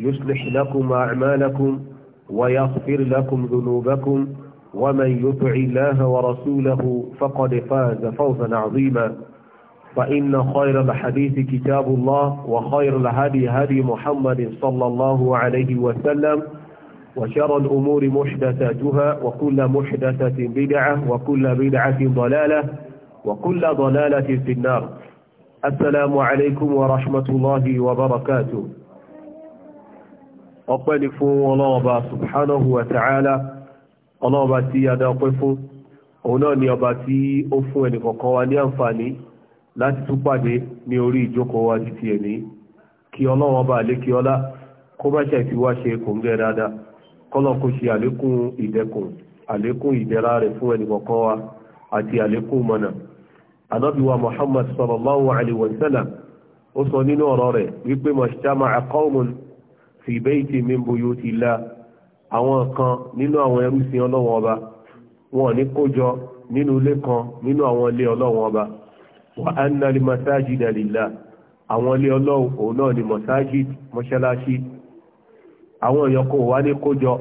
يصلح لكم أعمالكم ويغفر لكم ذنوبكم ومن يطع الله ورسوله فقد فاز فوزا عظيما فإن خير الحديث كتاب الله وخير الهدي هدي محمد صلى الله عليه وسلم وشر الأمور محدثاتها وكل محدثة بدعة وكل بدعة ضلالة وكل ضلالة في النار السلام عليكم ورحمة الله وبركاته ọpẹ́ ni fún ọlọ́ọba subhanahu wa ta'ala ọlọ́ọba tí a dá ọpẹ́ fún òun náà ni ọba tí ó fún ẹnìkọ̀ọ̀kan wa ní àǹfààní láti tún pàdé ní orí ìjókòó wa ti ti ẹ̀ní kí ọlọ́wọ́n bá kí ọlá kó bá ṣe ṣe kòǹgẹ́ dáadáa kọ́lọ̀ kó ṣe àlékún àlékún rẹ̀ fún wa àti àlékún mọ̀nà anábìwa muhammad sallallahu wa sallam ó sọ nínú ọ̀rọ̀ fi bayti min buyutillah àwọn kan nínú àwọn ẹrúsìn ọlọ́wọ́n ọba wọn ní kójọ nínú ilé kan nínú àwọn ilé ọlọ́wọ́n ọba wa anna li masajida lillah àwọn ilé ọlọ́wọ́ òun náà ni masajid mọ́ṣáláṣí àwọn èèyàn kò wá ní kójọ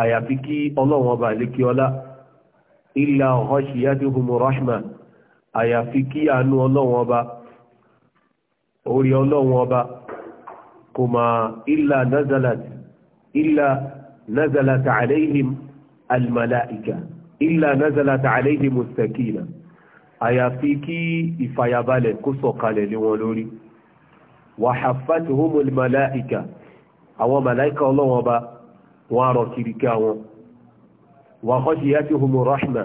àyàfi kí ọlọ́wọ́n ọba lékè ọlá illa ghashiyatuhum rahma àyàfi kí àánú ọlọ́wọ́n ọba orí ọlọ́wọ́n ọba بينكما إلا نزلت إلا نزلت عليهم الملائكة إلا نزلت عليهم السكينة àyàfi kí ìfàyàbalẹ̀ kó sọ̀kalẹ̀ lé wọn lórí wà hàfàtì homol malaika àwọn malaika ọlọ́wọ́n bá wọn àrọ̀ kìríkà wọn wà kọ́ṣe yá tí homol rahma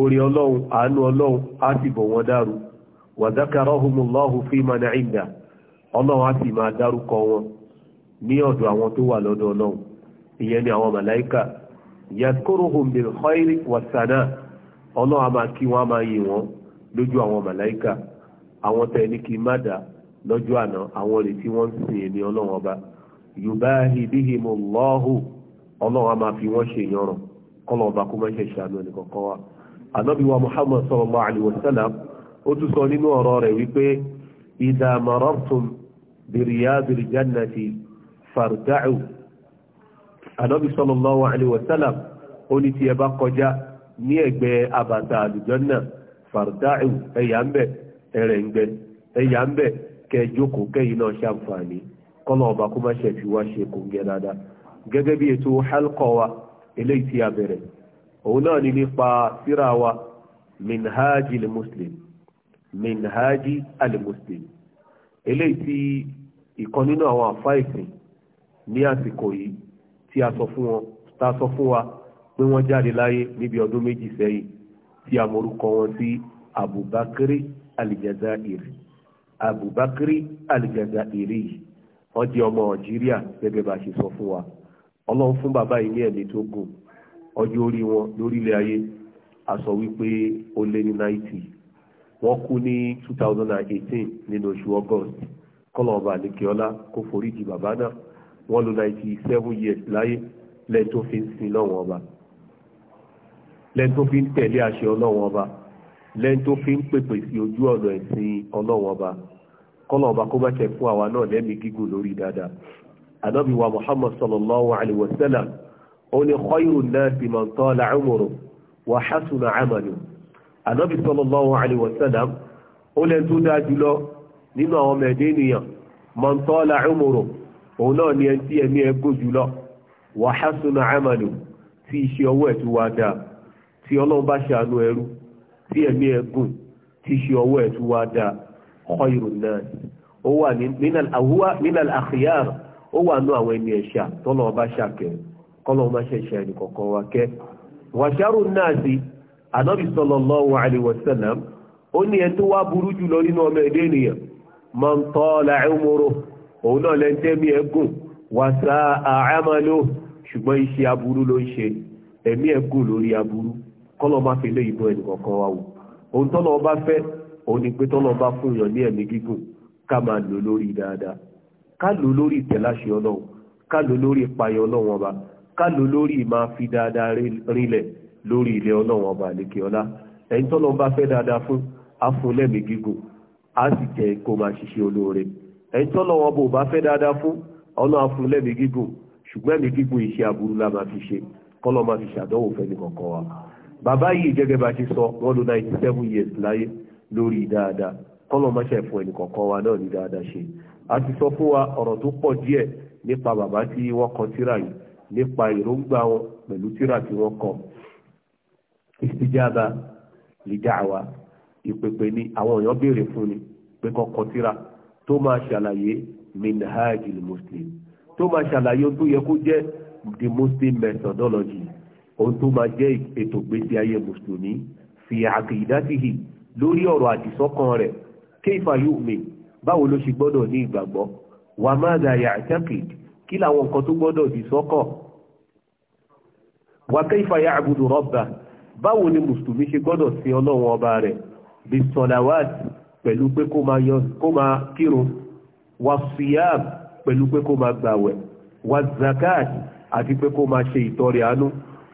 orí ọlọ́run àánú ọlọ́run á sì bọ̀ wọn dárú wà zákàrọ̀ homol lọ́hùn fí manaimda ọlọ́run á sì máa dárúkọ wọn ní ọ̀dọ̀ àwọn tó wà lọ́dọ̀ ọlọ́run ìyẹn ni àwọn màláìkà yadkuruhum bil khairi wasana ọlọ́run á máa kí wọn a máa yìn wọn lójú àwọn màláìkà àwọn tẹ̀ ní kí má dà lọ́jọ́ àná àwọn rè tí wọ́n ń sìn ní ọlọ́run ọba yubahi bihimullahu ọlọ́run á máa fi wọ́n ṣe kọ́lọ̀ ọba kó má ṣe ṣàánú wa ànábì muhammad برياض الجنة فارتعوا النبي صلى الله عليه وسلم قل تيبا قجا نيبا أبتا الجنة فارتعوا أيامبا ẹ̀rẹ̀ǹgbẹ́ ẹ̀yà ń bẹ̀ kẹjókòó kẹ́yìn náà ṣàǹfààní kọ́lọ̀ ọba kó má ṣe fi wá ṣe kò ń gẹ dáadáa gẹ́gẹ́ bí ètò halkọ wa eléyìí tí a bẹ̀rẹ̀ òun náà ni nípa síra wa minhaji al-muslim minhaji al-muslim eléyìí tí ìkan nínú àwọn àfa ìsìn ní àsìkò yìí tí a sọ fún wọn tá a sọ fún wa pé wọ́n jáde láyé níbi ọdún méjì sẹ́yìn tí a morúkọ wọn sí Abubakar Aljazairi Abubakar Aljazairi yìí wọ́n jẹ́ ọmọ Algeria gẹ́gẹ́ bá a ṣe sọ fún wa ọlọ́run fún bàbá yìí ní ẹ̀mí tó gùn ọjọ́ orí wọn lórílẹ̀ ayé a sọ wípé ó lé ní náìtì wọ́n kú ní 2018 nínú oṣù august kọ́lọ̀ọ̀bà àdékẹ́ọ́lá kó foríjì bàbá náà wọ́n lo 97 years láyé lẹ́yìn tó fi ń sin lọ́wọ́n ọba lẹ́yìn tó fi ń tẹ̀lé àṣẹ ọlọ́wọ́n ọba lẹ́yìn tó fi ń pèpè sí ojú ọ̀nà ẹ̀sìn ọlọ́wọ́n ọba kọ́lọ̀ọ̀bà kó má fún àwa náà lẹ́mìí gígùn lórí dáadáa ànábì muhammad sallallahu alayhi wa sallam ó ní khayru nasi man tala umru wa hasuna amalu ànábì sallallahu alaihi wasallam ó lẹ́ tó dáa jùlọ nínú àwọn ọmọ ẹ̀dẹ́ ènìyàn man tala umuru òun náà ni ẹni tí ẹni ẹ gùn jùlọ wa hasuna amalu tí iṣẹ́ ọwọ́ ẹ̀ tó wá dáa tí ọlọ́run bá ṣàánú ẹrú tí ẹ̀mí ẹ gùn tí iṣẹ́ ọwọ́ ẹ̀ tó wá dáa khairun nas ó wà minal akhyar ó wà nú àwọn ẹni ẹ̀ṣà tọ́lọ́ ọba ṣàkẹ́ kọ́lọ́ ọba ṣẹ̀ṣẹ̀ ẹnì kọ̀ọ̀kan wa kẹ́ wa sharun nasi ànábì sallallahu alayhi wa sallam ó ní ẹni tó wá burú jùlọ nínú ọmọ ẹdẹ ènìyàn man tala umru òun náà lẹ́ńtẹ́mí ẹ̀gùn wàsá àámàlò ṣùgbọ́n iṣẹ́ aburú ló ń ṣe ẹ̀mí ẹ̀gùn lórí aburú kọ́lọ̀ máa fi lé ìbọn ẹnì kọ̀ọ̀kan wa wò ohun tọ́lọ̀ ọba fẹ́ òun ni pé tọ́lọ̀ ọba fún èèyàn ní ẹ̀mí gígùn ká máa lò lórí dáadáa ká lò lórí ìtẹ̀láṣẹ ọlọ́run ká lò lórí ìpayọ ọlọ́run ọba ká lò lórí máa fi dáadáa rinlẹ̀ lórí ilẹ̀ ọlọ́run ọba àlekè ọlá ẹni tọ́lọ́run bá fẹ́ dáadáa fún á fún lẹ́mí gígùn á sì jẹ́ kó máa ṣiṣẹ́ olóore ẹni tọ́lọ́run ọba ò bá fẹ́ dáadáa fún ọlọ́run á gígùn ṣùgbọ́n ẹ̀mí gígùn iṣẹ́ aburú la máa fi ṣe kọ́lọ́ máa fi ṣàdánwò fẹ́ni kọ̀ọ̀kan wa bàbá yìí gẹ́gẹ́ bá ṣe sọ wọ́n lò ninety seven years láyé lórí dáadáa kọ́lọ́ máa ṣe fún ẹnì kọ̀ọ̀kan wa náà ní dáadáa ṣe wa ọ̀rọ̀ tó pọ̀ díẹ̀ nípa bàbá tí wọ́n kọ tírà yìí nípa ìsìjáàbá lìdáàwá ìpèpè ni àwọn èèyàn béèrè fún ni pé kọ́kọ́ tíra tó máa ṣàlàyé minhajil muslim tó máa ṣàlàyé ohun tó yẹ kó jẹ́ the muslim methodology ohun tó máa jẹ́ ètò gbèsè ayé mùsùlùmí fi àkìdátìhì lórí ọ̀rọ̀ àdìsọ́kàn rẹ̀ kéfà yóò mi báwo ló ṣe gbọ́dọ̀ ní ìgbàgbọ́ wà máa dà àtẹ́kìd kí làwọn nǹkan tó gbọ́dọ̀ dìsọ́kàn wà kéfà yà àbùdù rọ́bà báwo ni mùsùlùmí ṣe gbọ́dọ̀ sí ọlọ́run ọba rẹ̀ bí sọ̀làwáàtì pẹ̀lú pé kó máa kírun wà síyàm pẹ̀lú pé kó máa gbàwẹ̀ wà zakat àti pé kó máa ṣe ìtọrẹ àánú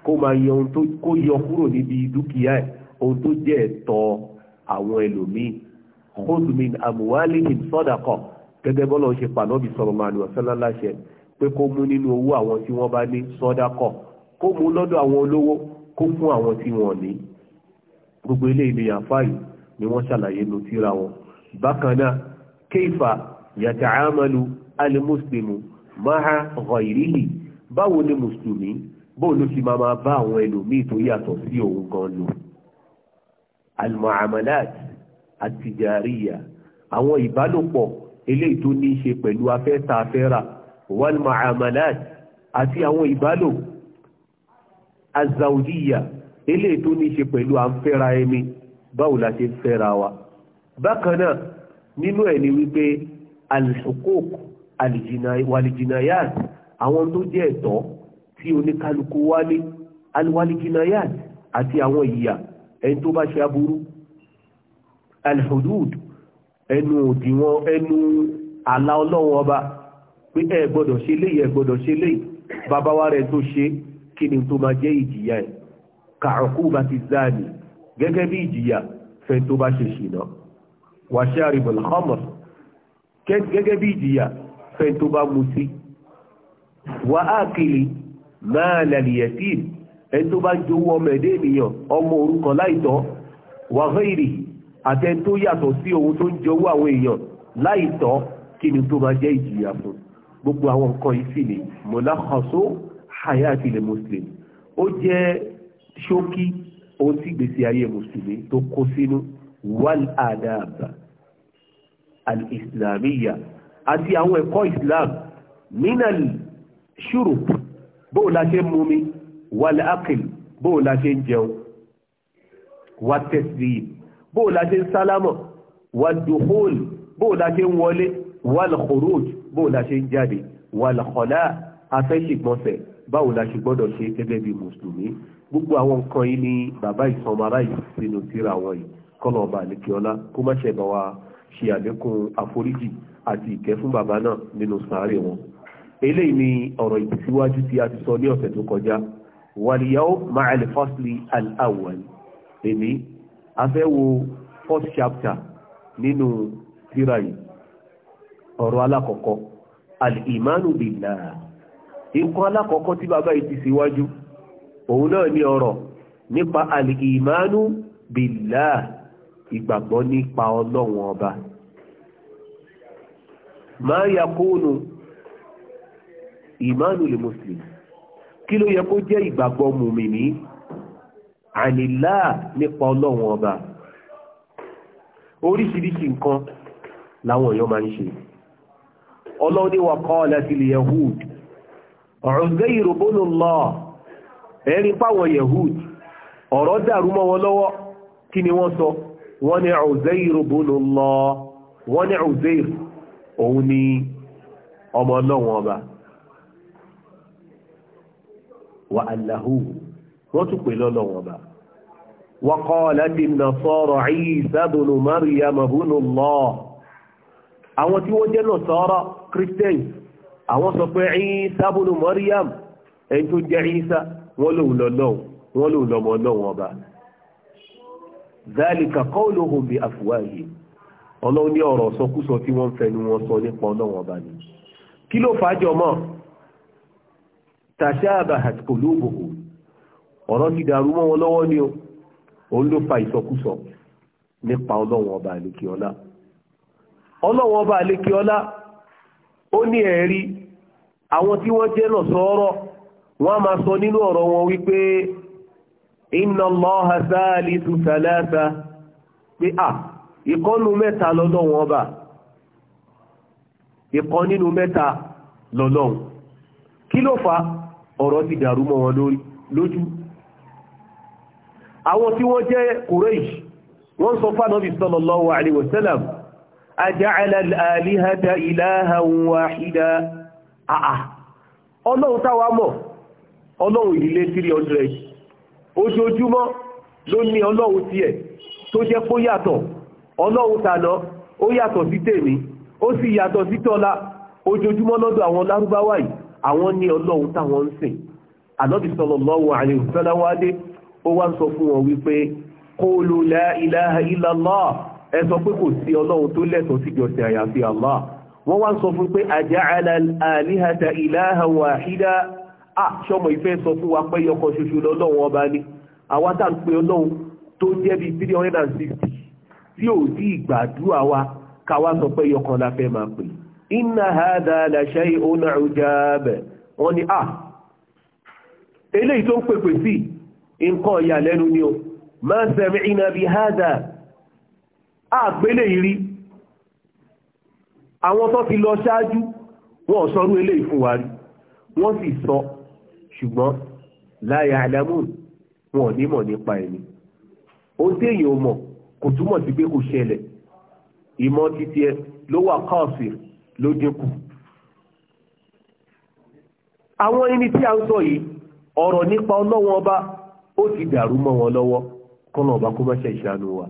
kó máa yọ ohun tó kó yọ kúrò níbi dúkìá ẹ̀ ohun tó jẹ́ ẹ̀tọ́ àwọn ẹlòmíì khudh min amwalihim sadaqah gẹ́gẹ́ bọ́lọ̀ ṣe pànọ́bì sallallahu alaihi wasallam pé kó mú nínú owó àwọn tí wọ́n bá ní sọ́dàkọ̀ kó mú lọ́dọ̀ àwọn olówó kó fún àwọn tí wọ́n ní gbogbo ilé ilé àfáì ni wọ́n ṣàlàyé nu tíra wọn bákan náà kéfà yàtàámàlú alimuslimu máa ghayrihi báwo ni mùsùlùmí bóò ló fi máa bá àwọn ẹlòmíì tó yàtọ̀ sí òun gan lò almuamalat àtijàríyà àwọn ìbálòpọ̀ eléyìí tó ní í ṣe pẹ̀lú afẹ́ta afẹ́ra wal muamalat àti àwọn ìbálòpọ̀ azawujiya eléyìí tó ní í ṣe pẹ̀lú à ń fẹ́ra ẹni báwo la ṣe ń fẹ́ra wa bákan náà nínú ẹ̀ ni wípé alhukuk walijinayat àwọn tó jẹ́ ẹ̀tọ́ tí oníkálukú wálé alwalijinayat àti àwọn ìyà ẹni tó bá ṣe aburú alhudud ẹnu òdìwọ̀n ẹnu àlà ọlọ́wọ́n ọba pé ẹ gbọ́dọ̀ ṣe léyìí ẹ gbọ́dọ̀ ṣe léyìí bàbá wa rẹ̀ tó ṣe kí ni tó máa jẹ́ ìjìyà ẹ̀ kàrùkú bá ti záàni gẹ́gẹ́ bí ìjìyà fẹ́ tó bá ṣe ṣìnà wà sharibul khamr gẹ́gẹ́ bí ìjìyà fẹ́ tó bá mutí wà ákìlì mal al-yatim ẹ tó bá jowó ọmọ ẹ̀dẹ́ ènìyàn ọmọ orúkọ láìtọ́ wà ghairi àtẹ tó yàtọ̀ sí ohun tó ń jowó àwọn èèyàn láìtọ́ kí tó máa jẹ́ ìjìyà fún gbogbo àwọn nǹkan yìí sì ni mọ̀láhàṣó hayati le muslim ó jẹ́ ṣókí ohun tí gbèsè ayé mùsùlùmí tó kó sínú wal adab al-islamiyya àti àwọn ẹ̀kọ́ islam minal shurub bóò la ṣe ń mumi wal akil bóò la ṣe ń jẹun wal taslim bóò la ṣe ń sálámọ̀ wal dukhul bóò la ṣe ń wọlé wal khuruj bóò la ṣe ń jáde wal khala afẹ́ṣìgbọ́nsẹ̀ báwo la ṣe gbọ́dọ̀ ṣe gẹ́gẹ́ bí mùsùlùmí gbogbo àwọn nǹkan yìí ni bàbá ìsanmara yìí sínú tírà wọn yìí kọ́nà ọba àlekíọ́lá kó má ṣe bá wa ṣe àlékún àforíjì àti ìkẹ́ fún bàbá náà nínú sàárè wọn eléyìí ni ọ̀rọ̀ ìtẹ̀síwájú tí a ti sọ ní ọ̀sẹ̀ tó kọjá wàlíyàwó ma'al fasli al èmi a fẹ́ wo first chapter nínú tírà yìí ọ̀rọ̀ alákọ̀ọ́kọ́ al-imanu nǹkan alákọ̀ọ́kọ́ tí bàbá yìí ti síwájú òun náà ní ọ̀rọ̀ nípa alìkìmánú bìlá ìgbàgbọ́ nípa ọlọ́run ọba máa yà kóònù ìmánú lè mùsùlùmí kí ló yẹ kó jẹ́ ìgbàgbọ́ mùmìnì àlìlá nípa ọlọ́run ọba oríṣiríṣi nǹkan láwọn èèyàn máa ń ṣe ọlọ́run ní wa qalatil yahud Uzayr ibnullah ẹ̀rí páwọn yehud ọ̀rọ̀ dàrú mọ́ wọn lọ́wọ́ kí ni wọ́n sọ wọ́n ní Uzayr ibnullah wọ́n ní Uzayr òun ni ọmọ ọlọ́wọ́n ọba wa allahu wọ́n tún pè lọ́lọ́wọ́n ọba wa qalat an-nasara Isa ibn Maryam ibnullah àwọn tí wọ́n jẹ́ Nasara Christians àwọn sọ pé Ìsá bùnú Maryam ẹni tó jẹ́ Ìsá wọ́n lòun lọ́lọ́hun wọ́n lòun lọ́mọ ọlọ́hun ọba zálìkà qawluhum bi afwahihim ọlọ́run ní ọ̀rọ̀ sọkúsọ tí wọ́n ń fẹnu wọn sọ nípa ọlọ́run ọba ni kí ló fàájọ mọ́ tashabahat qulubuhum ọ̀rọ̀ ti dàrú mọ́ wọn lọ́wọ́ ni o òun ló fa ìsọkúsọ nípa ọlọ́run ọba àlekíọ́lá ọlọ́run ọba àlekíọ́lá ó ní ẹ̀rí àwọn tí wọ́n jẹ́ lọ sọ́ọ́rọ́ wọ́n a máa sọ nínú ọ̀rọ̀ wọn wípé inna Allaha thalithu thalatha pé à ìkọ́nù mẹ́ta lọ́dọ̀ wọn bà ìkan nínú mẹ́ta lọ́lọ́run kí ló fa ọ̀rọ̀ ti dàrú mọ́ wọn lójú àwọn tí wọ́n jẹ́ Quraysh wọ́n sọ aja'ala al-alihata ilahan wahida àà ọlọ́run táwa mọ̀ ọlọ́run ìdílé 300 ojoojúmọ́ ló ní ọlọ́run tiẹ̀ tó jẹ́ kó yàtọ̀ ọlọ́run tàná ó yàtọ̀ sí tèmi ó sì yàtọ̀ sí tọ́lá ojoojúmọ́ lọ́dọ̀ àwọn lárúbáwá yìí àwọn ní ọlọ́run ẹ sọ pé kò sí ọlọ́run tó lẹ́tọ̀ọ́ sí ìjọsìn àyàfi Allah wọ́n wá ń sọ fún pé aja'ala al-alihata ilahan wahida àṣọmọ ìfẹ́ sọ fún wa pé yọkan ṣoṣo lọ́lọ́run ọba ni àwa tá à ń pe ọlọ́run tó jẹ́ bíi 360 hundred and sixty tí ò sí ìgbàdúrà wa ká wá sọ pé yọkan la fẹ́ máa pè inna hadha wọ́n eléyìí tó ń pèpè sí nǹkan ìyàlẹ́nu ni o ma sami'na bi hadha àgbélé ìrí àwọn tó ti lọ ṣáájú wọ́n sọrú ilé ìfúnwárí wọ́n sì sọ ṣùgbọ́n láyé alamun wọn ò nímọ̀ nípa ẹni ó déyìn ọmọ kò túmọ̀ sí pé kò ṣẹlẹ̀ ìmọ̀ títí ẹ ló wà káọ̀sì ló dínkù àwọn ẹni tí a ń sọ yìí ọ̀rọ̀ nípa ọlọ́wọ́n ọba ó ti dàrú mọ́ wọn lọ́wọ́ kọ́nà ọba kó má ṣe ìṣàánú wa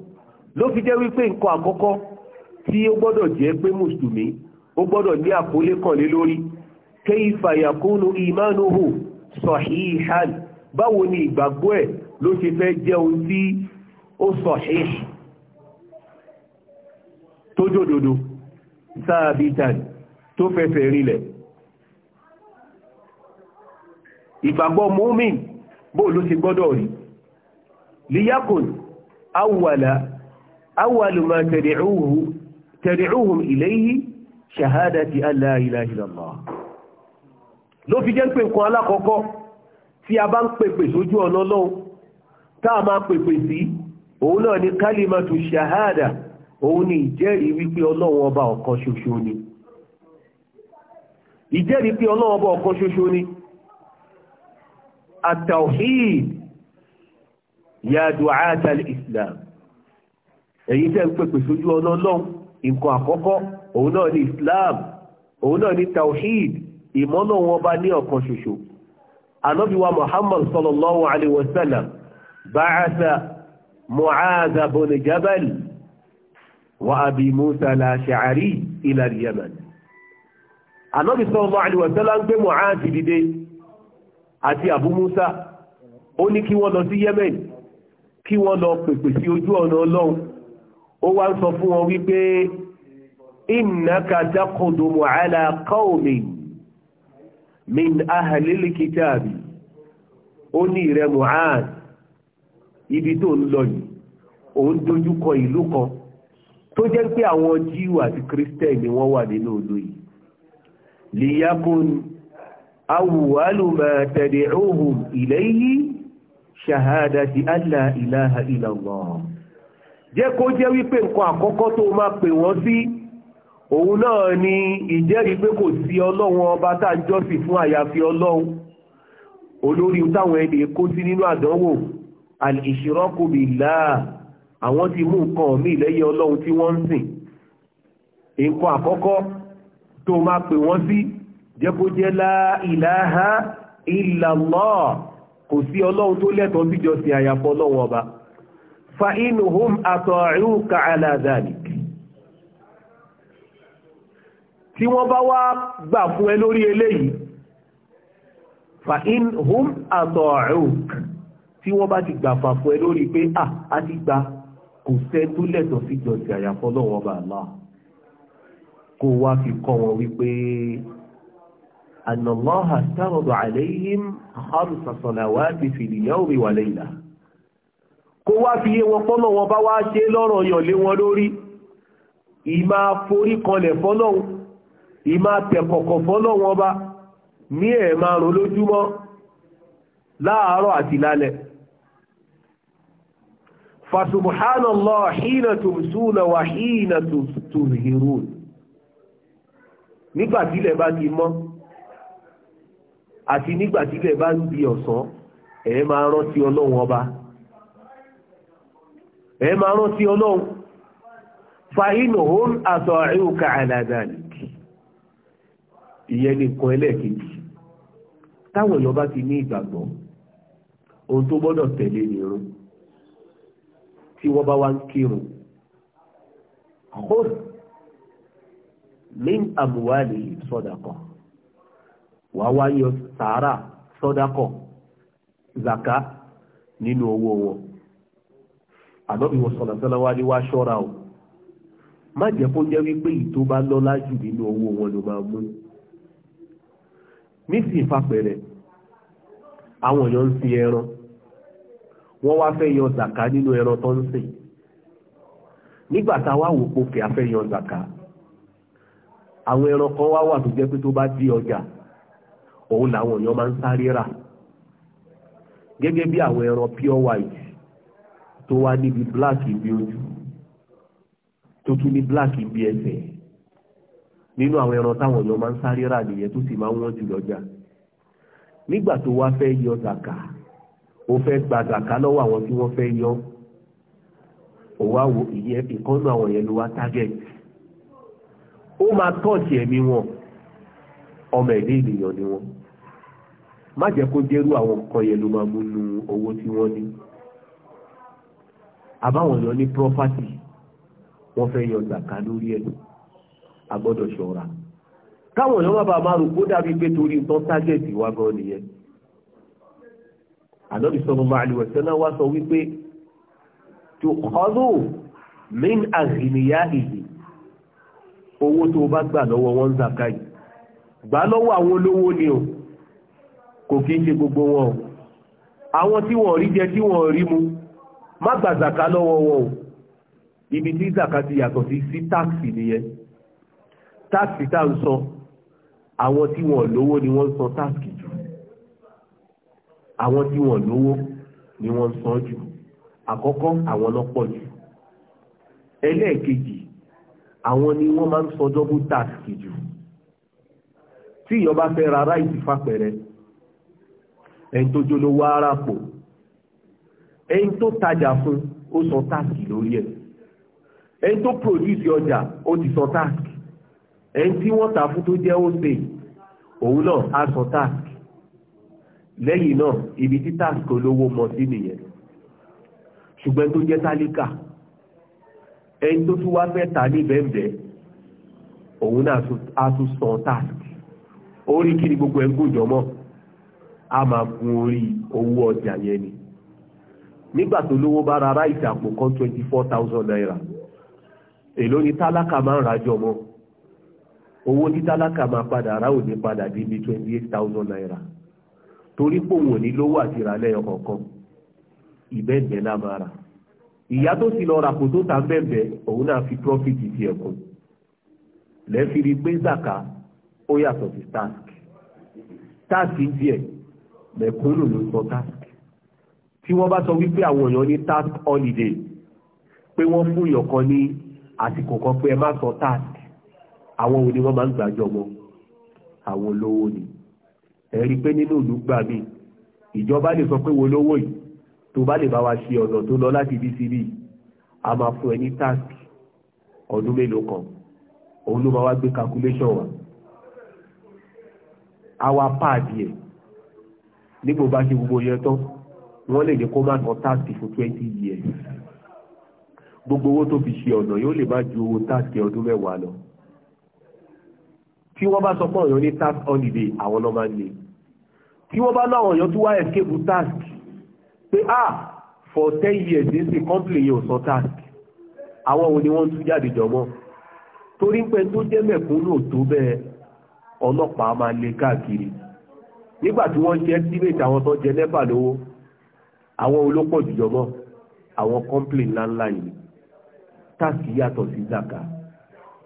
ló fi jẹ́ wípé nǹkan àkọ́kọ́ tí ó gbọ́dọ̀ jẹ́ pé mùsùlùmí ó gbọ́dọ̀ ní àkólé kan lé lórí kayfa yakunu imanuhu sahihan báwo ni ìgbàgbọ́ ẹ̀ ló ṣe fẹ́ jẹ́ ohun tí ó sahih tó jòdòdó tó fẹ́fẹ́ rinlẹ̀ ìgbàgbọ́ mu'min bó ló ṣe gbọ́dọ̀ rí liyakun awwala awwalu ma tad'uhu tad'uhum ilayhi shahadati an la ilaha illallah ló fi jẹ́ ń pè nǹkan alákọ̀ọ́kọ́ tí a bá ń pèpè sójú ọ̀nà lọ́wọ́ tá a máa pèpè sí òun náà ni kálímàtù ṣàhádà òun ni ìjẹ́rìí wípé ọlọ́run ọba ọ̀kan ṣoṣo ni ìjẹ́rìí pé ọlọ́run ọba ọ̀kan ṣoṣo ni àtàwíì yàdùn àátàlì islam ẹ̀yin tẹ́ ń pèpè sójú ọ̀nà ọlọ́run nǹkan àkọ́kọ́ òun náà ni islam òun náà ni tawhid ìmọ́nà wọn bá ní ọ̀kan ṣoṣo anọ́bíwa muhammad sallallahu alaihi wasallam ba'atha mu'adha bin jabal wa abi musa al-ash'ari ila yaman anọ́bí sallallahu alaihi wasallam gbé mu'adh dìde àti abu musa ó ní kí wọ́n lọ sí yemen kí wọ́n lọ pèpè sí ojú ọ̀nà ọlọ́run ó wá ń sọ fún wọn wípé innaka taqudumu ala qawmin min ahlil kitabi ó ní ìrẹ́ Mu'ad ibi tó ń lọ yìí òun dojú kọ ìlú kan tó jẹ́ pé àwọn jíù àti kírísítẹ̀ ni wọ́n wà nínú ìlú yìí liyakun awùwálù máa tad'uhum ilayhi shahadati alla ilaha illallah jẹ́ kó jẹ́ wípé nǹkan àkọ́kọ́ tó máa pè wọ́n sí òun náà ni ìjẹ́rìí pé kò sí ọlọ́run ọba tá ń jọ́sìn fún àyàfi ọlọ́run olórí táwọn ẹni kó sí nínú àdánwò al àwọn ti mú nǹkan mí lẹ́yìn ọlọ́run tí wọ́n ń sìn nǹkan àkọ́kọ́ tó máa pè wọ́n sí jẹ́ kó jẹ́ la ilaha illallah kò sí ọlọ́run tó lẹ́tọ̀ọ́ síjọ́sìn àyàfi ọlọ́run ọba فإنهم inuhum على ذلك. dhalik tí wọ́n bá wá gbà fún ẹ lórí eléyìí fa inuhum ata'uka tí wọ́n bá ti gbà fà fún ẹ lórí pé à á ti gba kò sẹ́ tó lẹ́tọ̀ọ́ sí jọ̀sìn àyàfọ́ lọ́wọ́ bá Allah kó wá fi kọ́ wọn wípé annallaha tàrọ̀dọ̀ alayhim khamsa salawati fil yawmi wa layla kó wá fi yé wọn fọ́nà wọn bá wá ṣe lọ́rọ̀ yàn lé wọn lórí ìmá forí kanlẹ̀ fọ́lọ́hun ìmá tẹ̀kọ̀kọ̀ ní ẹ̀ lójúmọ́ láàárọ̀ àti bá bá máa rántí ọlọ́run ẹ máa rántí ọlọ́run fa inú òun àtọ̀ àríwùká àlàdàlìkì ìyẹn ní nǹkan ẹlẹ́ẹ̀kejì táwọn èèyàn bá ti ní ìgbàgbọ́ ohun tó gbọ́dọ̀ tẹ̀lé nìrun tí wọ́n bá wá ń kírun khudh min amwalihim sadaqa wà wá sàárà sadaqa zaka nínú owó wọn ànábì wọ sọ̀nà sọ́nà wá ní wá ṣọ́ra o má jẹ́ kó jẹ́ wípé ìtó bá lọ́lá jù nínú owó wọn ló máa mú nísìnyí fapẹ̀rẹ̀ àwọn èèyàn ń sin ẹran wọ́n wá fẹ́ yan zàká nínú ẹran tó ń sìn nígbà tá a wá wò pé òkè afẹ́ yan zàká àwọn ẹran kan wá wà tó jẹ́ pé tó bá di ọjà òun làwọn èèyàn máa ń sáré rà gẹ́gẹ́ bí àwọn ẹran pure white tó wá níbi black ibi ojú tó tún ní black ibi ẹsẹ̀ nínú àwọn ẹran táwọn èèyàn máa ń sáré rà nìyẹn tó sì máa ń wọ́n jù lọ́jà nígbà tó wá fẹ́ yọ zàkà ó fẹ́ gba zàkà lọ́wọ́ àwọn tí wọ́n fẹ́ yọ òwá wo ìyẹn ìkọ́nù àwọn yẹn ló wá target ó máa tọ́ọ̀sì ẹ̀mí wọn ọmọ ẹ̀dá ènìyàn ni wọn má jẹ́ kó jẹ́rú àwọn nǹkan yẹn ló máa mú nu owó tí wọ́n ní àbáwọn èèyàn ní property wọ́n fẹ́ yọ zaka lórí ẹ̀ a gbọ́dọ̀ ṣọ́ra káwọn èèyàn má bàa máa rò kó dàbí pé torí nǹkan tágẹ́ẹ̀tì wa gan nìyẹn ànábì sallallahu alaihi wasallam wá sọ wípé tukhadhu min aghniya'ihi owó tó bá gbà lọ́wọ́ wọn zaka yìí gbà lọ́wọ́ àwọn olówó ni o kò kí ń ṣe gbogbo wọn o àwọn tí wọ́n rí jẹ tí wọ́n rí mu má gba zaka lọ́wọ́ wọn o ibi tí zaka ti yàtọ̀ sí sí táàkì nìyẹn táàkì tá ń san àwọn tí wọn lówó ni wọ́n ń san táàkì jù àwọn tí wọn lówó ni wọ́n ń san jù àkọ́kọ́ àwọn lọ́pọ̀ jù ẹlẹ́ẹ̀kejì àwọn ni wọ́n máa ń san double tax jù tí ìyọba fẹ́ ra ráìtì fàpẹ̀rẹ̀ ẹni tó jólówó arápò ẹni tó tajà fún ó sọ táàkì lórí ẹ̀ ẹni tó produce ọjà ó ti sọ táàkì ẹni tí wọ́n ta fún tó jẹ́ ọ́sẹ̀ òun náà á sọ táàkì lẹ́yìn náà ibi tí táàkì olówó mọ sí nìyẹn ṣùgbọ́n tó jẹ́ tálíkà ẹni tó tún wá fẹ́ ta ní òun náà á tún sọ táàkì orí kí ni gbogbo ẹ̀ ń gùn jọmọ́ a máa gun orí owó ọjà yẹn ni nígbà tó lówó bá ra ráìsì àpò kan twenty four thousand naira èló ni tálákà máa ń rajọ mọ́ owó ní tálákà máa padà rà ò ní padà di bí twenty eight thousand naira torí pòun ò ní lówó àti ìrànlẹ́ ọ̀kọ̀ọ̀kan ìbẹ́ẹ̀bẹ́ náà máa rà ìyá tó sì lọ ra kò tó ta bẹ́ẹ̀bẹ́ òun náà fi profit ti ẹ̀kún lẹ́fìrí pé zaka ó yàtọ̀ sí task task díẹ̀ mẹ̀kúnnù ló sọ task tí wọ́n bá sọ wípé àwọn èèyàn ní task holiday pé wọ́n fún èèyàn kan ní àsìkò kan pé ẹ má sọ task àwọn òní wọ́n máa ń gbàjọ mọ́ àwọn olówó ni ẹ rí pé nínú ìlú gbà mí ìjọba lè sọ pé wo lówó yìí tó bá lè bá wa ṣe ọ̀nà tó lọ láti bí síbí a máa fún ẹ ní task ọdún mélòó kan òun ló máa wá gbé calculation wa àwa páàdì ẹ̀ nígbò bá ṣe gbogbo yẹn tán wọ́n lè ní kó má san tax fún twenty years gbogbo owó tó fi ṣe ọ̀nà yóò lè má ju owó tax ọdún mẹ́wàá lọ tí wọ́n bá sọ pé ọ̀yàn ní tax holiday àwọn lọ́ máa ń lè tí wọ́n bá láwọn ọ̀yàn tó wá escape tax pé ah for ten years ní sí company yóò san tax àwọn òun ni wọ́n tún jáde jọmọ́ torí pé tó jẹ́ mẹ̀kúnnù tó bẹ́ẹ̀ ọlọ́pàá máa lè káàkiri nígbà tí wọ́n jẹ́ estimate àwọn tó jẹ nẹ́pà lówó àwọn olópọ̀ jùjọ mọ́ àwọn kọ́ńpìlì ńláńlá yìí táàkì yàtọ̀ sí zaka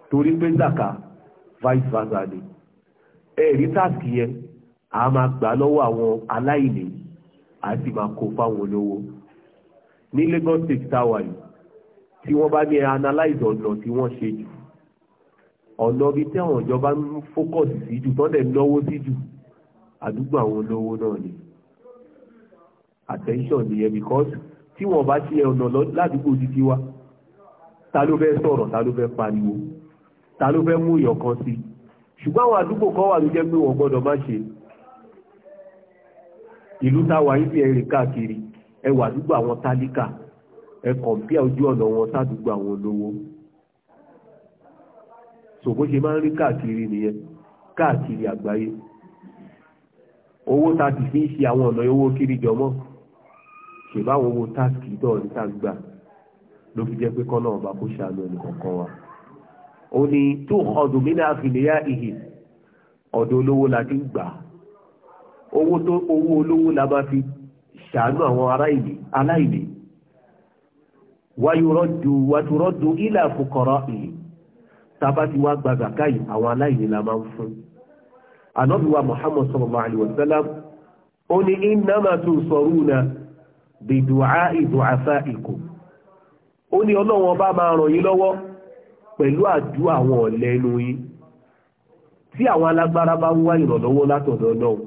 torí pé zaka vice versa ni ẹ̀rí táàkì yẹn a máa gbà lọ́wọ́ àwọn aláìní a sì máa kó fáwọn olówó ní Lagos state tower yìí tí wọ́n bá ní analyze ọ̀nà tí wọ́n ṣe jù ọ̀nà bíi tí àwọn ìjọba ń fókọ̀sì sí jù tọ́lẹ̀ náwó sí jù àdúgbò àwọn olówó náà ni attention nìyẹn because tí wọ́n bá ti ọ̀nà ládùúgbò títí wa ta ló fẹ́ sọ̀rọ̀ ta ló fẹ́ pariwo ta ló fẹ́ mú ìyọ̀kan sí ṣùgbọ́n àwọn àdúgbò kan wà ló jẹ́ pé wọ́n gbọ́dọ̀ má ṣe ìlú táwa yìí fi ẹ̀rìn káàkiri ẹ wà àdúgbò àwọn tálíkà ẹ kọ̀m̀píà ojú ọ̀nà wọn sádùúgbò àwọn olówó ṣògbó ṣe máa ń rí káàkiri nìyẹn káàkiri àgbáyé owó ta ti fi ń ṣe àwọn ọ̀nà owó kiri jọmọ́ ṣèbáwo wo táàkì dọ̀ọ̀rí tá ń gbà ló fi jẹ́ pé kọ́nà ọba kó ṣàánú ẹnì kọ̀ọ̀kan wa ó ní tó ọdún mílíọ̀nù àfìlẹ́yà ìhì ọ̀dọ̀ olówó la ti ń gbà owó tó owó olówó la máa fi ṣàánú àwọn aláìní wàyúrọ́dù ilà fòkọ̀rọ̀ ìhì tábà ti wá gba zàká yìí àwọn aláìní la máa ń fún ànábìwá Muhammad sallallahu alaihi wasallam ó ní ìnáma tó sọrú náà bìdùá ìdùáfà ìkò ó ní ọlọ́run ọba máa ràn yín lọ́wọ́ pẹ̀lú àdúà àwọn ọ̀lẹ́ inú yín tí àwọn alágbára bá ń wá ìrànlọ́wọ́ látọ̀dọ̀ ọlọ́run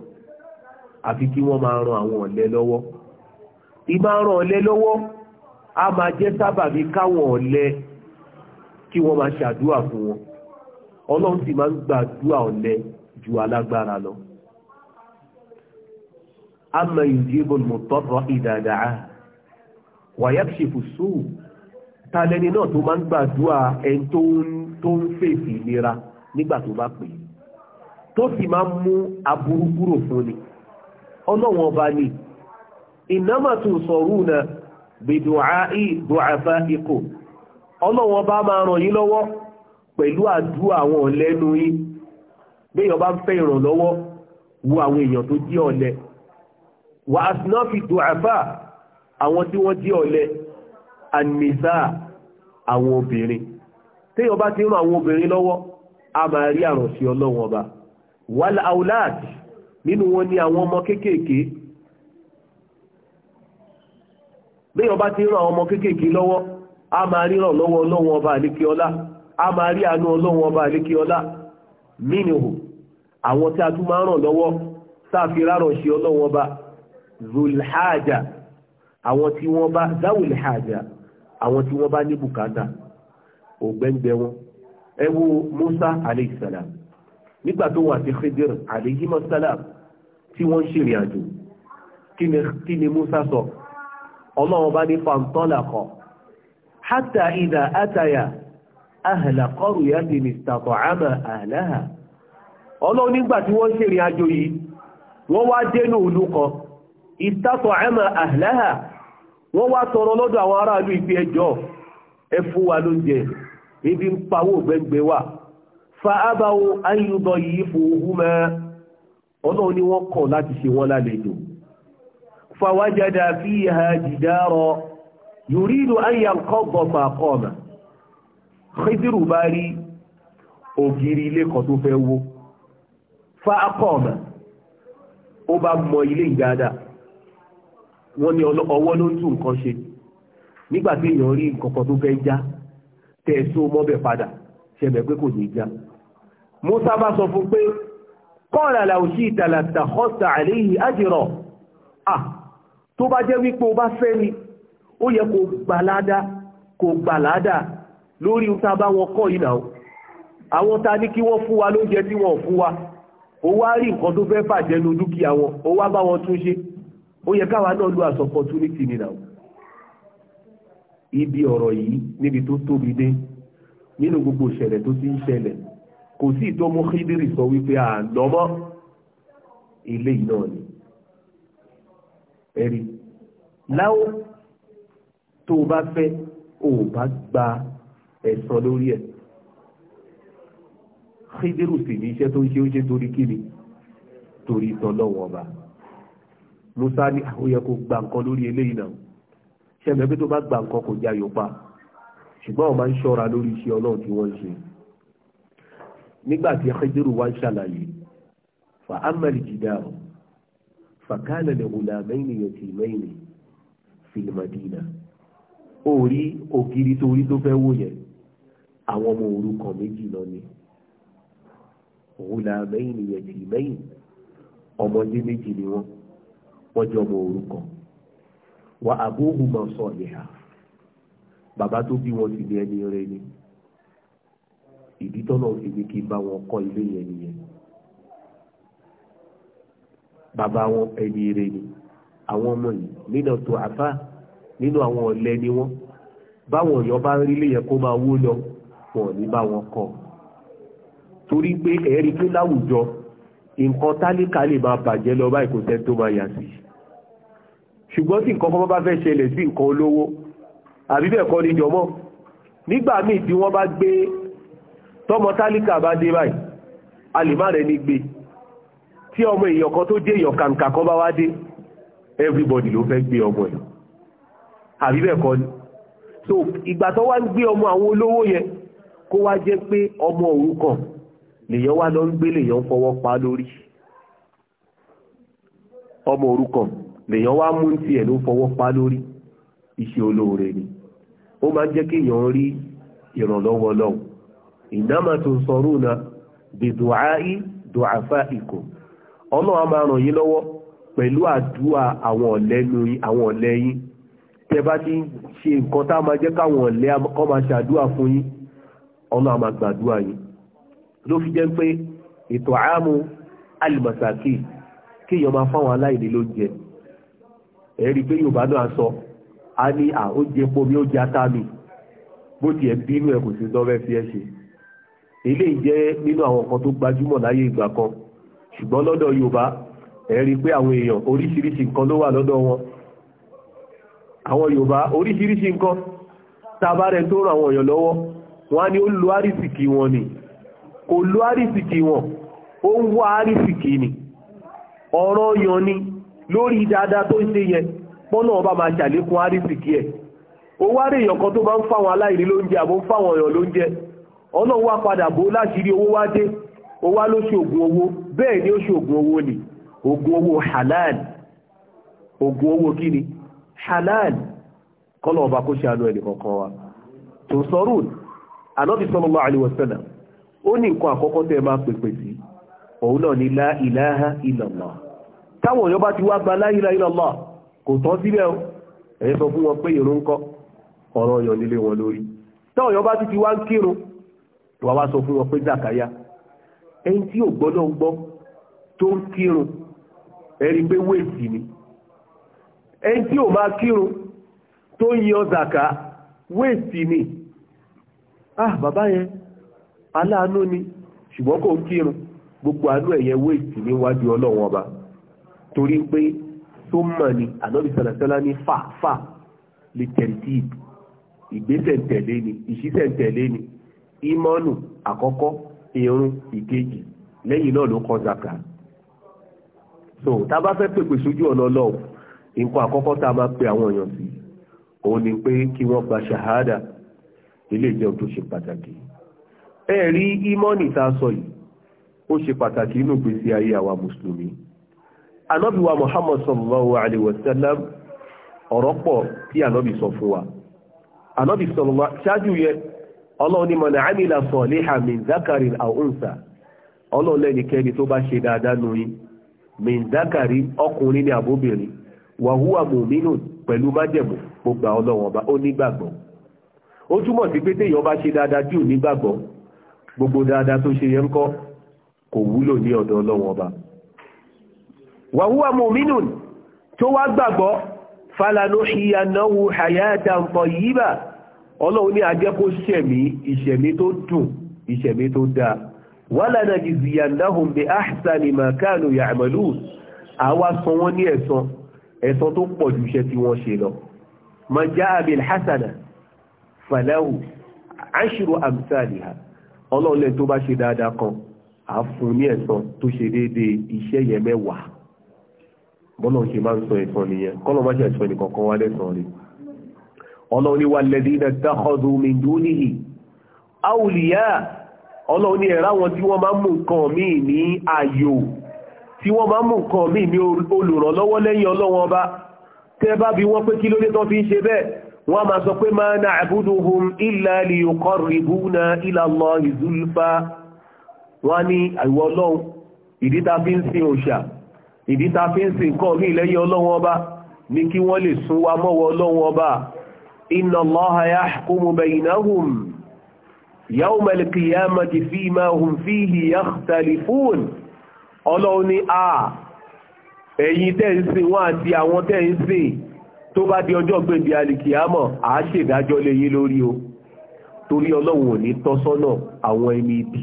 àfi kí wọ́n máa ran àwọn ọ̀lẹ́ lọ́wọ́ ìmá ran ọ̀lẹ́ lọ́wọ́ a máa jẹ́ sábàbí káwọn ọ̀lẹ́ kí wọ́n máa ṣàdúà fún wọn ọlọ́run sì máa ń gbàdúà ọ̀lẹ́ ju alágbára lọ amma yujibu al-mutarra idha da'ah wa yakshifu as-su' talẹ́ni náà tó máa ń gbàdúrà ẹni tó ń fèsì ìlera nígbà tó bá pè é tó sì máa ń mú aburú kúrò fún ni ọlọ́wọ́n ọba ni innama tunsaruna bidu'a'i du'afa'ikum ọlọ́wọ́n bá máa ràn yín lọ́wọ́ pẹ̀lú àdúrà àwọn ọ̀lẹ́nu yín béèyàn bá ń fẹ́ ìrànlọ́wọ́ wo àwọn èèyàn tó jẹ́ ọ̀lẹ wà asnáfi dùáfà àwọn tí wọ́n jẹ́ ọ̀lẹ ànìsá àwọn obìnrin téèyàn bá ti ràn àwọn obìnrin lọ́wọ́ a máa rí àrànṣe ọlọ́wọ́n ọba wàlá aulat nínú wọn ni àwọn ọmọ kéékèèké béèyàn bá ti ràn àwọn ọmọ kéékèèké lọ́wọ́ a máa ríràn lọ́wọ́ ọlọ́wọ́n ọba àlékè ọlá a máa rí àánú ọlọ́wọ́n ọba àlékè ọlá mínìhù àwọn tí a tún máa ràn lọ́wọ́ sáà fi rárọ̀ ṣe ọlọ́wọ́n ọba zulhaja àwọn tí wọ́n bá zawulhaja àwọn tí wọ́n bá ní bùkátà ògbẹ́ngbẹ́ wọn ẹ wo musa aleyhisselam nígbà tó wà sí khidir aleyhisselam tí wọ́n ń ṣèrìn àjò kí ni musa sọ ọlọ́run bá ní fàntọ́làkọ̀ hátà ìdà átàyà ahàlàkọ́rù yá ti ní ìtàkọ̀ àmà àhàláhà ọlọ́run nígbà tí wọ́n ṣèrìn àjò yìí wọ́n wá dénú ìlú kan ìtàtọ̀ ẹmà àhìláhà wọ́n wá tọrọ lọ́dọ̀ àwọn aráàlú ìgbé ẹjọ́ ẹ fún wa lóúnjẹ ebi ń pawó gbẹgbẹ wa fa ábáwo ayúbọ yìí fòwú mẹ ọlọ́run ni wọ́n kọ̀ láti ṣe wọ́n lálejò fa wájádà ọ̀nà ó bá mọ ilé ìdáadáa wọ́n ní ọwọ́ ló ń tún nǹkan ṣe nígbà tí èèyàn rí nǹkan kan tó fẹ́ já tẹ́ ẹ só mọ́bẹ̀ padà ṣẹlẹ̀ pé kò ní já Musa bá sọ fún pé kọ́ọ̀lá làwọn sí ìtàlà tàkọ́sà ájìrọ̀ ah tó bá jẹ́ wípé o bá fẹ́ ni ó yẹ kó gbalada kó gbalada lórí ta bá wọn kọ́ yìí náà àwọn ta ní kí wọ́n fún wa lóúnjẹ tí wọ́n fún wa ó wá rí nǹkan tó fẹ́ bàjẹ́ nu wọn ó wá bá wọn tún ó yẹ káwa náà lo as opportunity ni now ibi ọ̀rọ̀ yìí níbi tó tóbi dé nínú gbogbo ìṣẹ̀lẹ̀ tó ti ń ṣẹlẹ̀ kò sí ìtọ́ mú Khidiri sọ wípé àdánmọ́ ilé yìí náà ni ẹ̀rí láwọ́ tó o bá fẹ́ o ò bá gba ẹ̀san lórí ẹ̀ Khidiri sì ní iṣẹ́ tó ń ṣe ó ṣe torí kíni torí ìtọ́lọ́wọ́ ọba Musa ní ah, ó yẹ kó gba nǹkan lórí eléyìí náà ṣẹ́mi pé tó bá gba nǹkan kò já yọpa ṣùgbọ́n àwọn máa ń ṣọ́ra lórí iṣẹ́ ọlọ́run tí wọ́n ń ṣe nígbà tí Khidiru wá ń ṣàlàyé fa amali jidaaru fa kana li ghulamaini yatimaini fil Madina orí ògiri torí tó fẹ́ wò yẹn àwọn ọmọ òrukàn méjì lọ ni ghulamaini yatimaini ọmọdé méjì ni wọ́n wọ́n jẹ́ ọmọ òrukàn wà àbóhùn máa sọ ìhà bàbá tó bí wọn sì ní ẹni rẹ ni ìdí tọ́nà fi ní kí n bá wọn kọ́ ilé yẹn nìyẹn bàbá wọn ẹni rẹ ni àwọn ọmọ yìí nínú tó àfá nínú àwọn ọ̀lẹ ni wọ́n báwọn èèyàn bá rí ilé yẹn kó máa wó lọ wọn ní bá wọn kọ́ torí pé ẹ̀rí pé láwùjọ nǹkan tálíkà lè máa bàjẹ́ lọ báyìí kò sẹ́ni tó máa yà sí i ṣùgbọ́n tí nǹkan kan bá fẹ́ ṣẹlẹ̀ sí nǹkan olówó àbí bẹ́ẹ̀ kọ́ ni jọmọ́ nígbà míì tí wọ́n bá gbé tọmọ tálíkà bá dé báyìí alìmá rẹ̀ ní gbé tí ọmọ èèyàn kan tó dé èèyàn kàǹkà kan bá wá dé everybody ló fẹ́ gbé ọmọ ẹ̀ àbí kọ́ ni so ìgbà tó wá ń gbé ọmọ àwọn olówó yẹn kó wá jẹ́ pé ọmọ òrukàn lèyàn wá lọ ń gbé lèyàn fọwọ́ pa lórí ọmọ òrukàn lèyàn wá mú ti ẹ̀ ló fọwọ́ pa lórí iṣẹ́ olóore ni ó máa jẹ́ kí èèyàn rí ìrànlọ́wọ́ lọ́wọ́ ìnáma tó sọrú na bí dùáì dùáfà ìkò ọlọ́wà máa ràn yín lọ́wọ́ pẹ̀lú àdúà àwọn ọ̀lẹ́ yín tẹ bá ti ṣe nǹkan tá máa jẹ́ káwọn ọ̀lẹ́ kọ́ máa ṣàdúà fún yín ọlọ́wà máa gbàdúà yín ló fi jẹ́ pé ètò àámu alìmọ̀sàkì kí èèyàn máa fáwọn aláìní lóúnjẹ ẹ̀rí pé Yorùbá náà sọ a ní à ó jẹ epo mi ó jẹ ata mi bó tiẹ̀ bínú ẹ̀ kò sí lọ́wọ́ fi ẹ ṣe eléyìí jẹ́ nínú àwọn kan tó gbajúmọ̀ láyé ìgbà kan ṣùgbọ́n lọ́dọ̀ Yorùbá ẹ̀rí pé àwọn èèyàn oríṣiríṣi nǹkan ló wà lọ́dọ̀ wọn àwọn Yorùbá oríṣiríṣi nǹkan tabarẹ tó ràn àwọn èèyàn lọ́wọ́ wọ́n ní ó lo àrísìkì wọn ni kò lo àrísìkì wọn ó ń wá àrísìkì ni ọ̀rọ̀ yan ni lórí dáadáa tó ń ṣe yẹ pọ́nà ọba máa ṣàlékún àrísìkí ẹ̀ ó wá rí èèyàn kan tó bá ń fáwọn aláìrí lóúnjẹ àbó ń fáwọn èèyàn lóúnjẹ ọlọ́run wá padà bó láṣìírí owó wá dé ó wá ló ṣe ògùn owó bẹ́ẹ̀ ni ó ṣe ògùn owó ni ògùn owó halal ògùn owó kí ni halal kọ́nà ọba kó ṣe wa tó sọrùn ànábì ó ní nǹkan àkọ́kọ́ tẹ́ máa pèpè sí ni ilaha táwọn èèyàn bá ti wá gba la ilaha illallah kò tán síbẹ̀ o ẹ̀yẹ́ sọ fún wọn pé ìrun ń kọ́ ọ̀rọ̀ ọ̀yàn nílé wọn lórí táwọn èèyàn bá ti ti wá ń kírun wà wá sọ fún wọn pé zakaya ẹni tí ò gbọ́dọ̀ ń gbọ́ tó ń kírun ẹni pé wéèsì ni ẹni tí ò máa kírun tó ń yan zaka wéèsì ni ah bàbá yẹn aláàánú ni ṣùgbọ́n kò ń kírun gbogbo àánú ẹ̀yẹ wéèsì níwájú ọlọ́run ọba torí pé tó mọ̀ ni ànábì sàlàsálà ní fà fà lè tẹ̀lé ìgbésẹ̀ tẹ̀lé ni ìṣísẹ̀ tẹ̀lé ni ìmọ̀nù àkọ́kọ́ irun ìkejì lẹ́yìn náà ló kọ́ zaka so tá a bá fẹ́ pèpè sójú ọ̀nà ọlọ́run nǹkan àkọ́kọ́ tá a máa pe àwọn èèyàn sí òun ni pé kí wọ́n gba ṣàhádà ilé ìjẹun tó ṣe pàtàkì ẹ rí ìmọ̀nì tá a sọ yìí ó ṣe pàtàkì nínú ìgbésí ayé àwa mùsùlùmí ànábì muhammad sallallahu alayhi wa sallam ọ̀rọ̀ pọ̀ tí ànábì sọ fún wa ànábì sallallahu ṣáájú yẹ ọlọ́run ní man amila salihan min zakarin aw unsa ọlọ́run lẹ́nikẹ́ni tó bá ṣe dáadáa nù yín min zakarin ọkùnrin ní àbóbìnrin wa huwa mu'minun pẹ̀lú májẹ̀mú gbogbo àwọn ọlọ́run ọba ó nígbàgbọ́ ó túmọ̀ sí pé téèyàn bá ṣe dáadáa jù nígbàgbọ́ gbogbo dáadáa tó ṣe yẹn ń kọ́ kò wúlò ní ọ̀dọ̀ ọlọ́run ọba wa huwa mu'minun tó wá gbàgbọ́ falanuhyiyannahu hayatan tayyiba ọlọ́run ní ajẹ́ kó ṣẹ̀mí ìṣẹ̀mí tó dùn ìṣẹ̀mí tó dáa wala najziyannahum bi ahsani ma kanu ya'malun àwa san wọ́n ní ẹ̀san ẹ̀san tó pọ̀ ju iṣẹ́ tí wọ́n ṣe lọ man tó bá ṣe dáadáa kan àá ní ẹ̀san tó ṣe déédéé iṣẹ́ yẹn mẹ́wàá bọ́lá ń ṣe máa ń sọ ẹ̀sán nìyẹn kọ́lọ̀ má ṣe ẹ̀sán nìkan kan wá lẹ́sàn rẹ̀ ọlọ́run ni walladhina takhadhu min dunihi awliya ọlọ́run ni ẹ̀rá wọn tí wọ́n máa ń mú nǹkan míì ní ayò tí wọ́n máa ń mú nǹkan míì ní olùrànlọ́wọ́ lẹ́yìn ọlọ́run ọba tẹ́ bá bi wọ́n pé kí ló dé tán fi ń ṣe bẹ́ẹ̀ wọ́n máa sọ pé ma na'buduhum illa liyuqarribuna ila Allahi zulfa wọ́n ní àìwọ́ ọlọ́run ìdí ta fi ń sin òòṣà ìdí ta fi ń sin nǹkan ní ìlẹ́yìn ọlọ́run ọba ní kí wọ́n lè sún wa mọ́wọ́ ọlọ́run ọba inna Allaha yahkumu baynahum yawma al-qiyamati fima hum fihi yakhtalifun ọlọ́run ní a ẹ̀yin tẹ́ ń torí ọlọ́run ò ní tọ́sọ́nà àwọn ẹni ibi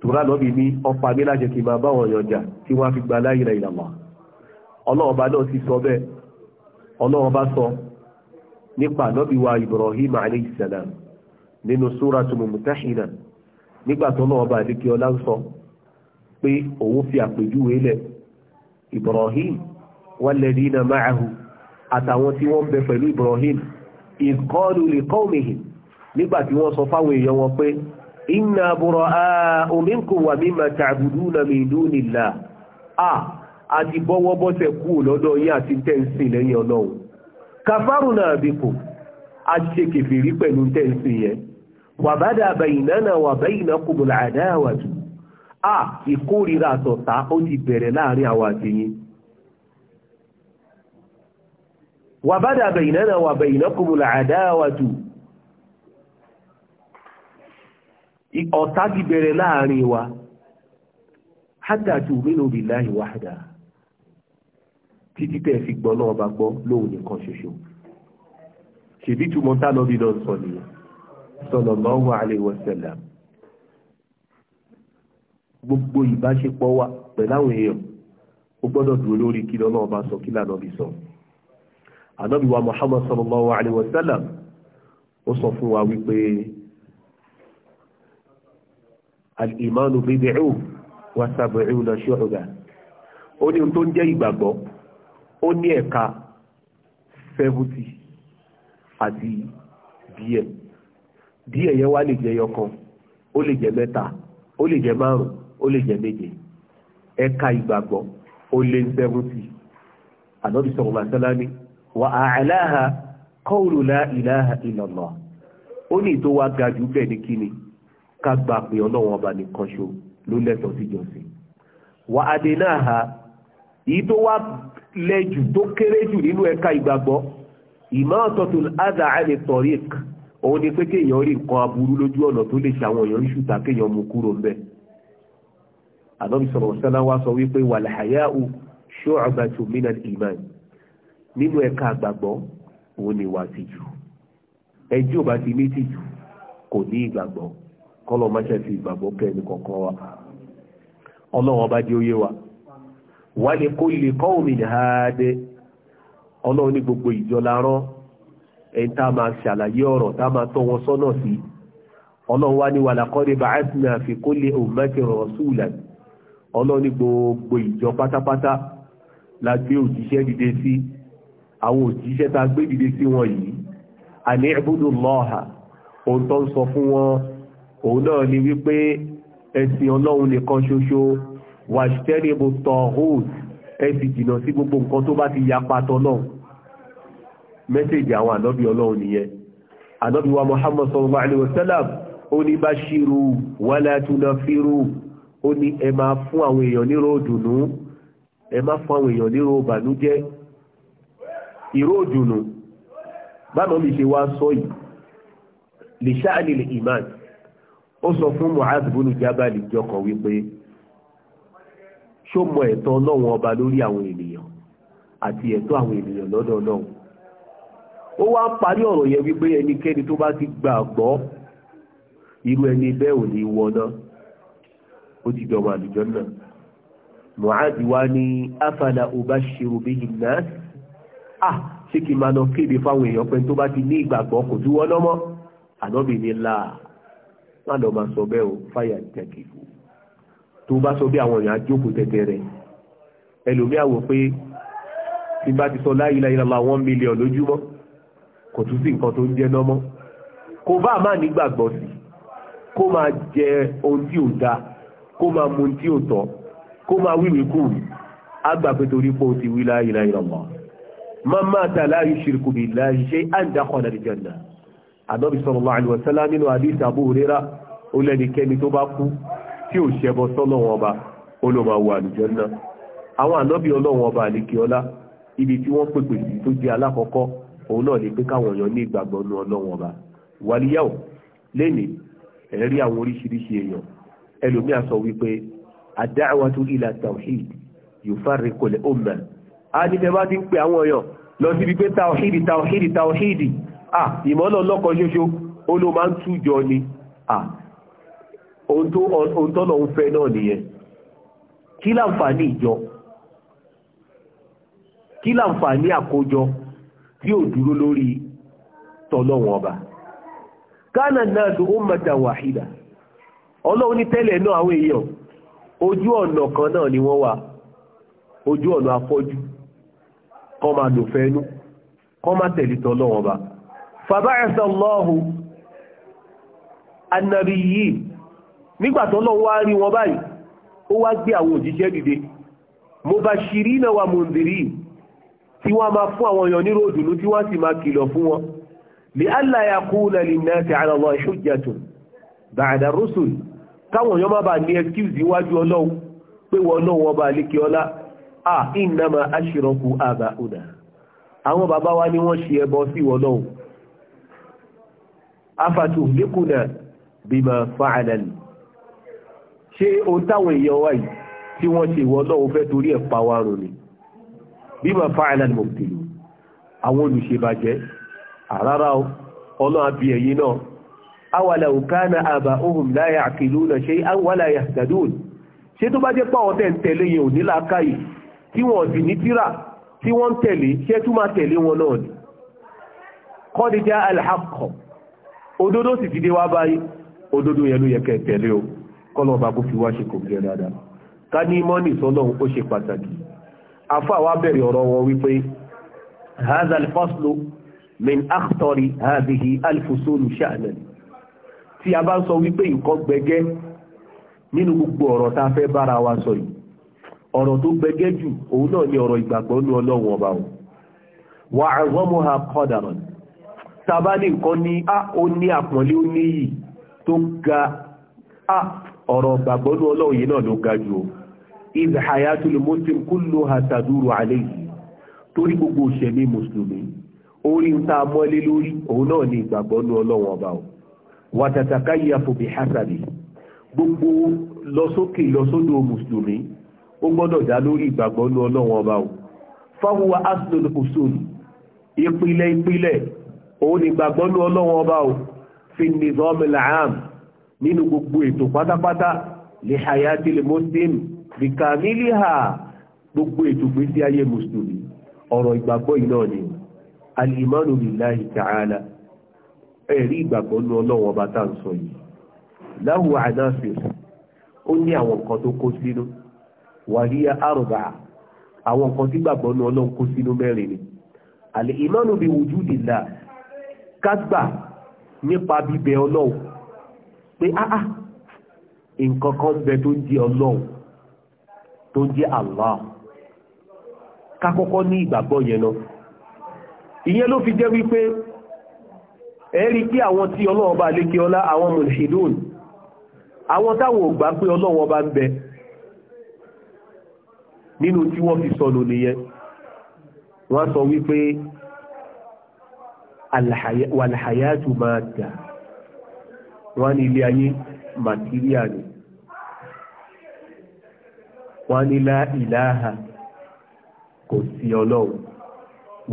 tura lọ́bi ní ọpa mi láṣẹ kí máa báwọn èèyàn jà tí wọ́n fi gba láyìnlá ìlànà ọlọ́ọ̀ba náà sì sọ bẹ́ẹ̀ ọlọ́ọ̀ba sọ nípa lọ́bi wa Ibrahim alayhi salam nínú Suratul Mumtahina nígbà tó náà ọba ọlá ń sọ pé òun fi àpèjúwe lẹ̀ Ibrahim walladhina ma'ahu àtàwọn tí wọ́n bẹ pẹ̀lú Ibrahim idh qalu liqawmihim nígbà tí wọ́n sọ fáwọn èèyàn wọn pé inna bura'a'u minkum wa mimma ta'buduna min dunillah à àti bọ́wọ́ bọ́sẹ̀ kú lọ́dọ̀ yín àti tẹ́ǹsìn lẹ́yìn ọlọ́run kafaruna bikum àti ṣe kèfèrí pẹ̀lú tẹ́ǹsìn yẹn wa bada baynana wa baynakumul adawatu à ìkórira àtọ̀tá ó ti bẹ̀rẹ̀ láàrin àwọn àtẹ̀yìn wa bada baynana wa baynakumul adawatu ọ̀tá ti bẹ̀rẹ̀ láàrin wa hádà tí ò mínú bí láì wáhádà títí tẹ́ fi gbọ́ náà bá gbọ́ lóhun nìkan ṣoṣo ṣèbí túmọ̀ tá lọ bí lọ sọ nìyẹn sallallahu alaihi wasallam gbogbo ìbáṣepọ̀ wa pẹ̀láwọn èèyàn ó gbọ́dọ̀ dúró lórí kí lọ́nà bá sọ kí lànà bí sọ ànábì wa Muhammad sallallahu alaihi wasallam ó sọ fún wa wípé alìmánu bíbíù wàsàbẹ̀rù náà ṣọ́ọ̀dà ó ní ohun tó ń jẹ́ ìgbàgbọ́ ó ní ẹ̀ka seventy àti díẹ̀ díẹ̀ yẹn wá lè jẹ́ yọkan ó lè jẹ́ mẹ́ta ó lè jẹ́ márùn ó lè jẹ́ méje ẹ̀ka ìgbàgbọ́ ó lé ànábi sọ̀rọ̀ wà ilaha ó ní ìtò wa ga bẹ́ẹ̀ ká gbà pé ọlọ́run ọba nìkan ṣo ló lẹ́tọ̀ọ́ síjọsìn wà á dé ha èyí tó wá lẹ́jù tó kéré jù nínú ẹ̀ka ìgbàgbọ́ ìmọ̀ ọ̀tọ̀tò ádà á lè òun ni pé kéèyàn rí nǹkan aburú lójú ọ̀nà tó lè ṣàwọn èèyàn ń ṣùtà kéèyàn mú kúrò ń bẹ̀. àdọ́bí sọ̀rọ̀ sẹ́lá wá sọ wípé wàlàyáù ṣọ́ọ̀bàtò mínal iman nínú ẹ̀ka àgbàgbọ́ òun ni wà tìjú ẹjọ́ bá ti ní tìjú kò ní ìgbàgbọ́ kọ́lọ̀ má ṣe fi ìgbàgbọ́ kẹ́ ẹni kọ̀ọ̀kan wa ọlọ́run ọba jẹ́ oyé wa wà lè kó lè kọ́ òmìn háàdé ọlọ́run ní gbogbo ìjọ larán ẹni tá a máa ṣàlàyé ọ̀rọ̀ tá a máa tọ́ wọn sọ́nà sí ọlọ́run wá ní wàlà kọ́ni bàásìnà fi kó lè òmùmẹ́tì rọ̀ṣùlà ọlọ́run ní gbogbo ìjọ pátápátá la gbé òjíṣẹ́ dìde sí àwọn òjíṣẹ́ tá a gbé dìde sí wọn yìí àní ìbúdó lọ́ọ̀hà òun tó ń sọ fún wọn òun náà ni wípé ẹ̀sìn ọlọ́run nìkan ṣoṣo wàṣítẹ́nìbò tọ̀hún ẹ̀sìn jìnnà sí gbogbo nǹkan tó bá ti yapa tọ́lọ́run mẹ́sẹ̀jì àwọn ànábì ọlọ́run nìyẹn ànábì wa Muhammad wa alaihi wasallam ó ní bashiru wala tunafiru ó ní ẹ máa fún àwọn èèyàn nírò òdùnnú ẹ má fún àwọn èèyàn nírò ìbànújẹ́ ìró òdùnnú báwọn mi ṣe wá sọ yìí lè ṣáà nílẹ̀ ìmáàdì ó sọ fún Mu'adh bùnú jábàlì jọkọ̀ wípé ṣó mọ ẹ̀tọ́ ọlọ́run ọba lórí àwọn ènìyàn àti ẹ̀tọ́ àwọn ènìyàn lọ́dọ̀ ọlọ́run ó wá ń parí ọ̀rọ̀ yẹn wípé ẹnikẹ́ni tó bá ti gbàgbọ́ irú ẹni bẹ́ẹ̀ ò ní wọná ó ti dọ̀wọ́ àlùjọ náà Mu'adh wá ní afala ubashiru bihi nas ah ṣé kí n máa lọ kéde fáwọn èèyàn pé tó bá ti ní ìgbàgbọ́ kò tún wọ́n lọ́mọ́ ànábì ní láà má lọ máa sọ bẹ́ẹ̀ o fáyà jẹ́kìfò tó bá sọ bí àwọn èèyàn àjókòó tẹ́tẹ́ rẹ̀ ẹlòmíà wò pé tí bá ti sọ láyé láyé lọ́la one million lójúmọ́ kò tún sí nǹkan tó ń jẹ́ nọ́mọ́ kò bá má nígbàgbọ́ sí kó máa jẹ ohun tí ò dáa kó máa mu tí ò tọ́ kó máa wíwèé kù àgbà pé torí pé o ti wí láyé láyé lọ́la má má ta láyé ṣirkù billahi shay'an dakhala al-jannah àdọ́bí sallallahu alaihi wasallam nínú àdíṣ Abu Hurairah ó lẹ́nikẹ́ni tó bá kú tí ò ṣẹbọ sọ́lọ́wọ́n ọba ó ló máa wọ àlùjánnà àwọn àdọ́bí ọlọ́wọ́n ọba àlekè ọlá ibi tí wọ́n pèpè sí tó jẹ́ alákọ̀ọ́kọ́ òun náà ni pé káwọn èèyàn ní ìgbàgbọ́ nu ọlọ́wọ́n ọba wàlíyàwó lénìí ẹ̀rí àwọn oríṣiríṣi èèyàn à ìmọ́lọ̀ lọ́kọ̀ ṣoṣo ó ló máa ń tújọ ni à tó tọ́lọ̀ ń fẹ́ náà nìyẹn kí láǹfààní ìjọ kí láǹfààní àkójọ tí ò dúró lórí tọ́lọ́wọ̀n ọba kánà náà tó ó mẹ́ta wàhídà ọlọ́run ní tẹ́lẹ̀ náà àwọn èèyàn ojú ọ̀nà kan náà ni wọ́n wà ojú ọ̀nà afọ́jú kọ́ máa lò fẹ́nu kọ́ máa tẹ̀lé tọ́lọ́wọ̀n ọba fàbáyẹsẹ lọ́hù anàbí yìí nígbàtọ́ lọ wá rí wọn báyìí ó wá gbé àwọn òjíṣẹ́ dìde mubashirina wa mundirin tí wọ́n máa fún àwọn èèyàn nírò òdùnú tí wọ́n sì máa kìlọ̀ fún wọn li alla yakuna linnasi ala Allahi hujjatun ba'da rusul káwọn èèyàn má bàa ní excuse iwájú ọlọ́run pé wọn náà afatuhlikuna bima fa'alan ṣé ohun táwọn èèyàn wá yìí tí wọ́n ṣe ìwọ náà ó fẹ́ torí ẹ̀ pa wá rùn ni bima fa'alan mubtilu àwọn olùṣèbàjẹ́ àrárá ọlọ́run àbí ẹ̀yìn náà awalaw kana aba'uhum la ya'qiluna shay'an wala yahtadun ṣé tó bá jẹ́ pàwọn tẹ̀ ń tẹ̀lé òdodo sì ti dé wá báyìí òdodo yẹn ló yẹ kẹ́ tẹ̀lé o kọ́lọ̀ bá kó fi wá ṣe kò gẹ́ dáadáa ká ní mọ́nì sọ́lọ́hun ó ṣe pàtàkì àfáà wá bẹ̀rẹ̀ ọ̀rọ̀ wọn wípé hazal faslu min akhtori hadhihi alfusulu sha'nan tí a bá sọ wípé nǹkan gbẹgẹ́ nínú gbogbo ọ̀rọ̀ tá a fẹ́ bára wa sọ yìí ọ̀rọ̀ tó gbẹgẹ́ jù òun náà ni ọ̀rọ̀ ìgbàgbọ́ ní ọlọ́run ọba o wà á rọ́mọ́ ha qadaran tàbá ní nǹkan ní a ah, ó ní àpọ̀nlé ó ní yìí tó ga a ah, ọ̀rọ̀ gbàgbọ́nú ọlọ́run yìí náà ló ga jù ìdí hayatul muslim kúlò àtàdúrò alẹ́ yìí torí gbogbo òṣèlú mùsùlùmí orí ń ta mọ́lé lórí òun náà ní ìgbàgbọ́nú ọlọ́run ọba o wàtàtàkà yàfò bí hasabi gbogbo lọsókè lọsódò mùsùlùmí ó gbọ́dọ̀ dá lórí ìgbàgbọ́nú ọlọ́run ọba o fáwọn aslul usul ìpìlẹ̀ ìpìlẹ̀ òun ni gbàgbọ́nú ọlọ́wọ́n ọba ò fi nizam al-aam nínú gbogbo ètò pátápátá li hayatil muslim bi kamiliha gbogbo ètò gbésí ayé mùsùlùmí ọ̀rọ̀ ìgbàgbọ́ iná ni al-imanu billahi ta'ala ẹ̀rí ìgbàgbọ́nú ọlọ́wọ́n ọba tá à ń sọ yìí lahu anasir ó ní àwọn nǹkan tó kó sínú àwọn nǹkan tí kó sínú mẹ́rin ni ká gbà nípa bíbẹ ọlọ́run pé áá ah, ah, nǹkan kan ń bẹ tó ń jẹ́ ọlọ́run tó ń jẹ́ Allah ká kọ́kọ́ ní ìgbàgbọ́ yẹn lọ ìyẹn ló fi jẹ́ wípé ẹ̀rí kí àwọn tí ọlọ́run bá lékè ọlá àwọn mùsùlùmí àwọn táwọn ò gbà pé ọlọ́run bá ń bẹ nínú tí wọ́n fi sọnù nìyẹn wọ́n sọ wípé wàlàhàyàtù máa dà wọ́n ní ilé ayé màtíríà ni wọ́n ní láìláha kò sí ọlọ́run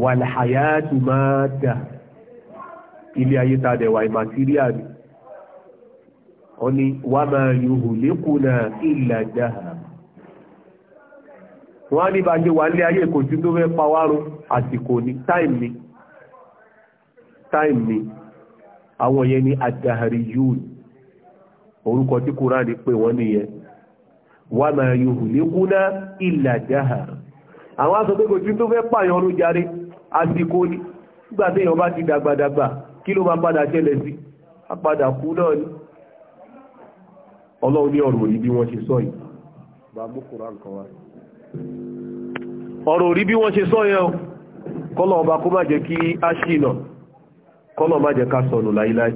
wàlàhàyàtù máa dà ilé ayé tàdẹ̀ wà ìmàtíríà ni wọ́n ní wà máa yòhò lékùnà ìlàdáhà wọ́n ní bá jẹ́ wà ilé ayé kò sí tó fẹ́ pa wárún àsìkò ní táìmì time ni àwọn yẹn ni ad-dahriyun orúkọ tí kúránì pé wọ́n nìyẹn wa ma yuhlikuna illa dahr àwọn aṣọ àwọn kò tí tó fẹ́ pààyàn ọdún járe àsìkò ní tí bá ti dàgbàdàgbà kí ló máa padà ní kọlọ má jẹ́ ká sọnù láíláí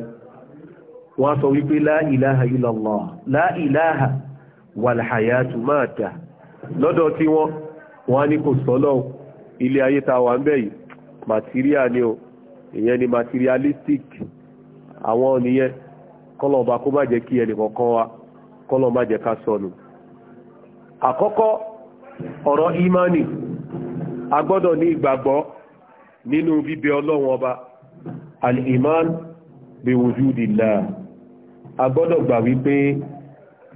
wọ́n sọ wípé láìláha illallah láìláha wàlhàyàtù máa dà lọ́dọ̀ tí wọ́n wọ́n ní kò sọ́lọ́ ilé ayé ta wà ń bẹ̀ yìí ni o ìyẹn ni materialistic àwọn nìyẹn kọ́lọ̀ ọba kó má jẹ́ kí ẹnì kọ̀ọ̀kan wa kọ́lọ̀ má ká àkọ́kọ́ ọ̀rọ̀ imani ní ìgbàgbọ́ ọba al-iman bi wujudillah a gbọ́dọ̀ gbà wípé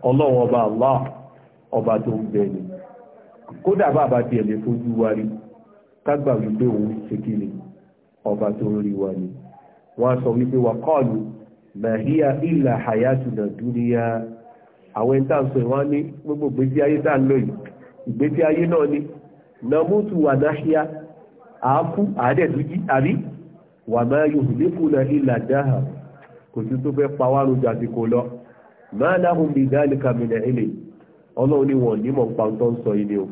ọlọ́run ọba allah ọba tó ń bẹ ni kódà bàbá tiẹ̀ lè fojú wa rí kágbà wípé òun ṣe kí ni ọba tó ń rí wa ni wọ́n sọ wípé wa qalu ma hiya illa hayatuna dunya àwọn ẹni ìwọ́n ní gbogbo ìgbésí ayé tá ń lò yìí ìgbésí ayé náà ni namutu wa nahya àákú àádẹ́dújí àbí wà máa yuhlikuna illa dahar kò sí tó fẹ́ pa wá lójú àti kò lọ máa lahum bi dhalika min ilm ọlọ́run ni wọ́n nímọ̀ pa tó ń sọ ilé o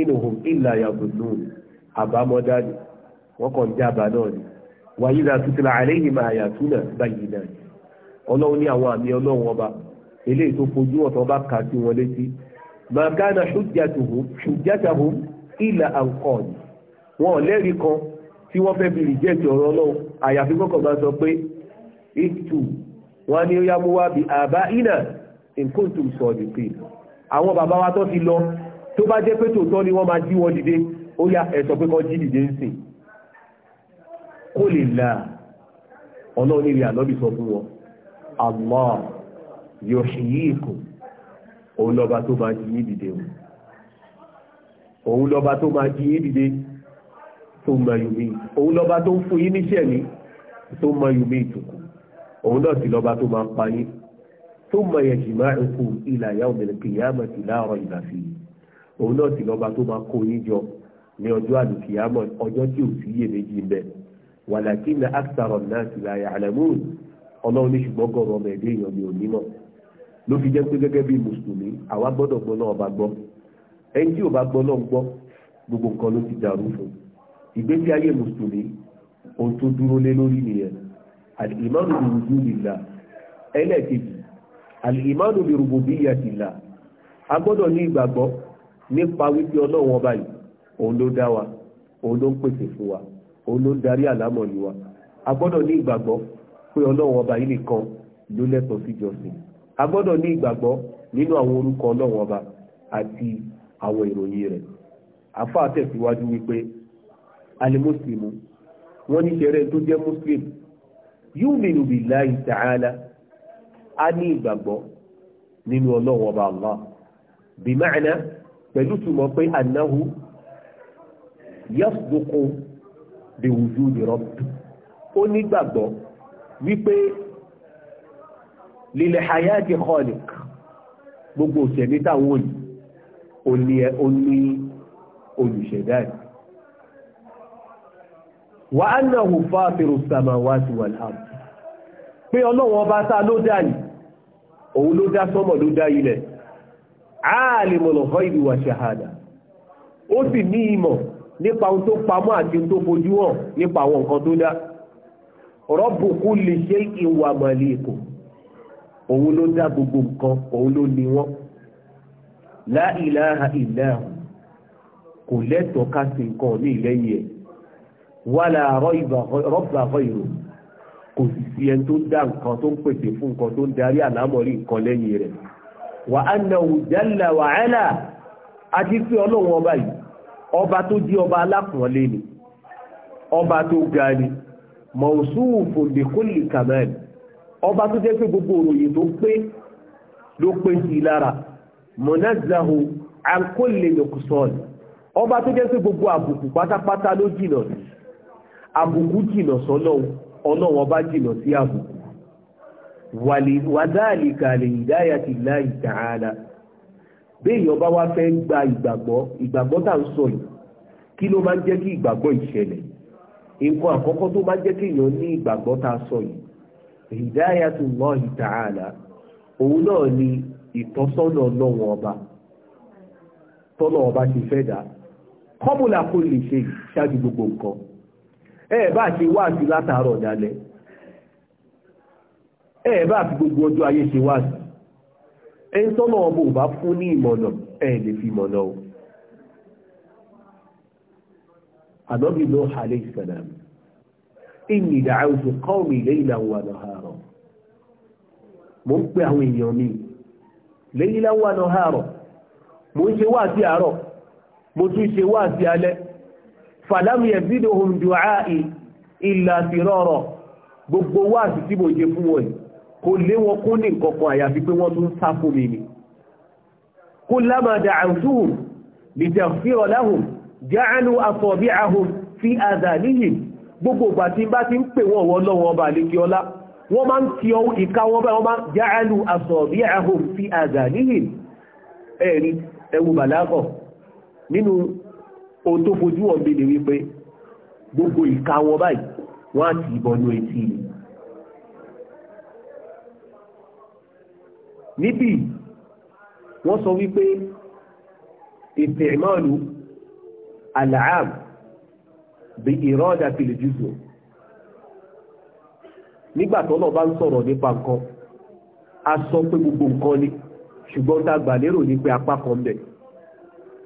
inú hùn illa yazunnun àbámọ́dá ni wọ́n kàn jábà náà ni wa idha tutla alayhim ayatuna bayyinat ọlọ́run ní àwọn àmì ọlọ́run ọba eléyìí tó fojú ọ̀tọ̀ bá kà sí wọn létí ma kana hujjatuhum hujjatuhum illa an qalu lẹ́rìí kan tí wọ́n fẹ́ bí rìjẹ́ẹ̀tì ọ̀rọ̀ ọlọ́run àyàfi kọ́kọ̀ bá sọ pé ìtù wọn ni ó yá mú wá bí àbá ìnà nǹkan tó sọ ọ̀dì pé àwọn bàbá wa tó ti lọ tó bá jẹ́ pé tòótọ́ ni wọ́n máa jí wọn dìde ó yá ẹ̀sọ̀ pé kan jí dìde ń sìn kó lè la ọlọ́run ìrìn ànábì sọ fún wọn Allah yuhyikum òun lọ́ba tó máa jí yín dìde òun lọ́ba tó máa jí yín dìde tó mọ yùmí òun lọ́ba tó ń fún yín níṣẹ́ ní tó mọ yùmí ìtùkù òun náà sì lọ́ba tó máa pa yín tó mọ yẹ̀jì máa ń kú ilà ìyá òmìnira kìyàmọ̀ sí láàárọ̀ ìgbà fi òun náà sì lọ́ba tó máa kó yín jọ ní ọjọ́ àlùkìyàmọ̀ ọjọ́ tí ò sí iyèméjì ń bẹ wàlàkì ní náà sì láyà àlẹ́mùn ọlọ́run ní ṣùgbọ́n gọ̀rọ̀ ọmọ ẹ̀dẹ́ èèyàn ni onímọ̀ ló fi jẹ́ pé gẹ́gẹ́ bí mùsùlùmí àwa gbọ́dọ̀ gbọ́ náà ọba gbọ́ ẹni tí ò bá gbọ́ náà gbọ́ gbogbo nǹkan ló ti dàrú fún un ìgbésí ayé mùsùlùmí ohun tó dúró lé lórí nìyẹn alìmánu bí wujudillah ẹlẹ́ẹ̀kejì alìmánu bí rububiyyatillah a gbọ́dọ̀ ní ìgbàgbọ́ nípa wípé ọlọ́run ọba yìí òun ló dá wa òun ló ń pèsè fún wa òun ló ń darí àlámọ̀lì wa a gbọ́dọ̀ ní ìgbàgbọ́ pé ọlọ́run ọba yìí nìkan ló lẹ́tọ̀ọ́ sí jọ́sìn a gbọ́dọ̀ ní ìgbàgbọ́ nínú àwọn orúkọ ọlọ́run ọba àti àwọn ìròyìn rẹ̀ àfáà tẹ̀síwájú wípé alimuslimu wọ́n ní ṣẹ̀rẹ́ tó jẹ́ muslim yu'minu billahi ta'ala a ní ìgbàgbọ́ nínú ọlọ́wọ́ ọba Allah bí ma'ana pẹ̀lú túmọ̀ pé annahu yasduqu bi wujudi rabbi ó nígbàgbọ́ wípé lil hayati khaliq gbogbo òṣèlú táwọn òní olùṣẹ̀dá yìí wà á náà hù fáfẹ́rù samawati wal ard pé ọlọ́run ọba tá ló dá yìí òun ló dá sọ́mọ̀ ló dá ilẹ̀ alimul ghaibi wa shahada ó sì ní ìmọ̀ nípa ohun tó pamọ́ àti ohun tó fojú hàn nípa àwọn nǹkan tó dá rabbu kulli shay'in wa maliku òun ló dá gbogbo nǹkan òun ló ní wọn la ilaha kò lẹ́tọ̀ọ́ ká sí nǹkan ní ìlẹ́yìn ẹ̀ wàlà rọ́bà ọ̀yọ̀ kò sì sí ẹni tó dá nǹkan tó ń pèsè fún nǹkan tó ń darí àlámọ̀rí nǹkan lẹ́yìn rẹ̀ wà á nà ó jalla wa ala àti pé ọlọ́run ọba yìí ọba tó di ọba alákùnrinlé ni ọba tó ga ni mawsufun bi kulli kamal ọba tó jẹ́ pé gbogbo òròyìn tó pé ló pé sí lára munazzahu an kulli nuqsan ọba tó jẹ́ pé gbogbo àbùkù pátápátá ló jìnà sí àbùkù jìnà sọ́nà ọlọ́wọ́ bá jìnà sí àbùkù wàdáàlìkà lè ìdáyà ti láì tààlà béèyàn bá wá fẹ́ gba ìgbàgbọ́ ìgbàgbọ́ tá ń sọ yìí kí ló máa ń jẹ́ kí ìgbàgbọ́ ìṣẹ̀lẹ̀ nǹkan àkọ́kọ́ tó máa ń jẹ́ kí èèyàn ní ìgbàgbọ́ tá sọ yìí ìdáyà tó lọ ìtààlà òun náà ni ìtọ́sọ́nà lọ́wọ́ ọba tọ́nà ọba ti fẹ́ dà kọ́bùlà kò lè ṣe ṣáájú gbogbo nǹkan ẹ bá ṣe wáàsí látàárọ̀ dalẹ́ ẹ bá fi gbogbo ọjọ́ ayé ṣe wáàsí ẹ ń tọ́nà ọmọ ò bá fún ní ìmọ̀nà ẹ lè fi mọ̀nà o ànábì ló hàlẹ́ ìsẹ̀lẹ̀m ìní ìdáhùn kọ́ mi lẹ́yìn àwọn àdáhàrọ̀ mo ń pe àwọn èèyàn mi fàlámù ẹ̀bídò ohun dùn áì ìlà àfirọ́rọ̀ gbogbo wá sí tí mo jẹ fún wọn kò lé wọn kún ní nǹkankan àyàfi pé wọ́n tún sá fún mi ni kó lámàdà àwùjúhùn lè jẹ́ fírọ̀ láhùn jáánú àfọ̀bí àhùn fi àdà níyìn gbogbo ìgbà tí bá ti ń pè wọ́n wọ́n lọ́wọ́ ọba àlékí ọlá máa ń ti ọwọ́ ìka wọ́n báyìí máa jáàlù àsọ̀bí àhùn fi àdà níhìn ẹ̀rí ẹwù bàlágọ̀ nínú ohun tó fojú wọn bèèrè wípé gbogbo ìka wọn báyìí wọ́n á ti ìbọnú etí ni níbi wọ́n sọ wípé ìtẹ̀mọ́lù àlàám bí ìrọ́dà tìlìjúzù nígbà tó náà bá ń sọ̀rọ̀ nípa nǹkan a sọ pé gbogbo nǹkan ni ṣùgbọ́n tá gbà lérò ní pé apá kan bẹ̀rẹ̀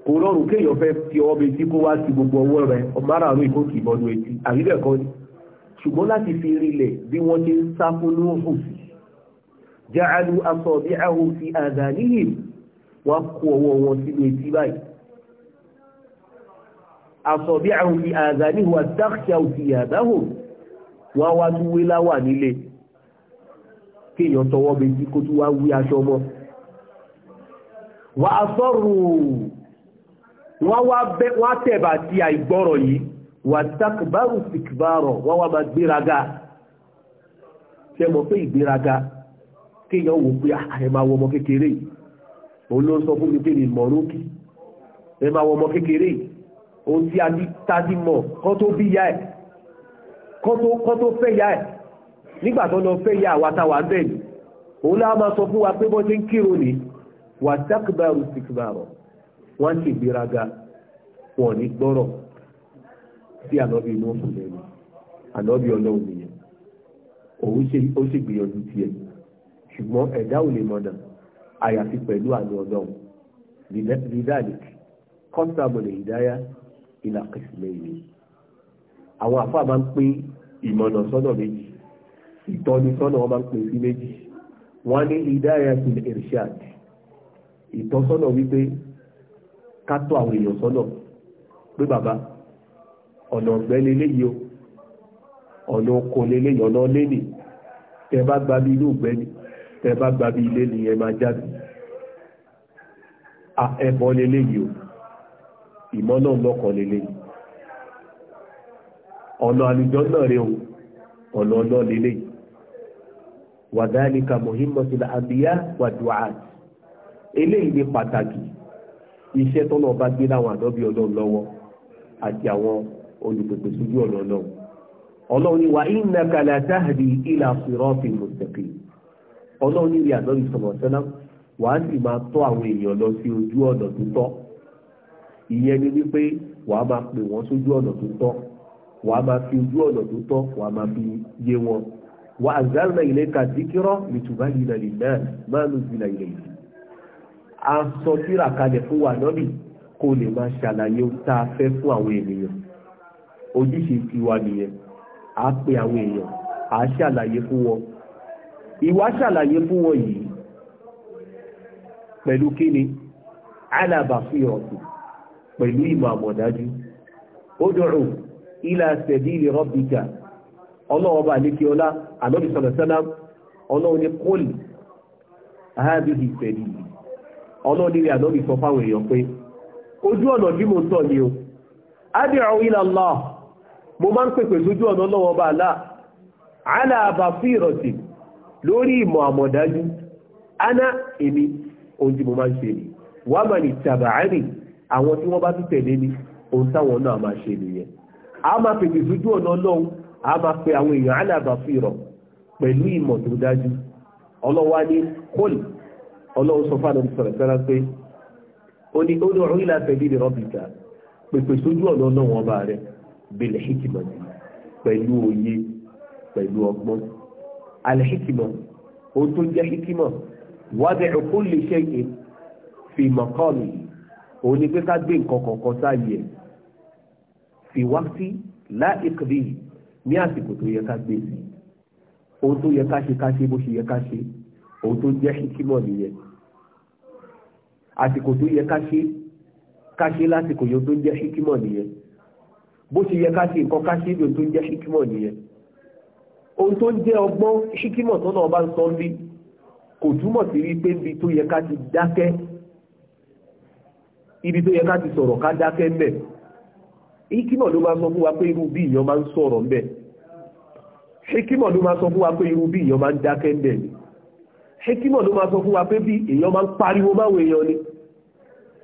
kò rọrùn kéèyàn fẹ́ fi ọwọ́ mi tí kó wá sí gbogbo ọwọ́ rẹ ọmọlára àrùn ìkó kì í bọ́nu etí àríbẹ̀ kan ni ṣùgbọ́n láti fi rinlẹ̀ bí wọ́n ti ń sá fún lóhùn sí ja'alu asabi'ahum fi adhanihim wọ́n kéèyàn tọwọ́ mi kó tún wá wí aṣọ mọ́ wà á sọ̀rọ̀ wọ́n wá bẹ́ wọ́n tẹ̀bà a ìgbọ́rọ̀ yìí wà takbaru sikbaro wọ́n wá bá gbéraga ṣe mọ̀ pé ìgbéraga kéèyàn wò pé ah, ẹ máa wọ ọmọ kékeré òun ló sọ fún mi pé mi mọ̀ lókì ẹ máa ọmọ kékeré ohun tí a tádí mọ̀ kọ́ tó bí ya ẹ̀ kọ́ tó fẹ́ ya ẹ̀ nígbà tó lọ fẹ́ ya àwa táwa bẹ́ẹ̀ ni òun láwọn máa sọ wọ́n sì gbéraga wọn ní gbọ́rọ̀ sí ànábì mọ́sùn lẹ́nu ànábì ọlọ́run nìyẹn òun ó sì gbìyànjú tiẹ̀ ṣùgbọ́n ẹ̀dá ò lè mọ̀nà àyàfi pẹ̀lú àánú ọlọ́run lidalik kọ́sàmùlẹ̀ ìdáyà ìlà kìsìlẹ̀ ìlú àwọn àfáà máa ń pín ìmọ̀nà sọ́nà méjì ìtọ́ni sọ́nà wọn máa ń pín sí méjì wọ́n ní ìdáyà ìrìṣàdì ìtọ́sọ́nà wípé ká àwọn èèyàn sọ́nà pé bàbá ọ̀nà ọ̀gbẹ́ leléyìí o ọ̀nà oko leléyìí ọ̀nà lẹ́nì tẹ bá gba bí inú ọ̀gbẹ́ ni tẹ bá gba bí ilé ni ẹ máa jáde ẹ̀bọ leléyìí o ìmọ̀ náà lọ́kọ̀ ọ̀nà àlùjọ náà rẹ o ọ̀nà ọ̀nà leléyìí wàdálíkà mọ̀hímọ́sílá àbíyá wàdùá eléyìí ni pàtàkì iṣẹ́ tọ́nà bá gbé láwọn àdọ́bí ọlọ́run lọ́wọ́ àti àwọn olùpèpè sójú ọ̀nà ọlọ́run ọlọ́run ni wà innaka la tahdi ila siratin mustaqim ọlọ́run ní ìwé àdọ́bí sọ̀rọ̀ sẹ́lá wà á sì máa tọ́ àwọn èèyàn lọ sí ojú ọ̀nà tó tọ́ ìyẹn ni wípé wà á máa pè wọ́n sójú ọ̀nà tó tọ́ wà á máa fi ojú ọ̀nà tó wà á máa fi yé wọn wà á zálẹ̀ ilayka dhikra litubayyina a sọ tírà kalẹ̀ fún wa lọ́bì kó lè máa ṣàlàyé ohun a fẹ́ fún àwọn ènìyàn ojúṣe tiwa nìyẹn a pe àwọn èèyàn a ṣàlàyé fún wọn ìwà ṣàlàyé fún wọn yìí pẹ̀lú kíni alábàáfí ọ̀sùn pẹ̀lú ìmọ̀ àmọ̀dájú ó dọ̀rọ̀ ilà sẹ̀dílì rọ́bìkà ọlọ́wọ́ bá lékè ọlá àlọ́bìsọ̀rọ̀ sẹ́lá ọlọ́wọ́ ní kólì ọlọ́nìrì àdọ́bì sọ fáwọn èèyàn pé ojú ọ̀nà bí mo tọ̀ ni o adìrọ̀ ila Allah mo máa ń pèpè sójú ọ̀nà lọ́wọ́ bá láà aláàbà fún ìrọ̀sì lórí ìmọ̀ àmọ̀dájú aná èmi ohun tí mo máa ń ṣe ni wà máa ní tàbàárì àwọn tí wọ́n bá tún tẹ̀lé ni ohun táwọn náà máa ṣe nìyẹn a máa pèpè sójú ọ̀nà lọ́wọ́ a máa pe àwọn èèyàn aláàbà fún ìrọ̀ pẹ̀lú ìmọ̀ tó dájú ọlọ́wá ní kólì ọlọ́run sọ fún àdàbí sọ̀rọ̀ sẹ́ra pé ó ní ó ní ọ̀rọ̀ ìlà tẹ̀lé ní rọ́bìkà pèpè sójú ọ̀nà ọlọ́run ọba rẹ̀ bẹ̀lẹ̀ hikima pẹ̀lú òye pẹ̀lú ọgbọ́n alhikima ó tó jẹ́ hikima wádẹ̀ ẹ̀kọ́ lè ṣẹ́yẹ fi mọ̀kọ́ọ̀lì òun ni pé ká gbé nǹkan kọ̀ọ̀kan sáàyè ẹ̀ fi wá sí láìkiri ní àsìkò tó yẹ ká gbé sí ohun tó yẹ ká ṣe ká ṣe bó ṣe yẹ ká ṣe ohun tó jẹ́ hikima nìyẹn àsìkò tó yẹ ká ṣe ká ṣe lásìkò yóò tó ń jẹ́ ṣíkímọ̀ nìyẹn bó ṣe yẹ ká ṣe nǹkan ká ṣe yóò tó ń jẹ́ ṣíkímọ̀ nìyẹn ohun tó ń jẹ́ ọgbọ́n ṣíkímọ̀ tó náà ń sọ ní kò túmọ̀ sí rí pé ibi tó yẹ ká ti dákẹ́ ibi tó yẹ ká ti sọ̀rọ̀ ká dákẹ́ mbẹ̀ ṣíkímọ̀ ló máa sọ fún wa pé irú bí ìyàn máa ń sọ̀rọ̀ mbẹ̀ ṣíkímọ̀ ló máa sọ fún wa pé irú bí ìyàn máa ń dákẹ́ mbẹ̀ ni Hekima ló máa sọ fún wa pé bí èèyàn máa ń pariwo báwọn èèyàn ni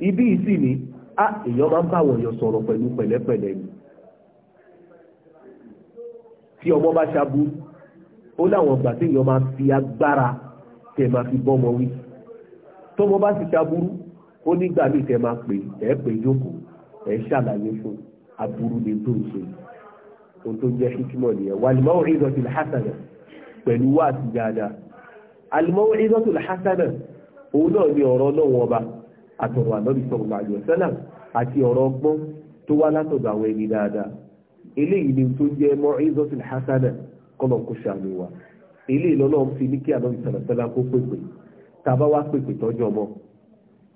ibi ìsì ni a èèyàn máa ń báwọn èèyàn sọ̀rọ̀ pẹ̀lú pẹ̀lẹ́pẹ̀lẹ́ ni tí ọmọ bá ṣabú ó láwọn ìgbà tí èèyàn máa fi agbára tẹ̀ máa fi bọ́mọ wí tọmọ bá sì ṣaburú ó nígbà míì tẹ máa pè ẹ pè jókòó ẹ ṣàlàyé fún aburú ni tó ń ṣe ohun tó jẹ́ hikimọ̀ nìyẹn wàlúmọ́ òrìṣọ́ ti lè hásàlẹ̀ pẹ̀lú wáàsí dáadáa al-maw'izatul hasana òun náà ni ọ̀rọ̀ ọlọ́run ọba àtọ̀rọ̀ ànábì sallallahu alaihi wasallam àti ọ̀rọ̀ ọgbọ́n tó wá látọ̀dọ̀ àwọn ẹni dáadáa eléyìí ni tó jẹ́ maw'izatul hasana kọ́nà kó ṣàmì wa eléyìí lọ́lọ́run fi ní kí ànábì sallallahu alaihi wasallam kó pèpè tàbá wá pèpè tọ́jú ọmọ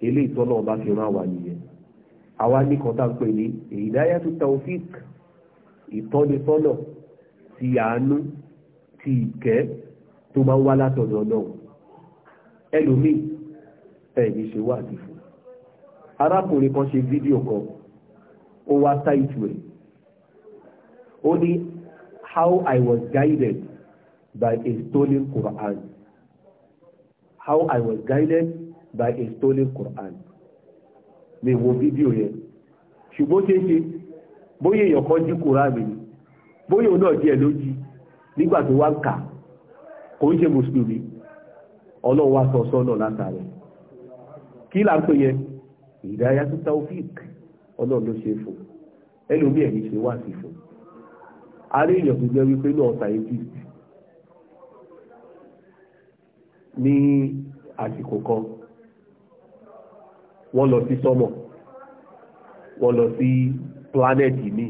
eléyìí tọ́lọ́ ọba tó máa ń wá látọ̀dọ̀ náà ẹlòmíì ẹ̀mí ṣe wà sí fún arákùnrin kan ṣe fídíò kan ó wá sáìtù ẹ̀ ó ní how I was guided by a stolen Quran how I was guided by a stolen Quran mi wo fídíò yẹn ṣùgbọ́n ṣe é ṣe bóyá èèyàn kan jí Quran mi bóyá òun náà jẹ́ lójí nígbà tó wá ń kà á kò ń ṣe mùsùlùmí ọlọ́run wá sọ sọ́nà látàrí kí là ń pè yẹn ìdáyà tó taofik ọlọ́run ló ṣe fún ẹlòmí ẹ̀mí ṣe wá sí fún a rí èèyàn tó jẹ́ wípé náà scientist ní àsìkò kan wọ́n lọ sí sọ́mọ̀ wọ́n lọ sí planẹ́ẹ̀tì míì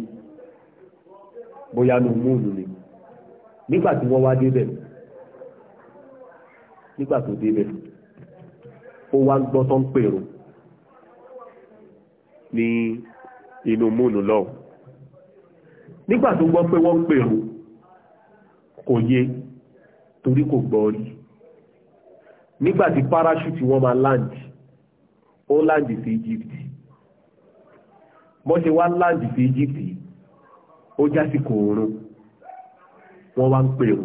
bóyá nu múùnù ni nígbà tí wọ́n wá débẹ̀ nígbà tó débẹ̀ ó wá gbọ́ tó ń pèrò ní inú múnú lọ nígbà tó gbọ́ pé wọ́n pèrò kò yé torí kò gbọ́ rí nígbà tí parachute wọ́n máa land ó land sí Egypt bọ́n ṣe wá land sí Egypt ó jásìkò oorun wọ́n wá ń pèrò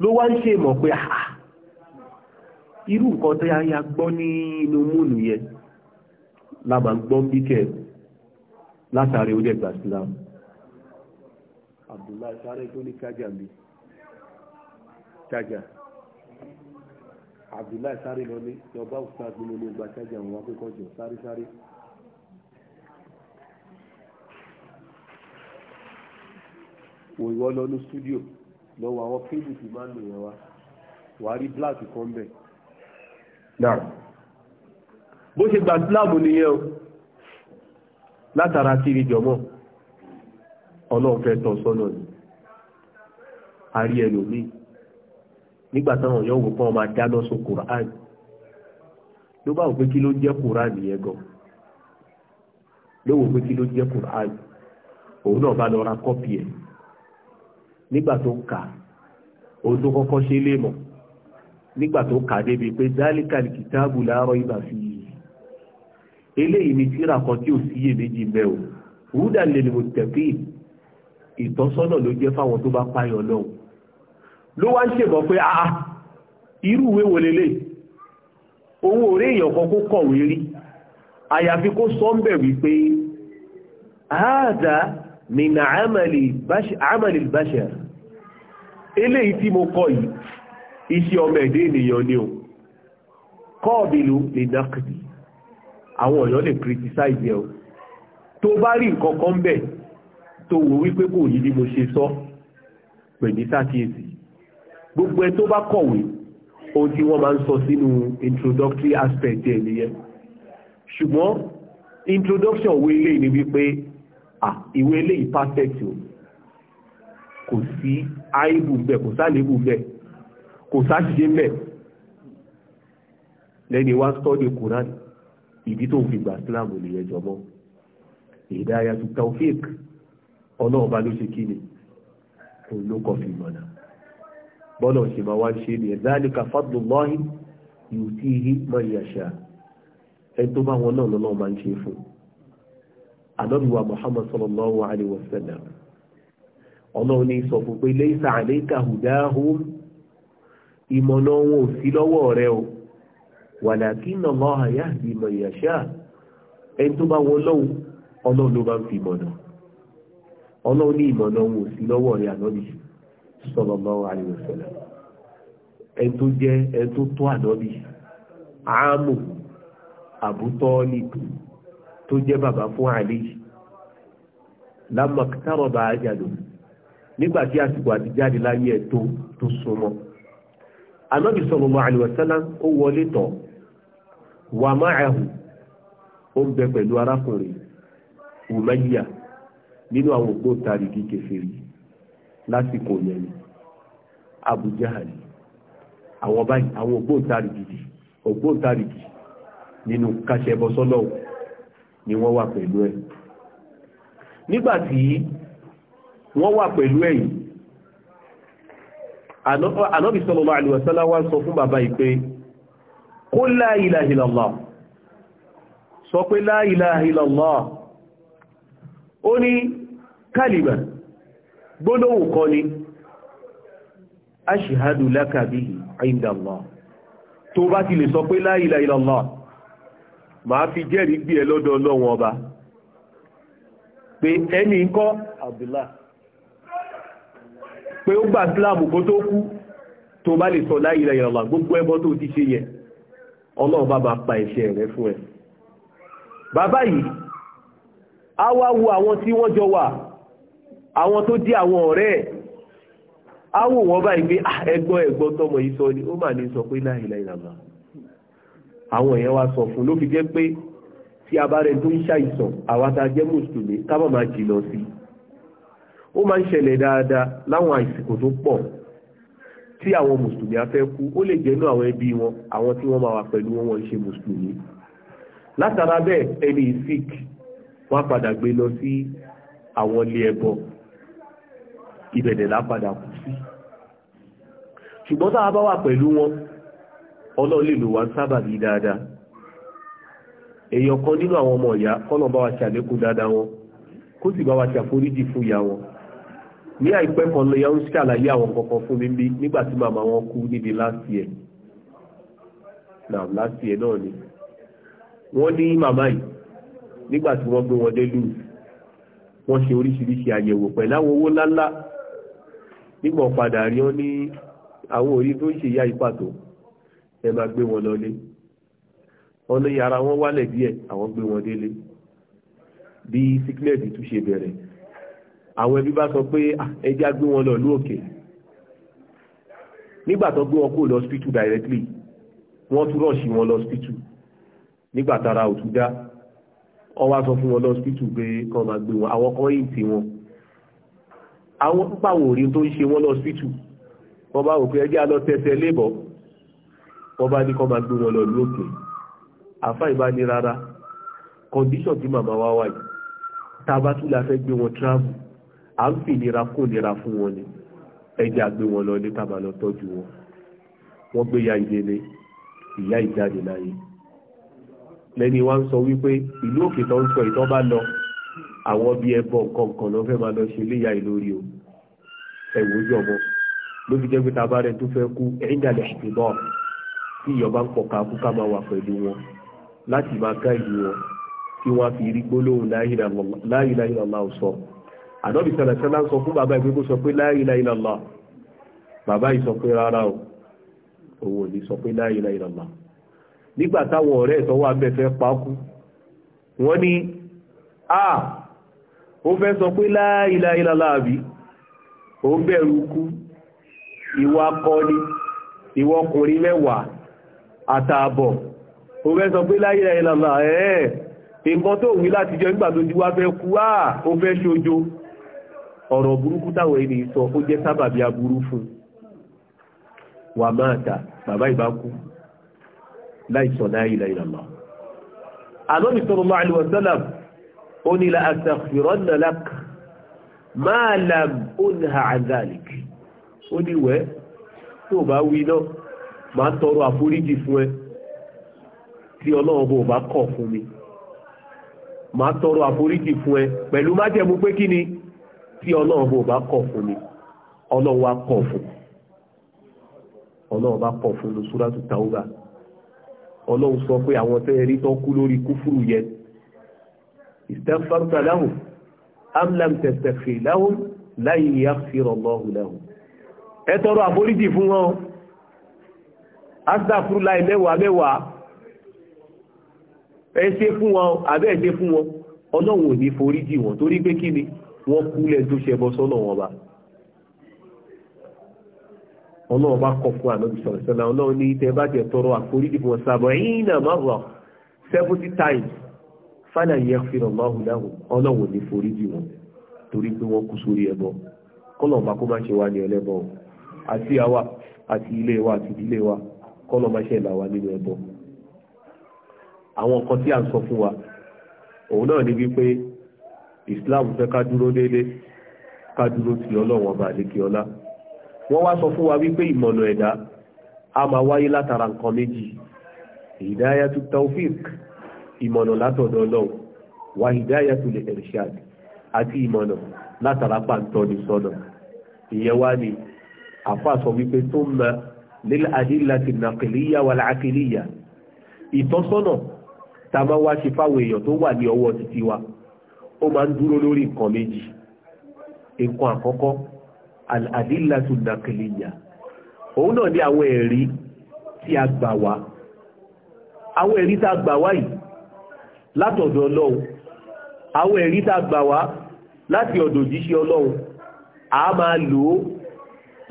ló wá ń ṣe mọ̀ pé àà ah, irú nǹkan tó yáyá gbọ́ ní inú múùnù yẹ lábà gbọ́ bíkẹ̀ látàrí ó dẹ̀gbà Islam Abdullahi sáré tó ní kájà mi kájà Abdullahi sáré lọ ní ọba ustaz nínú ní ọgbà kájà wọn wá pé kọjọ sáré sáré òyìnbó lọ ní stúdíò lọ wọ àwọn fíìmù tí máa ń lò yẹn wá wàá rí black kan bẹ́ẹ̀ náà bó ṣe gba islam nìyẹn o látara kiri jọmọ́ ọlọ́run fẹ́ tọ́ sọ́nà ni a rí ẹlòmíì nígbà táwọn yóò wò pé wọ́n máa dáná sun quran ló bá wò pé kí ló jẹ́ quran yẹn gan ló wò pé kí ló jẹ́ quran òun náà bá lọ ra kọ́pì ẹ̀ nígbà tó ń kà òun tó kọ́kọ́ ṣe lé mọ̀ nígbà tó kà débi pé dáríkàlì kìtàbù láàárọ̀ ìbà fi eléyìí ni tíra kan tí ò síyè méjì mẹ́ o wúdà lè lè mọ̀ tẹ̀kí ìtọ́sọ́nà ló jẹ́ fáwọn tó bá páyọ̀ náà ló wá ń ṣèbọ̀ pé àá irú ìwé wo lélẹ̀ òun ò èèyàn kan kó kọ̀wé rí àyàfi kó sọ ń bẹ̀ wípé àádá min amali bashar eléyìí tí mo kọ yìí iṣẹ́ ọmọ ẹ̀dẹ́ ènìyàn ni o kọ́ọ̀bìlú lè dákìdì àwọn èèyàn lè criticize ẹ o tó bá rí nǹkan kan bẹ̀ tó wò wípé kò yí bí mo ṣe sọ pẹ̀lú sàkíyèsí gbogbo ẹ tó bá kọ̀wé ohun tí wọ́n máa ń sọ sínú introductory aspect ẹ̀ nìyẹn ṣùgbọ́n introduction wo eléyìí ni wípé ah ìwé eléyìí perfect o kò sí àìbù bẹ́ẹ̀ kò sálébù bẹ́ẹ̀ kò sáṣìṣe ń bẹ̀ lẹ́ni wá sọ́dí Quran ìdí tó fi gbà Islam nìyẹn jọmọ́ ìdáyà tó taufik ọlọ́ọ̀bá ló ṣe kí ni òun ló kọ́ fi mọ̀nà bọ́lọ̀ ṣe máa wá ń ṣe nìyẹn dhalika fadlullahi yutihi man yasha ẹni tó bá wọn náà lọ́nà máa ń ṣe fún ànábìwá Muhammad sallallahu alayhi wa sallam ọlọ́run ní sọ fún pé laysa alayka hudahum ìmọ̀nà wọn ò sí lọ́wọ́ rẹ o walakinna Allaha yahdi man yasha ẹni tó bá wọn lọ́wọ́ ọlọ́run ló bá ń fi ọlọ́run ní ìmọ̀nà wọn ò sí lọ́wọ́ rẹ ànábì sallallahu ẹni tó jẹ ẹni tó tó tó bàbá fún àlè bá nígbà tí àsìkò anábì sallallahu alaihi wasallam ó wọlé tọ̀ wà ma'ahu ó ń bẹ pẹ̀lú arákùnrin Umayya nínú àwọn ògbóǹtarìgì kèfèrí lásìkò yẹn ni Abu Jahali àwọn báyìí àwọn ògbóǹtarìgì ògbóǹtarìgì nínú kàṣẹbọsọ́lọ́ ni wọ́n wà pẹ̀lú ẹ̀ nígbàtí wọ́n wà pẹ̀lú ẹ̀yìn ànábì sallallahu alaihi wasallam wá sọ fún bàbá yìí pé kó la ilaha illallah sọ pé la ilaha illallah ó ní kálìmà gbólóhùn kan ni ashhadu laka bihi inda Allah tó bá ti lè sọ pé la ilaha illallah màá fi jẹ́rìí gbé ẹ lọ́dọ̀ ọlọ́run ọba pé ẹni kọ́ Abdullah pé ó gbà sílámù kó tó kú tó bá lè sọ la ilaha illallah gbogbo ẹbọ tó ti ṣe yẹ ọlọ́run bá bá pa ẹ̀ṣẹ̀ rẹ fún ẹ bàbá yìí a wá wo àwọn tí wọ́n jọ wà àwọn tó jẹ́ àwọn ọ̀rẹ́ ẹ̀ a wò wọ́n báyìí pé ẹgbọ́n ah, ẹgbọ́n tọmọ yìí sọ ni ó mà ní sọ pé la ilaha illallah àwọn èèyàn wa sọ fún ló fi jẹ́ pé tí a bá rẹ tó ń ṣàìsàn àwa tá mùsùlùmí ká ó máa ń ṣẹlẹ̀ dáadáa láwọn àìsìkò tó pọ̀ tí àwọn mùsùlùmí á fẹ́ kú ó lè jẹ́nu àwọn ẹbí wọn àwọn tí wọ́n máa wà pẹ̀lú wọn wọ́n ṣe mùsùlùmí látara bẹ́ẹ̀ ẹni sick wọ́n á padà gbé lọ sí àwọn ilé ẹbọ ìbẹ̀dẹ̀ lápadà kù sí ṣùgbọ́n tá a bá wà pẹ̀lú wọn ọlọ́run lè lò wá sábàbí dáadáa èèyàn kan nínú àwọn ọmọ ìyá kọ́nà bá wa ṣàlékún dáadáa wọn kó sì bá wa ṣàforíjì fún ìyá wọn ní àìpẹ́ kan lọ yàwó ṣàlàyé àwọn kankan fún mi bí nígbà tí màmá wọn kú níbi last year náà last year náà ni wọ́n ní màmá yìí nígbà tí wọ́n gbé wọn dé lù wọ́n ṣe oríṣiríṣi àyẹ̀wò pẹ̀lú àwọn owó ńláńlá nígbà padà rí wọn ní àwọn orí tó ń ṣe ìyá ipá tó ẹ máa gbé wọn lọlé ọ̀nà wọn wálẹ̀ díẹ̀ àwọn gbé wọn délé bí sickness tún ṣe bẹ̀rẹ̀ àwọn ẹbí bá sọ pé ẹjẹ́ á gbé wọn lọ lú òkè nígbà tó gbé wọn kó lọ hospital directly wọ́n tún rọ̀ṣì wọn lọ hospital nígbà tára ò tún dá ó wá sọ fún wọn lọ hospital pé kàn máa gbé wọn àwọn kan yìí tí wọn àwọn pàwọn òrí tó ń ṣe wọn lọ hospital wọ́n bá wò pé ẹjẹ́ á lọ tẹsẹ̀ lébọ̀ wọ́n bá ní kàn máa gbé wọn lọ lú òkè àfá ìbá ní rárá kọndíṣọ̀n tí màmá wá wáyìí tàbátú la fẹ́ gbé wọn travel à ń fi ìnira kó ìnira fún wọn ni ẹjẹ́ àgbé wọn lọ ní tàbá lọ tọ́jú wọn wọ́n gbé ya ìdílé ìyá ìjáde láyé lẹ́ni wá ń sọ wípé ìlú òkè tó ń sọ ìtọ́ bá lọ àwọn bí ẹbọ kọ̀ọ̀kan lọ fẹ́ máa lọ ṣe léyà ìlórí o ẹ̀wòjú ọmọ ló fi jẹ́ pé tá a bá rẹ̀ tó fẹ́ kú ẹ̀ńdàlẹ̀ ìbọ̀ tí ìyọba ń pọ̀ ká kú ká máa wà pẹ̀lú wọn láti máa ká ìlú wọn kí wọ́n fi rí gbólóhùn láyìnláyìnlá sọ ànábì sàlàsàlà ń sọ fún bàbá ìgbé kó sọ pé la ilaha illallah bàbá yìí sọ pé rárá o òun ò ní sọ pé la ilaha illallah nígbà táwọn ọ̀rẹ́ ìtọ́wọ́ abẹ́fẹ́ pákú wọ́n ní a ó fẹ́ sọ pé la ilaha illallah àbí ó ń bẹ̀rù kú ìwà kọ́ni ìwọ ọkùnrin mẹ́wàá àtààbọ̀ ó fẹ́ sọ pé la ẹ̀ẹ́ nǹkan tó wí láti nígbà tó ti wá fẹ́ kú á ó fẹ́ ṣojo ọ̀rọ̀ burúkú táwọn ẹni sọ ó jẹ́ sábàbí aburú fún wà máa ta bàbá ìbá kú láìsọ̀ láì láì la astaghfiranna lak ma lam unha an dhalik ó ní wẹ́ tó bá wí náà máa tọrọ àforíjì fún tí ọlọ́run bò bá kọ̀ fún mi máa tọrọ àforíjì fún ẹ pẹ̀lú májẹ̀mú pé kí ni tí ọlọ́run bò bá kọ̀ fún mi ọlọ́run wá kọ̀ fún ọlọ́run bá kọ̀ fún ní súrátù tàwùbà ọlọ́run sọ pé àwọn tẹ́ rí tán kú lórí kúfúrú yẹn istaghfarta lahum am lam tastaghfir lahum lan yaghfira Allahu lahum ẹ tọrọ àforíjì fún wọn astaghfirullahi mẹ́wàá mẹ́wàá ẹ ṣe fún wọn àbẹ́ ẹ ṣe fún wọn ọlọ́run ò ní foríjì wọn torí pé kí ni wọ́n kúlẹ̀ tó ṣe ẹbọ sọ́nà wọn bá ọlọ́run bá kọ̀ fún ànábì sọ̀rọ̀ sọ́nà ọlọ́run ní tẹ́ bá tọrọ náà má seventy times fàlà yẹn fi ràn máa hùn dáhùn ọlọ́run ní foríjì wọn torí pé kú sórí ẹbọ kó má ṣe wá ní àti àwa àti ilé wa àti ìdílé wa má Islam fẹ́ ká dúró déédéé ká dúró ti ọlọ́wọ́n ọba àlékè ọlá wọ́n wá sọ fún wa wípé ìmọ̀nà ẹ̀dá a máa wáyé látara nǹkan méjì hidayatu tawfiq ìmọ̀nà látọ̀dọ̀ ọlọ́run wa hidayatu lè irshad àti ìmọ̀nà látara pàǹtọ́ ní sọ́nà ìyẹn wá ní àfà sọ wípé thumma lil adillati naqliyya wal aqliyya ìtọ́sọ́nà tá a máa wá ṣe fáwọn èèyàn tó wà ní ọwọ́ títí Wa ó máa ń dúró lórí nǹkan méjì nǹkan àkọ́kọ́ al-adillatu an-naqliyya òun náà ní àwọn ẹ̀rí tí a gbà wá àwọn ẹ̀rí tá a gbà wá yìí látọ̀dọ̀ ọlọ́run àwọn ẹ̀rí tá a gbà wá láti ọ̀dọ̀ òjíṣẹ́ ọlọ́run a máa lò ó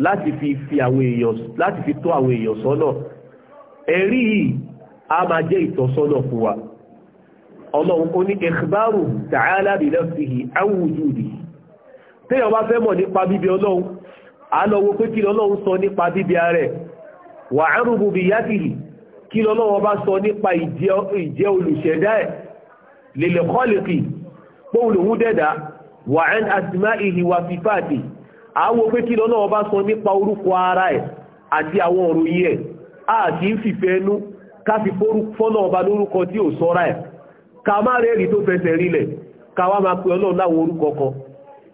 láti fi fi àwọn èèyàn láti fi tọ́ àwọn èèyàn sọ́nà ẹ̀rí yìí a máa jẹ́ ìtọ́sọ́nà fún wa ọlọ́run ó ní ẹ̀kbárù ta'ala bi nafsihi an wujudihi téèyàn bá fẹ́ mọ̀ nípa bíbi ọlọ́run a lọ wo pé kí lọ́lọ́run sọ nípa bíbi ààrẹ wà á rúbu bí yátìhì kí lọ́lọ́run bá sọ nípa ìjẹ́ olùṣẹ̀dá ẹ̀ lèlè kọ́lìkì pòun lòun dẹ̀dá wà án asma'ihi wà fífàtì a wo pé kí lọ́lọ́run ká má rẹ́rì tó fẹsẹ̀ rílẹ̀ ká wá máa pe ọlọ́run láwọn orúkọ kan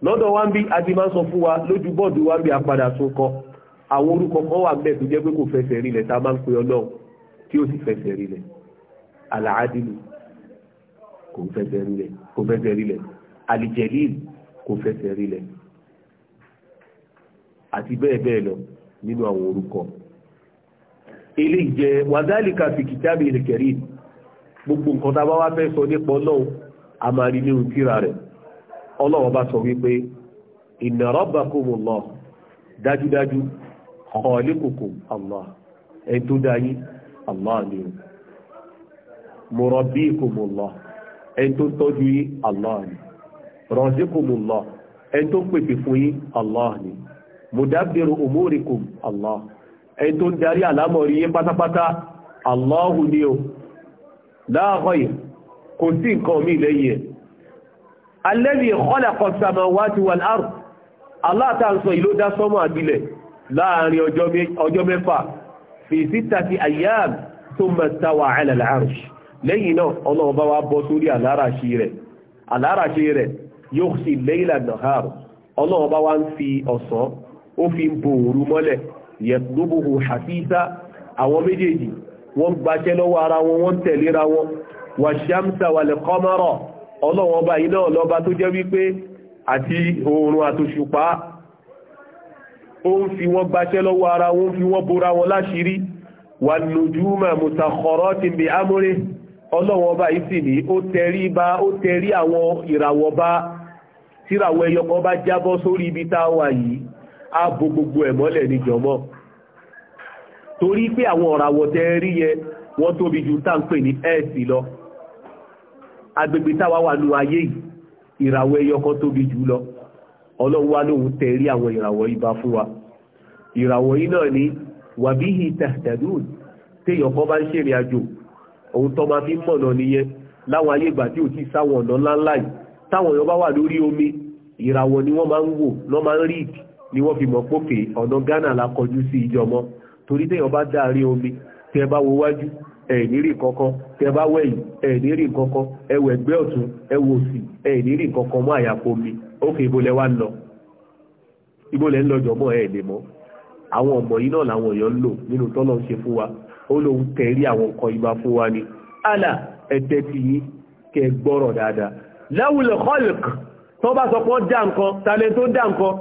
lọ́dọ̀ wá ń bí a ti máa sọ fún wa lójú bọ́ọ̀dù wá ń bí apadà tún kọ àwọn orúkọ kan wà mẹ́ẹ̀ tó jẹ́ pé kò fẹsẹ̀ rílẹ̀ tá a máa ń pe ọlọ́run tí ó sì fẹsẹ̀ rílẹ̀ àlàádìlú kò fẹsẹ̀ rílẹ̀ kò fẹsẹ̀ rílẹ̀ àlìjẹ̀líl kò fẹsẹ̀ rílẹ̀ àti bẹ́ẹ̀ bẹ́ẹ̀ lọ nínú àwọn orúkọ eléyìí jẹ́ wàdálìkà fi kìtàbí gbogbo nǹkan tá a bá wá fẹ́ sọ nípa ọlọ́run a máa rí nínú tírà rẹ̀ ọlọ́run bá sọ wípé inna rabbakumullah dájúdájú khaliqukum Allah ẹni tó dá yín Allah ni o murabbikumullah ẹni tó tọ́jú yín Allah ni razikumullah ẹni tó pèsè fún yín Allah ni mudabbiru umurikum Allah ẹni tó ń darí àlámọ̀rí yín pátápátá Allahu ni o láàrọ̀ yìí kò sí nǹkan mí lẹ́yìn ẹ̀ alẹ́bí khalaqa samawati wal ard aláàtàǹsọ ìlú dá sọ́mọ̀ àbílẹ̀ láàrin ọjọ́ mẹ́fà fi sittati ayyam thumma stawa ala al-arsh lẹ́yìn náà ọlọ́ọ̀bá wa bọ́ sórí aláràṣí rẹ̀ aláràṣí rẹ̀ yughshi layla nahar ọlọ́ọ̀bá wa ń fi ọ̀sán ó fi ń bo òru mọ́lẹ̀ yatlubuhu hasisa àwọn méjèèjì wọ́n gbaṣẹ́ lọ́wọ́ ara wọn wọ́n tẹ̀léra wọn wà ṣámsà wà lè kọ́mọ́rọ̀ ọlọ́wọ́n ọba yìí náà lọ́ba tó jẹ́ wípé àti oòrùn àtòṣùpá ó ń fi wọ́n gbaṣẹ́ lọ́wọ́ ara wọn fi wọ́n bora wọn láṣìírí wà nùjúmà mùsàkọ̀rọ̀ ti bè ámúrí ọlọ́wọ́n ọba yìí sì ní ó tẹrí ba ó tẹrí àwọn ìràwọ̀ bá tíràwọ̀ ẹyọkọ bá torí pé àwọn ọ̀ràwọ̀ tẹ́ rí yẹ wọ́n tóbi ju tá ń pè ní ẹ́ẹ̀sì lọ agbègbè táwa wà ní ayé yìí ìràwọ̀ ẹyọ kan tóbi jù lọ ọlọ́run wá lóhun tẹ́ àwọn ìràwọ̀ ibà fún wa ìràwọ̀ yìí ni wàbíhì tàdàdùn téèyàn kan bá ń ṣèrìn àjò ohun tó máa fi ń mọ̀nà ni wọ́n máa wọ́n fi mọ̀ pókè ọ̀nà Ghana la kọjú sí ìjọmọ́ torí tẹ́yàn bá dáàrí omi tẹ́ bá wo wájú ẹ̀ẹ̀nírì kankan tẹ́ bá wẹ̀yìn ẹ̀ẹ̀nírì kankan ẹwẹ̀ ẹgbẹ́ ọ̀tún ẹwọ òsì ẹ̀ẹ̀nírì kankan mọ́ àyàfo omi ókè ìbólẹ̀ wá lọ ìbólẹ̀ ń lọ́jọ́ mọ́ ẹ̀ẹ̀lẹ̀ mọ́ àwọn ọmọ yìí náà làwọn èèyàn ń lò nínú tọ́lọ́ ń ṣe fún wa ó lóun tẹ̀rí àwọn nǹkan ibà fún wa ni àlà ẹ̀tẹ́ ti yí kẹ gbọ́rọ̀ dáadáa láwùlẹ̀ kọ́lùk tó bá sọ pé wọ́n dá nǹkan talẹ́ tó dá nǹkan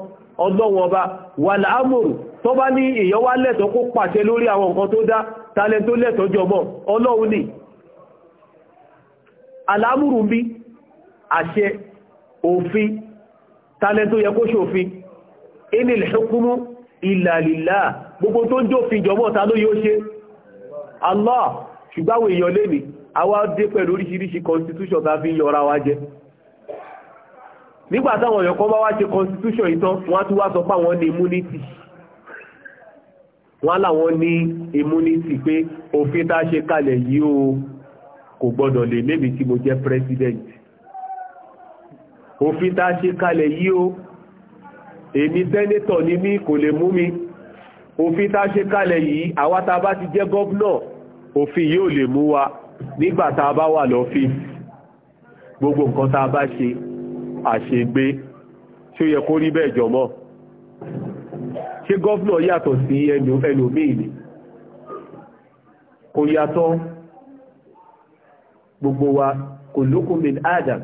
ọlọ́wọ́n ọba wàlá amòrò tó bá ní èyàn wá lẹ́tọ̀ọ́ kó pàṣẹ lórí àwọn nǹkan tó dá talẹ tó lẹ́tọ̀ọ́ jọmọ́ ọlọ́run ni alámùrù bí àṣẹ òfin talẹ tó yẹ kó ṣòfin inil hukumu illa gbogbo tó ń jófin jọmọ́ ta ló yóò ṣe Allah ṣùgbáwò èèyàn lè ní àwa dé pẹ̀lú constitution ta fi ń yọra wa jẹ nígbàtàwọn èèyàn kan bá wá ṣe constitution ìtàn wọ́n láwọn ní immunity pé òfin tá a ṣe kalẹ̀ yìí o kò gbọ́dọ̀ lè lébi tí mo jẹ́ president òfin tá a ṣe kalẹ̀ yìí o èmi sẹ́nétọ̀ ní mí kò lè mú mi òfin tá a ṣe kalẹ̀ yìí àwa tá a bá ti jẹ́ gọ́vnà òfin yóò lè mú wa nígbà tá a bá wà lọ́fíìsì gbogbo nǹkan tá a bá ṣe àṣegbé tí yẹ kó rí bẹ́ẹ̀ jọmọ́ ṣé gọ́fúnà yàtọ̀ sí ẹlòmíì kò yàtọ̀ gbogbo wa kò lókun min adam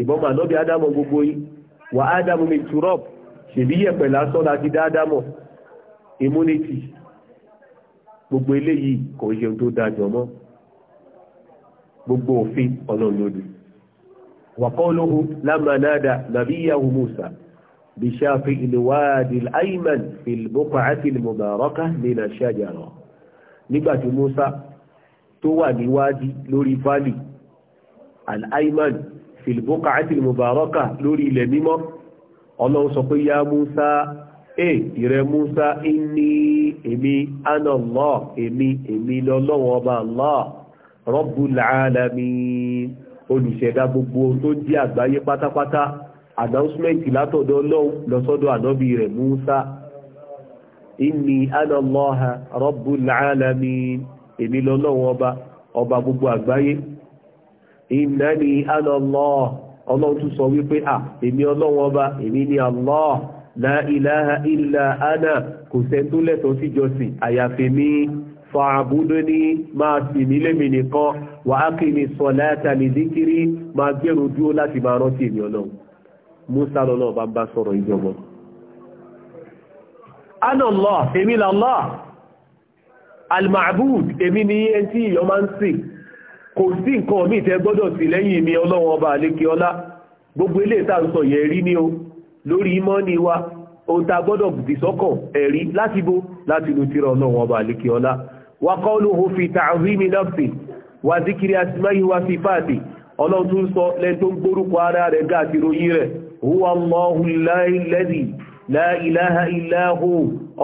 ìbọn mà lọ́bí ádámọ̀ gbogbo yìí wà ádámọ̀ min turop ṣèbí yẹ̀pẹ̀ lásán láti dá ádámọ̀ immunity gbogbo eléyìí kò ṣe tó dájọ mọ́ gbogbo òfin ọlọ́run lòdì wàkọ́ lóhun lámànádà nàbíyàwó Musa بشافئ الوادي الأيمن في البقعة المباركة من الشجرة نبات موسى توى نوادي لوري فالي الأيمن في البقعة المباركة لوري لميمة الله سقي يا موسى ايه يرى موسى إني إمي أنا الله إمي إمي لله وبا الله رب العالمين قل شدا ببو تنجي أبا يبتا announcement látọ̀dọ̀ ọlọ́run lọ́sọ́dọ̀ ànábì rẹ̀ Musa inni anallaha rabbul alamin èmi lọ́lọ́run ọba ọba gbogbo àgbáyé innani anallah ọlọ́run tún sọ wípé à èmi ọba èmi ni Allah la ilaha illa ana kò sẹ́ni tó lẹ́tọ̀ọ́ síjọsìn àyàfi mi máa sì mí lémi nìkan ni sọ̀lá gbèrò dúró láti máa rántí èmi ọlọ́run Musa lọ́nà ọba bá sọ̀rọ̀ ìjọba. Anàlọ́, èmi lọ́lọ́, Al-Ma'bud, èmi ni ẹn tí ìyọ máa ń sìn, kò sí nǹkan mí tẹ gbọ́dọ̀ sí lẹ́yìn mi ọlọ́wọ́ ọba àlékè ọlá, gbogbo ilé ìta sọ yẹ rí ní o, lórí imọ́ ni wa, ohun ta gbọ́dọ̀ bùtì sọ́kàn ẹ̀rí láti bo láti inú tíra ọlọ́wọ́ ọba àlékè ọlá. huwa Allahu alladhi la ilaha illa hu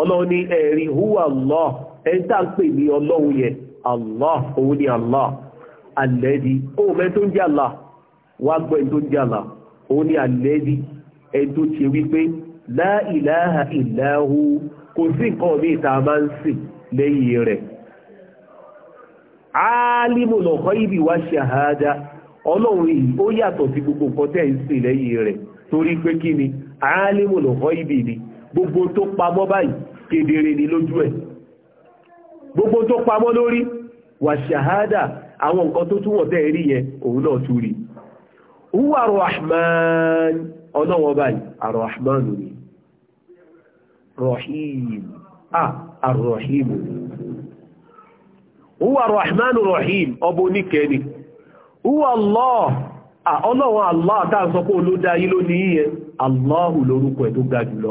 ọlọ́run ní ẹ̀rí huwa Allah ẹ̀ńtà ń pè ní ọlọ́run yẹn Allah òun ni Allah alladhi ó mẹ́ tó ń jẹ́ Allah onye gbọ́ Allah òun ni alladhi ẹni tó ṣe wípé la ilaha illa hu kò sí nǹkan mi ìta máa wa shahada torí pé kí ni alimul ibi ni gbogbo tó pamọ́ báyìí kedere ni lójú ẹ̀ gbogbo tó pamọ́ lórí wà ṣàhádà àwọn nǹkan tó túnwọ̀ tẹ́ rí òun náà tún rí huwa rahman báyìí ọlọ́run Ala taa soko pé olódá yí ló ní yíyẹ Allahu lórúkọ ẹ̀ tó ga jùlọ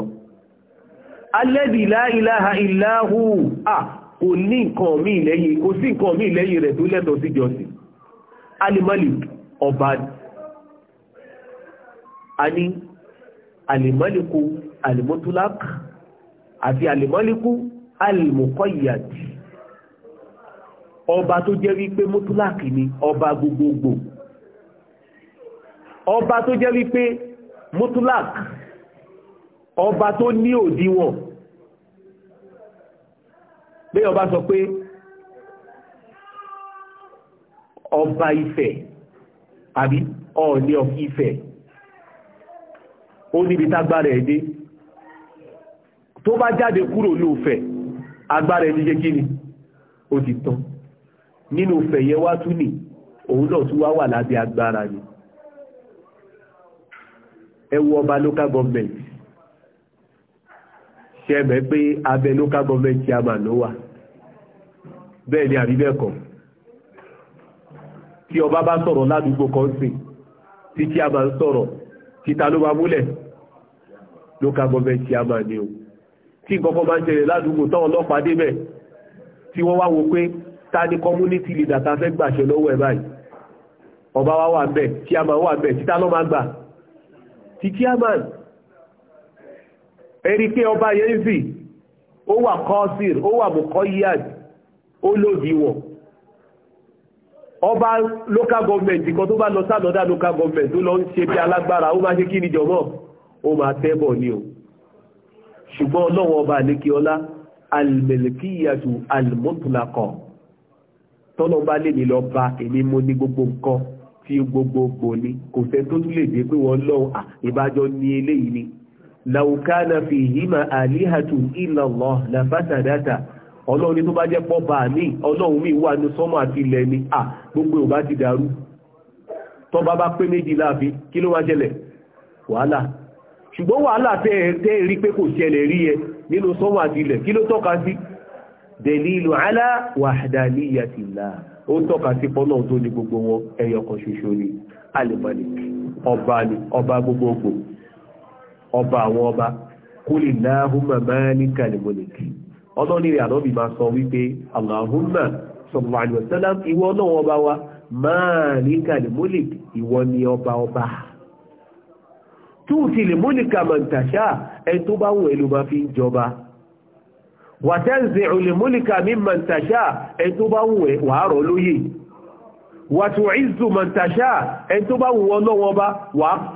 alẹ́bì láìláha ìláhù à kò ní nǹkan mí lẹ́yìn kò sí nǹkan mí lẹ́yìn rẹ̀ tó lẹ́tọ̀ọ́ sí jọsìn alimalik ọba ani alimaliku alimutulak àti alimaliku alimukoyat ọba tó jẹ́ wipe mutulak ni ọba gbogbogbò ọba tó jẹ́ wípé mutulak ọba tó ní òdiwọ̀n pé ọba sọ pé ọba Ifẹ̀ àbí Ọọ̀ni of Ifẹ̀ ó níbi tágbára ẹ̀ dé tó bá jáde kúrò ní Ifẹ̀ agbára ẹni jẹ́ kíni ó ti tán nínú Ifẹ̀ yẹn wá tún ní òun náà tún wá wà lábẹ́ agbára ni ẹwọ ọba local government ṣẹ́mẹ̀ pé abẹ local government chairman ló wà bẹ́ẹ̀ ni àríbẹ̀kọ̀ tí ọba bá sọ̀rọ̀ ládùúgbò kan sí tí chairman sọ̀rọ̀ títa ló máa múlẹ̀ local government chairman ni o tí nǹkan kan bá ń ṣẹlẹ̀ ládùúgbò táwọn ọlọ́pàá débẹ̀ tí wọ́n wá wo pé ta ni community leader ta fẹ́ gbàṣẹ lọ́wọ́ ẹ̀ báyìí ọba wa wà bẹ́ẹ̀ chairman wà bẹ́ẹ̀ títa ló máa gbà ti chairman ẹ̀rí pé ọba yẹn sì ó wà kọ́sìr ó wà mùkọ́yíyàd ó lòdìwọ̀n ọba local government kan tó bá lọ sánàdá local government tó lọ ń ṣe bí alágbára ó máa ṣe kí ni jọmọ́ ó máa tẹ́bọ̀ ní o ṣùgbọ́n ọlọ́wọ́ ọba àlékí ọlá alìmẹ̀lẹ̀kíyàtù alìmọ́tùlákọ̀ tọ́lọ́mbá lè ní lọ bá èmi mo ní gbogbo nǹkan tí gbogbogbò ni kò sẹ́ tó tún lè dé pé wọ́n lọ́wọ́ ìbájọ́ ní eléyìí ni laukana fi hima alihatu illallah la fasadata ọlọ́run ní tó bá jẹ́ pọ́ba mi ọlọ́run mi wà ní sọ́mọ́ àti ilẹ̀ ni à gbogbo ò bá ti dàrú tó bá bá pé méjì láàfin kí ló wá ṣẹlẹ̀ wàhálà ṣùgbọ́n wàhálà tẹ́ rí pé kò ṣẹlẹ̀ rí ẹ nínú sọ́mọ́ àti ilẹ̀ kí ló tọ́ka sí delilu ala wahdaniyatillah ó tọ́ka sí pọ́nà tó ní gbogbo wọn ẹyọ kan ṣoṣo ni alimani ọba ni ọba gbogbogbò ọba àwọn ọba kúlì láhùmà máa ní kàlìmọ́lìkì ọlọ́ni rẹ̀ àlọ́bì máa sọ wípé aláhùmà sọ̀rọ̀ àlùsálàm ìwọ náà ọba wa máa ní kàlìmọ́lìkì ìwọ ni ọba ọba tí ó ti lè tó bá wù ẹ ló máa fi ń jọba wàtẹ́ǹsẹ̀ olèmúlìkà mi mọ̀ntàṣà ẹn tó bá wù ẹ́ wàá rọ̀ lóyè wàtò ìzù mọ̀ntàṣà ẹn tó bá wù ọ́ lọ́wọ́ bá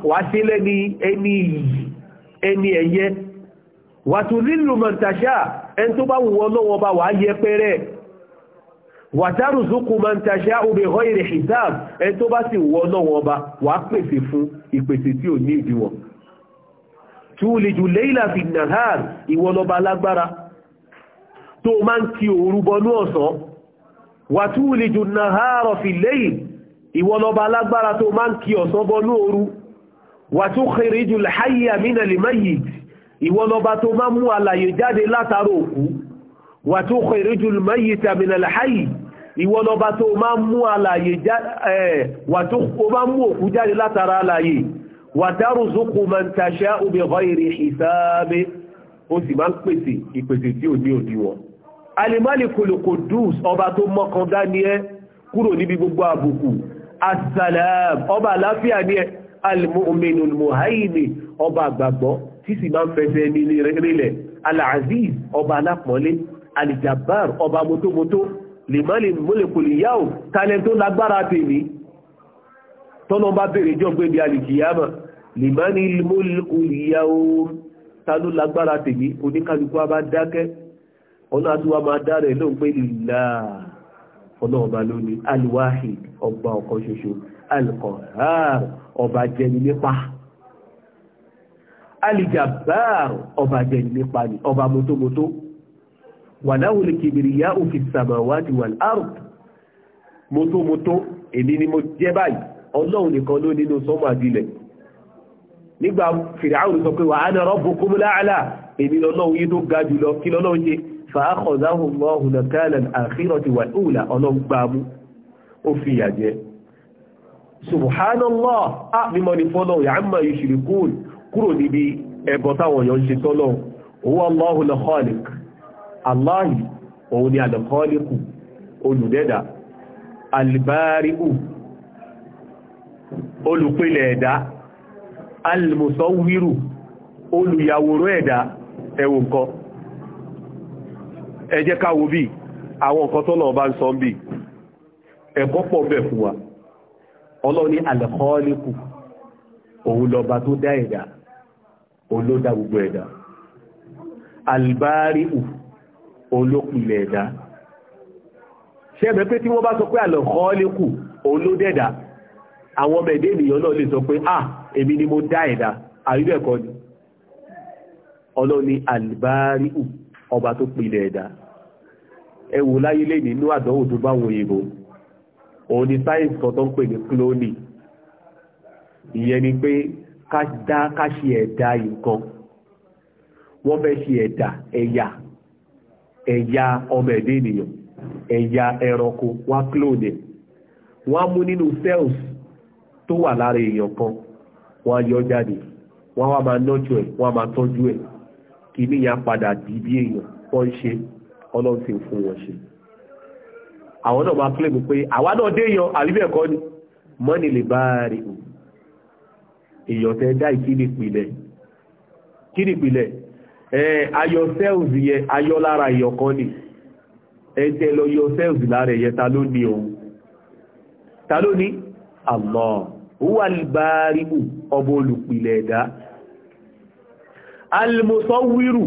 wàá ṣe lẹ́ni ẹni yìí ẹni ẹ̀yẹ wàtò lílù ẹn tó bá wù ọ́ lọ́wọ́ bá wàá yẹ pẹ́rẹ́ wàtárùzùkù mọ̀ntàṣà obè họ́ ìrẹ̀ hisab ẹn tó máa ń kí òru bọnú ọ̀sán wàtúùlìjù nàhárọ̀ fi lẹ́yìn ìwọlọba alágbára tó máa ń kí ọ̀sán bọnú òru wàtúùkìrìjù láyà mínà lèmẹ́yì ìwọlọba tó máa mú alàyè jáde látara òkú wàtúùkìrìjù lèmẹ́yì tàmínà láyì ìwọlọba tó máa mú alàyè òkú jáde látara alàyè wàtárùzùkù mọ̀ntàṣà òbí ó sì máa ń pèsè ìpèsè tí ò ní òdiwọ̀n alimali koloko dus ọba tó mọ́kan dání ẹ kúrò níbi gbogbo àbùkù asalam ọba àláfíà ní ẹ almu'minu almuhaimi ọba àgbàgbọ́ tí sì máa ń fẹsẹ̀ ní rílẹ̀ alaziz ọba alápọ̀lé alijabar ọba motomoto limali molekuliyahu talent tó lágbára tèmi tọ́nà bá bèèrè jọ gbé ní alìkìyàmà limani ta ló lágbára tèmi oníkálukú a bá dákẹ́ ọlọ́ àtúwà máa dá rẹ̀ lóun pé lílá ọlọ́ọ̀bá lóní alwahid ọba ọ̀kan ṣoṣo alqahar ọba jẹni nípa alìjàbáàr ọba jẹni nípa ni ọba mótómótó wàláhù lè kìbìrì yá òfin sàmàwádìí wà láàrùn mótómótó èmi ni mo jẹ́ báyìí ọlọ́run nígbà fìràwùn sọ pé wà á nọ̀rọ̀ bó kúmú láàlá èmi lọ́lọ́run yìí tó ga jùlọ kí lọ́lọ́run ṣe fàákọ̀ọ́dáhùn lọ́hùn nàkàlẹ̀ àkírọ̀tì wà ìhùlà ọlọ́run gbàmú ó fi ìyà jẹ subhanallah á mímọ́ ni fọ́lọ́run yà olùdẹ́dà al-bari'u ẹ̀dá alìmùsọ́wírù olùyàwòrò ẹ̀dá ẹwò nǹkan ẹ jẹ́ ká wo bí àwọn nǹkan tó náà bá ń sọ ń bí ẹ̀kọ́ pọ̀ bẹ̀ fún wa ọlọ́ni alẹ́kọ́ọ́lẹ́kù òun lọba tó dá ẹ̀dá òun gbogbo ẹ̀dá albáríù òun ló ṣẹ́bẹ̀ pé tí wọ́n bá sọ pé alẹ́kọ́ọ́lẹ́kù òun àwọn ọmọ ẹ̀dá ènìyàn náà lè sọ pé ah èmi ni mo dá ẹ̀dá àríbẹ̀ kọ́ ni ọlọ́ni albáríù ọba tó pilẹ̀ ẹ̀dá ẹ láyé lè nínú àdánwò tó bá wọn òyìnbó òun ni sáyẹ̀nsì kan tó ń pè ní cloning ìyẹn ni pé ká dá ká ṣe ẹ̀dá nǹkan wọ́n fẹ́ ṣe ẹ̀dá ẹ̀yà ẹ̀yà ọmọ ẹ̀dá ènìyàn ẹ̀yà ẹranko wá clone wọ́n á mú nínú cells tó wà lára èèyàn kan wọ́n á yọ jáde wọ́n á máa nọ́jú ẹ̀ wọ́n á máa tọ́jú ẹ̀ kì ní ìyá padà di bí èèyàn wọ́n ń ṣe ọlọ́run sì ń fún wọn ṣe àwọn náà máa kílẹ̀ mú pé àwa náà déèyàn àbíbẹ̀ ẹ̀kọ́ ni mọ́ni lè bá rí o èèyàn tẹ́ dá ìkíni ìpìlẹ̀ kíni ìpìlẹ̀ ẹ ayọ cells yẹn ayọ lára èèyàn kan ni ẹ tẹ lọ yọ cells lára ẹ̀yẹ ta ló ní òun ta ló ní Allah huwa albari'u ọba olùpìlẹ̀ ẹ̀dá almusawwiru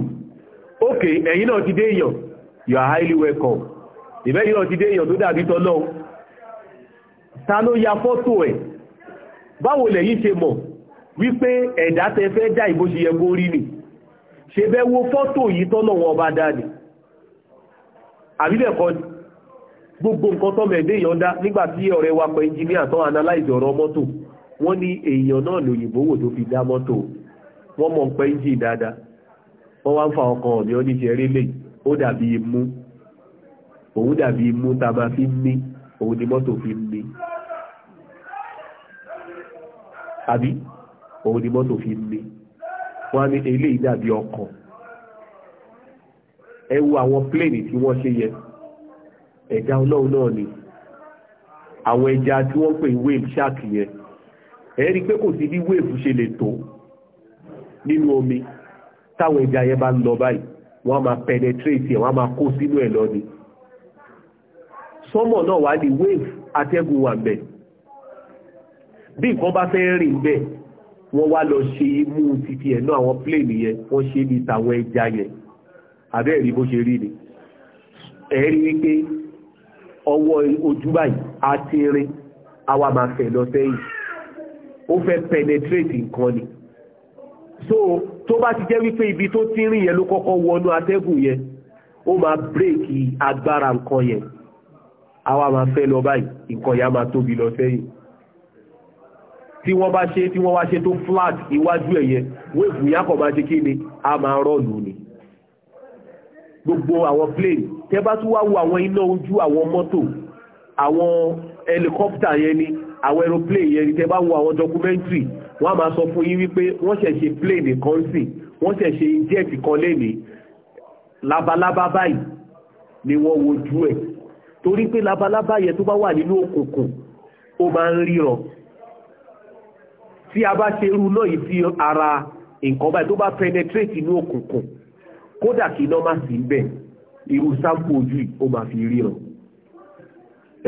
ok ẹ̀yin náà ti dé èèyàn you are highly welcome ìbẹ́yìn náà ti dé èèyàn tó dàbí tọ́lọ́ ta ló ya fọ́tò ẹ̀ báwo lẹ̀yin ṣe mọ̀ wípé ẹ̀dá tẹ fẹ́ dá ìbó ṣe yẹ kó nì ṣe bẹ́ wo fọ́tò yìí tọ́lọ̀ wọn ọba dá ni àbíbẹ̀kọ́ gbogbo nǹkan tọ́mọ ẹ̀dẹ́ èèyàn dá nígbà tí ọ̀rẹ́ wa kan ẹnjìníà tán analyze ọ̀rọ̀ mọ́tò wọ́n ní èèyàn náà lòyìnbó wò tó fi dá mọ́tò wọ́n mọ̀ pé ẹnjìn dáadáa wọ́n wá ń fa ọkàn ọ̀nì oníṣẹ́ rélé ó dàbí imú òun dàbí imú tá a máa fi ń mí òun ni mọ́tò fi ń mí àbí òun ni mọ́tò fi ń mí wọ́n á ní eléyìí dàbí ọkàn ẹ wo àwọn pléènì tí wọ́n ṣe yẹn ẹ̀dá ọlọ́run náà ni àwọn ẹja tí wọ́n pè wave shark yẹn ẹ̀rí pé kò sí bí wave ṣe lè tó nínú omi táwọn ẹja yẹn bá ń lọ báyìí wọ́n máa penetrate ẹ̀ wọ́n á máa kó sínú ẹ̀ lọ ni sọ́mọ̀ náà wà ní wave atẹ́gùn wà bẹ̀ bí nǹkan bá fẹ́ rìn bẹ́ẹ̀ wọ́n wá lọ ṣe mú títí ẹ̀ náà àwọn plane yẹn wọ́n ṣe ní tàwọn ẹja yẹn àbẹ́ẹ̀rí bó ṣe rí ni ẹ̀rí wípé ọwọ́ ojú báyìí àti irin àwa máa fẹ̀ lọ sẹ́yìn ó fẹ́ penetrate nǹkan ni so tó bá ti jẹ́ wípé ibi tó ti rìn yẹn ló kọ́kọ́ wọnú atẹ́gùn yẹn ó máa bírèkì agbára nǹkan yẹn àwa máa fẹ́ lọ báyìí nǹkan yẹn á máa tóbi lọ sẹ́yìn tí wọ́n bá ṣe tí wọ́n wá ṣe tó flat iwájú ẹ̀yẹ wéèfù yẹn máa ṣe kí ni a máa rọ̀lù ni gbogbo àwọn plane tẹ́ bá tún wá wo àwọn iná ojú àwọn mọ́tò àwọn helicopter yẹn ni àwọn aeroplane yẹn ni tẹ́ bá wo àwọn documentary wọ́n á máa sọ fún yín wípé wọ́n ṣẹ̀ ṣe plane kan sí wọ́n ṣẹ̀ jet kan lẹ́ni labalábá báyìí ni wọ́n wojú ẹ̀ torí pé labalábá yẹn tó bá wà nínú òkùnkùn ó máa ń ríran tí a bá ṣe irú náà yìí sí ara nǹkan báyìí tó bá penetrate inú òkùnkùn kódà kí iná má sí bẹ́ẹ̀ irú sáàpù ojú ó máa fi ríran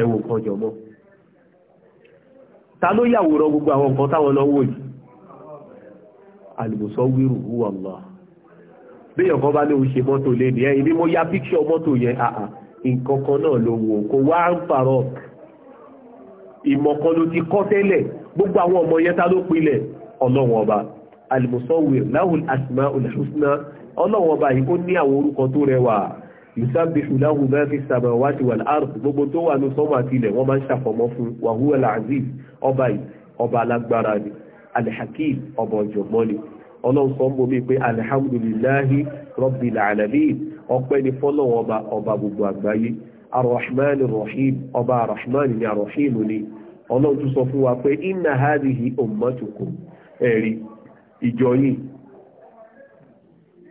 ẹ̀wọ̀n kan jọmọ́ ta ló yàwòrán gbogbo àwọn nǹkan táwọn lọ́wọ́ yìí alìbùsọ́ wíru huwa Allah béèyàn kan bá ní òun ṣe mọ́tò lé ní ẹ̀yìn bí mo ya píkṣọ̀ mọ́tò yẹn àà ah, ah. nǹkan kan náà ló wò kó wá ń parọ́ ìmọ̀ kan ló ti kọ́ tẹ́lẹ̀ gbogbo àwọn ọmọ yẹn ta ló pilẹ̀ ọlọ́wọ́n ọba alìbùsọ́ wíru láhùn asmaul husna ọlọ́run ọba yìí ó ní àwọn orúkọ tó rẹwà yusabbihu lahu ma fi samawati wal ard gbogbo tó wà ní sọ́mọ̀ àti ilẹ̀ wọ́n máa ń ṣàfọ̀mọ́ fún wa huwa al-aziz ọba yìí ọba alágbára ni al-hakim ọba ọ̀jọ̀gbọ́n ni ọlọ́run sọ ń bomi pé alhamdulillahi rabbil alamin ọpẹ́ ni ìjọ yìí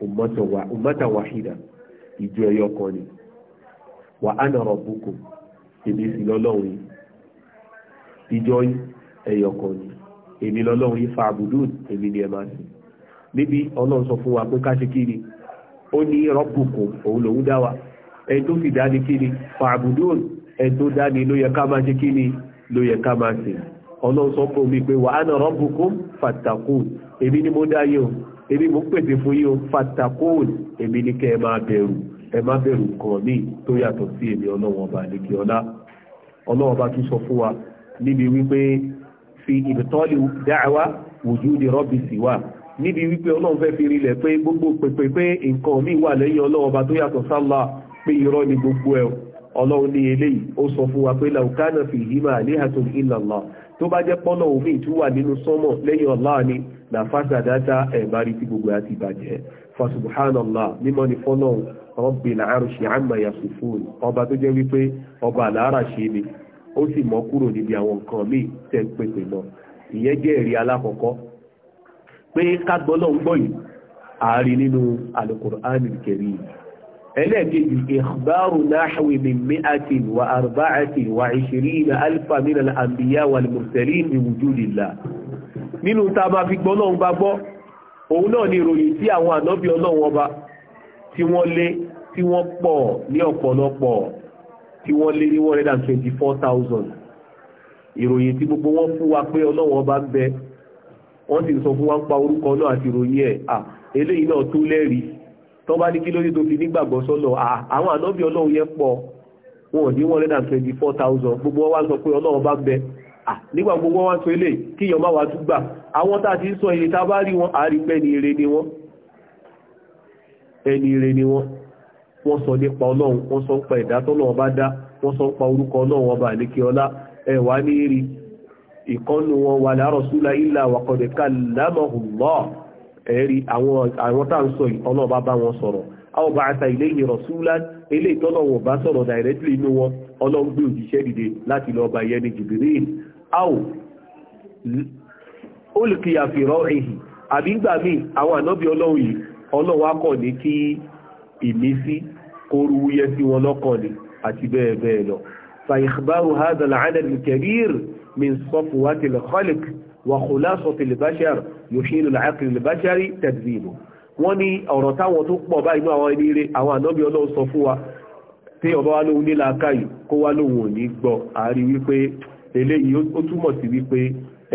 ummata wahida ìjọ ẹyọ kan ni wa ana rabbukum èmi sì lọ́lọ́run yìí ìjọ ẹyọ kan ni èmi lọ́lọ́run yìí fa àbùdùn èmi ni ẹ máa sìn níbi ọlọ́run sọ fún wa pé ká ṣe kí ni ó ní rabbukum òun lòun dá wa ẹ tó sì dá ní kí fa àbùdùn ẹ tó dá ní ló yẹ ká máa ṣe kí ló yẹ ká máa sìn ọlọ́run sọ fún mi pé wa ana rabbukum fattaqun èmi ni mo dá yìí o èmi mò ń pèsè fún yín o fatakóòn èmi ní kẹ́ ẹ máa bẹ̀rù ẹ má bẹ̀rù nǹkan míì tó yàtọ̀ sí èmi ọlọ́wọ́n ọba àlekè ọlá ọlọ́wọ́n ọba tún sọ fún wa níbi wípé fi ìbítọ́lì dáhàwá wùjú ni rọ́bì sì wà níbi wípé ọlọ́run fẹ́ fi rinlẹ̀ pé gbogbo pèpè pé nǹkan míì wà lẹ́yìn ọlọ́wọ́n ọba tó yàtọ̀ sálà pé irọ́ ni gbogbo ẹ̀ ọlọ́run ní eléyìí ó sọ fún wa pé làwùkánà fi ìhìmà àléhàtò ìlànà tó bá jẹ́ pọ́nà òfin tí wà nínú sánmọ̀ lẹ́yìn Allah ni na fásadáta ẹ̀bá rí tí gbogbo àti ìbàjẹ́ fasubhanallah mímọ́ ni fọ́nà rabbil arshi amma yasifun ọba tó jẹ́ wípé ọba àlàárà ṣe ni ó sì mọ́ kúrò níbi àwọn nǹkan míì tẹ́ ń pèpè lọ ìyẹn jẹ́ ẹ̀rí alákọ̀ọ́kọ́ pé kágbọ́n náà ń gbọ́ yìí àárín nínú al-Qur'an yìí ẹlẹ́ẹ̀kejì ìgbàrù náhàwì min mi'atin wa arba'atin wa ishirina alfa min al-anbiya wal mursalin bi wujudillah nínú tá máa fi gbọ́ náà bá gbọ́ òun náà ni ìròyìn tí àwọn ànábì ọlọ́run ọba tí wọ́n lé tí wọ́n pọ̀ ní ọ̀pọ̀lọpọ̀ tí wọ́n lé ní one hundred and twenty four thousand ìròyìn tí gbogbo wọn fún wa pé ọlọ́run ọba ń bẹ wọ́n sì sọ fún wa ń pa orúkọ náà àti ìròyìn ẹ̀ à eléyìí náà tó lẹ́rìí tó bá ní kí lórí tó fi nígbàgbọ́ sọ́lọ̀ àwọn ànábì ọlọ́run yẹ pọ̀ wọn ò ní one hundred and twenty four thousand gbogbo wọn wá sọ pé ọlọ́run bá bẹ nígbà gbogbo wọn wá sọ eléyìí kí èèyàn má wá tún gbà àwọn tá a ti ń sọ èyí tá a bá rí wọn àárípẹ́ ni ire ni wọn ẹni ire ni wọn wọ́n sọ nípa ọlọ́run wọ́n sọ ń pa ẹ̀dá ẹ̀rí àwọn tá à ń sọ yìí ọlọ́ọ̀bá bá wọn sọ̀rọ̀ àwọn bá ata ilé ìyẹ̀rọ̀ súlá ilé ìtọ́lọ̀ wọn bá sọ̀rọ̀ directly inú wọn ọlọ́run gbé òjíṣẹ́ dìde láti lọ́ọ́ bá yẹ ní Jibril àwò olùkìyà fìrọ̀ ẹ̀hìn àbí gbà míì àwọn ànábì ọlọ́run yìí ọlọ́run á kọ̀ ní kí yòṣìlò làákìrì lẹ́bàjárí tẹ̀síìbò wọ́n ní ọ̀rọ̀ táwọn tó pọ̀ báyìí náà àwọn ẹni rere àwọn ànábì ọlọ́run sọ fún wa tí ọba wa lóhun ní làákàyè kó wá lóhun ò ní gbọ́ àárí wípé eléyìí ó túmọ̀ sí wípé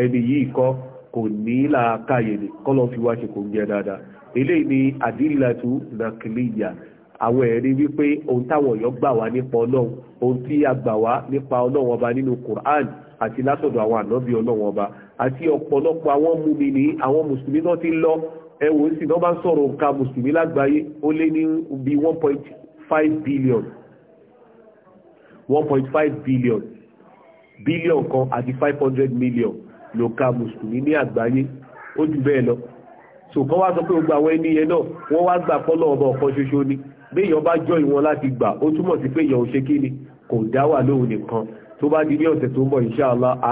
ẹni yìí kọ́ kò ní làákàyè ni kọ́lọ́ fi wá ṣe kò ń jẹ dáadáa eléyìí ni àdínlàtú nàkìlìyà àwọn ẹ̀rí wípé àti ọ̀pọ̀lọpọ̀ àwọn mùmìnì àwọn mùsùlùmí náà ti lọ ẹwò sí náà bá sọ̀rọ̀ nǹkan mùsùlùmí lágbàáyé ó lé ní bí one point five billion one point five billion billion kan àti five hundred million ló ka mùsùlùmí ní àgbáyé ó jù bẹ́ẹ̀ lọ so kan wá sọ pé gbogbo àwọn ẹni yẹn náà wọ́n wá gbà pọ́lọ́ ọba ọ̀kan ṣoṣo ni béèyàn bá jọ ìwọ̀n láti gbà ó túmọ̀ sí pé èèyàn ò ṣe kí ni kò dá wà lóhun nìkan tó bá di ní ọ̀sẹ̀ tó ń bọ̀ inshallah á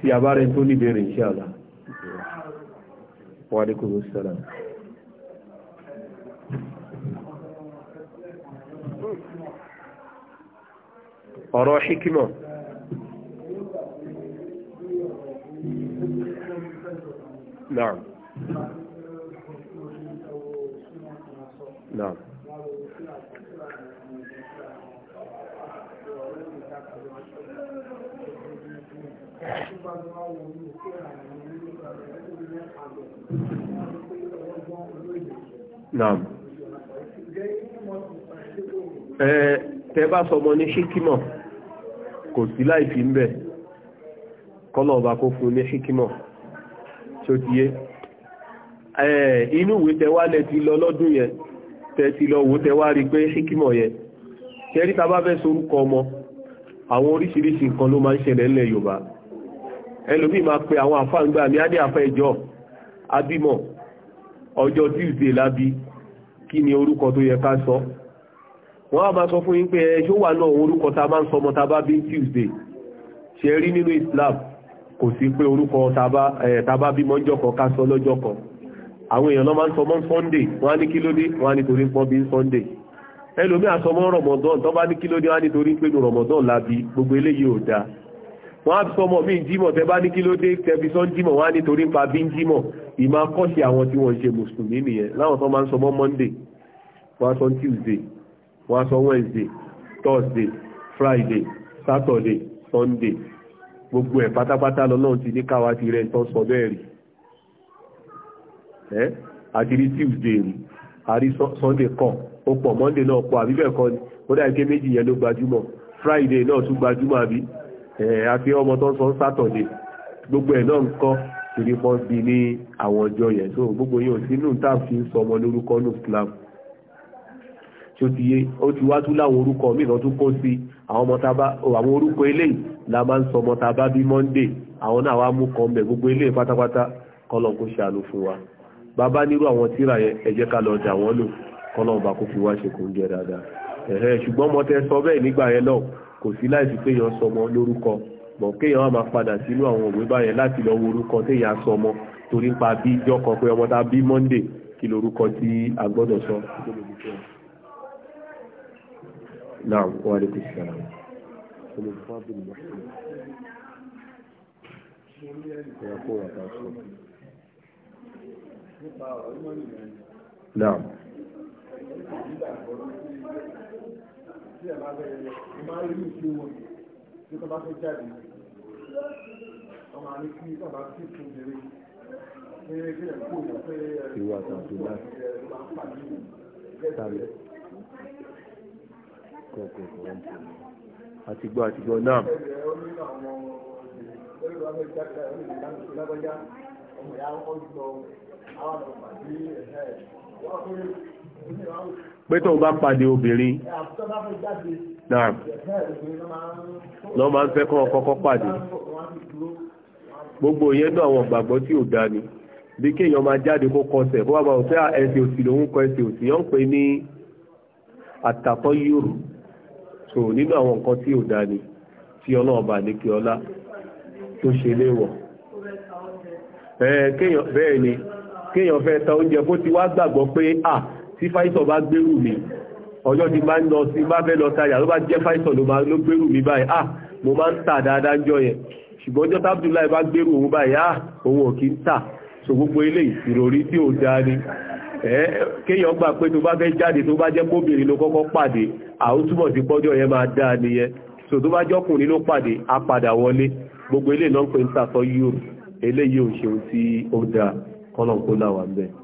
tí a bá rẹ̀ tó ní bèèrè insha Allah wa alaikumus salam ọ̀rọ̀ ṣíkímọ̀ Naam. Naam. Naam. Ẹ tẹ bá sọmọ ní ṣíkímọ̀, kò sí láì fi ń bẹ̀. Kọ́lọ̀ ọba kó fún ní ṣíkímọ̀, tí ó ti yé. Ẹ inú ìwé tẹ wá lẹ ti lọ lọ́dún yẹn, tẹ ti lọ wò tẹ wá rí pé ṣíkímọ̀ yẹn. Tẹ́rí bá fẹ́ sorúkọ ọmọ, àwọn oríṣiríṣi nǹkan ló máa ń ṣẹlẹ̀ ńlẹ̀ Yorùbá. ẹlòmíì máa pe àwọn àfáàgbà ní adé àfẹ́jọ́ abímọ̀ ọjọ́ tuesday lábí kí ni orúkọ tó yẹ ká sọ wọ́n á máa sọ fún yín pé ẹ ṣó wà náà orúkọ ta máa ń sọmọ ta bá bí tuesday ṣe rí nínú islam kò sí pé orúkọ ta bá bímọ ọjọ́ kan ká sọ lọ́jọ́ kan àwọn èèyàn náà máa ń sọmọ sunday wọ́n á ní kí ló dé wọ́n á ní torí pọ́n bí sunday ẹlòmíì àsọmọ rọmọdán tó bá ní kí ló dé wọ́n á ní torí pé nu rọmọdán gbogbo eléyìí ò dáa wọ́n á sọmọ mí jímọ̀ tẹ bá ní kí ló dé tẹbi sọ jímọ̀ wọ́n á nítorí pa bí jímọ̀ ìmọ̀ akọ́ṣe àwọn tí wọ́n ń ṣe mùsùlùmí nìyẹn láwọn tó máa ń sọmọ monday wọ́n á sọ tuesday wọ́n á sọ wednesday thursday friday saturday sunday gbogbo ẹ̀ pátápátá lọ́lọ́run ti ní káwa ti rẹ̀ tán sọ bẹ́ẹ̀ rí ẹ́ àtìrí tuesday rí àrí sunday kọ̀ ó pọ̀ monday náà pọ̀ àbí bẹ́ẹ̀ kọ́ ni ó dàbí pé méjì yẹn ló gbajúmọ̀ friday náà tún gbajúmọ̀ àbí àti ọmọ tó sọ sátọ̀dẹ̀ gbogbo ẹ̀ náà ń kọ́ torí bí ní àwọn ọjọ́ yẹn so gbogbo yóò sínú tá a fi sọ ọmọ lórúkọ ní Islam tó ti yé ó ti wá tún láwọn orúkọ mìíràn tún kó sí àwọn orúkọ eléyìí la máa ń sọ ọmọ tá bí Monday àwọn náà wá mú kan bẹ̀ gbogbo eléyìí pátápátá kọ́lọ̀ kó ṣàánú fún wa bàbá nírú àwọn tíra yẹn ẹ jẹ́ ká lọ dà wọ́n lò kọ́lọ̀ ọba kó fi wá ṣe kò ń jẹ dáadáa ṣùgbọ́n mo tẹ sọ bẹ́ẹ̀ nígbà yẹn náà kò sí láìsí kéèyàn sọmọ lórúkọ mọ̀ kéèyàn wá máa padà sínú àwọn òwe báyẹn láti lọ wo orúkọ téèyàn sọmọ torí ń pa bí ijọ́ kan pé ọmọ tá bí Monday kí lorúkọ tí a gbọ́dọ̀ sọ. Naam, wa alaikum salaam. Naam tí ẹ̀ bá bẹ̀rẹ̀ rẹ̀ ẹ máa ń rí ìṣe wọn tí kò bá fẹ́ jáde ọmọ àní kí kò bá fi fún obìnrin pé kí ẹ̀ kú ìyá pé ẹ̀ ìwà tàbí láti tàbí kọ̀ọ̀kọ̀ọ̀kọ̀ àti gbọ́ àti gbọ́ náà. Ọmọ ìyá ọkọ̀ jùlọ àwọn ọ̀pàdé ẹ̀hẹ́ wọ́n pé pé tóun bá pàdé obìnrin náà lọ́ máa ń fẹ́ kọ́ kọ́kọ́ pàdé gbogbo yẹn náà àwọn gbàgbọ́ tí ò dáa ni bí kéèyàn máa jáde kó kọsẹ̀ bó wà máa fẹ́ ah, ẹsẹ̀ òsì lòun kọ ẹsẹ̀ òsì yọ́n pè ní àtàkọ́ yòrò so nínú àwọn nǹkan tí ò dáa ni tí ọlọ́ọ̀bà ní kí ọlá tó ṣe léwọ̀ bẹ́ẹ̀ ni kéèyàn fẹ́ ta oúnjẹ bó ti wá gbàgbọ́ pé à ah, tí fáìsọ̀ bá gbérù mi ọjọ́ ti bá ń lọ sí bá bẹ́ lọ tajà ló bá jẹ́ fáìsọ̀ ló bá ló gbérù mi báyìí ah mo máa ń tà dáadáa jọ yẹn ṣùgbọ́n ọjọ́ tábùdùláì bá gbérù òun báyìí ah òun ò kí ń tà so gbogbo ilé ìròrí tí ò dáa ni kéèyàn gbà pé tó bá fẹ́ jáde tó bá jẹ́ kóbìnrin ló kọ́kọ́ pàdé àwọn túbọ̀ sí pọ́jọ́ yẹn máa dáa nìyẹn so tó bá jọ́kùnrin ló pàdé á padà wọlé gbogbo ilé náà ń pè ń sàtọ́ yóò eléyìí ò ṣe ohun tí ó dáa kọ́nà náà wà bẹ́ẹ̀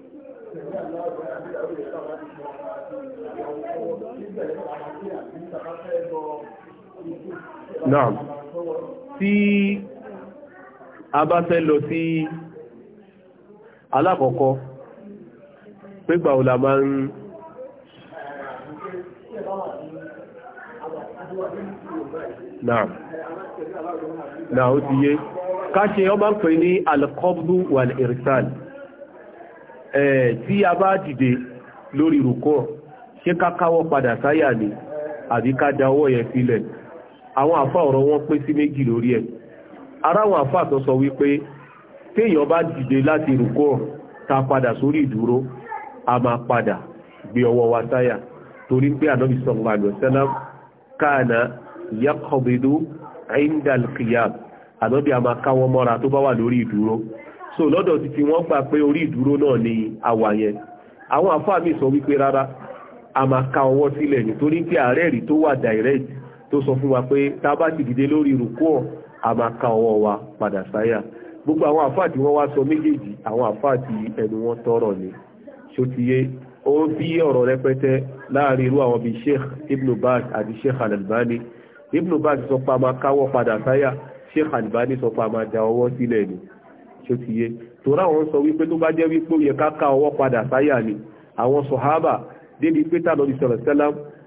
Naam. Tí a bá fẹ́ lọ sí alákọ̀ọ́kọ́, pégbà òlà máa ń Naam. Naam ó ti yé. Ká ṣe ọmọ ń ní Alkọ́bù wal Irsal tí a bá dìde lórí rùkọ́ ṣé ká káwọ́ padà sáyà ni àbí ká da ọwọ́ yẹn sílẹ̀ àwọn àfà ọ̀rọ̀ wọn pín sí méjì lórí ẹ̀ ara àwọn àfà tó sọ wípé téèyàn bá dìde láti rùkọ́ ta padà sórí ìdúró a máa padà gbé ọwọ́ wa sáyà torí pé ànábì sallallahu alaihi wasallam káàna yaqbidu indal qiyam ànábì a máa káwọ́ mọ́ra tó bá wà lórí ìdúró so lọ́dọ̀ ti ti wọ́n gbà pé orí ìdúró náà ni àwà yẹn àwọn àfáà mi sọ wípé rárá a máa ka ọwọ́ sílẹ̀ nítorí pé ààrẹ rí tó wà direct tó sọ fún wa pé tá a bá ti dìde lórí ìrùkú ọ̀ a máa ka ọwọ́ wa padà sáyà gbogbo àwọn àfáà tí wọ́n wá sọ méjèèjì àwọn àfáà tí ẹnu wọn tọrọ ni ṣòtìyé ó bí ọ̀rọ̀ rẹpẹtẹ láàrin irú àwọn bíi Sheikh Ibn Baz àti Sheikh al Ibn Baz sọ pé a máa káwọ́ padà sáyà Sheikh al sọ pé a máa da ọwọ́ sílẹ̀ ni ṣó ti yé tòrá àwọn sọ wípé tó bá jẹ́ wípé ó yẹ ká ká ọwọ́ padà sáyà ni àwọn sọ̀hábà débi pé tàbí ọdún sọ̀rọ̀ sẹ́lá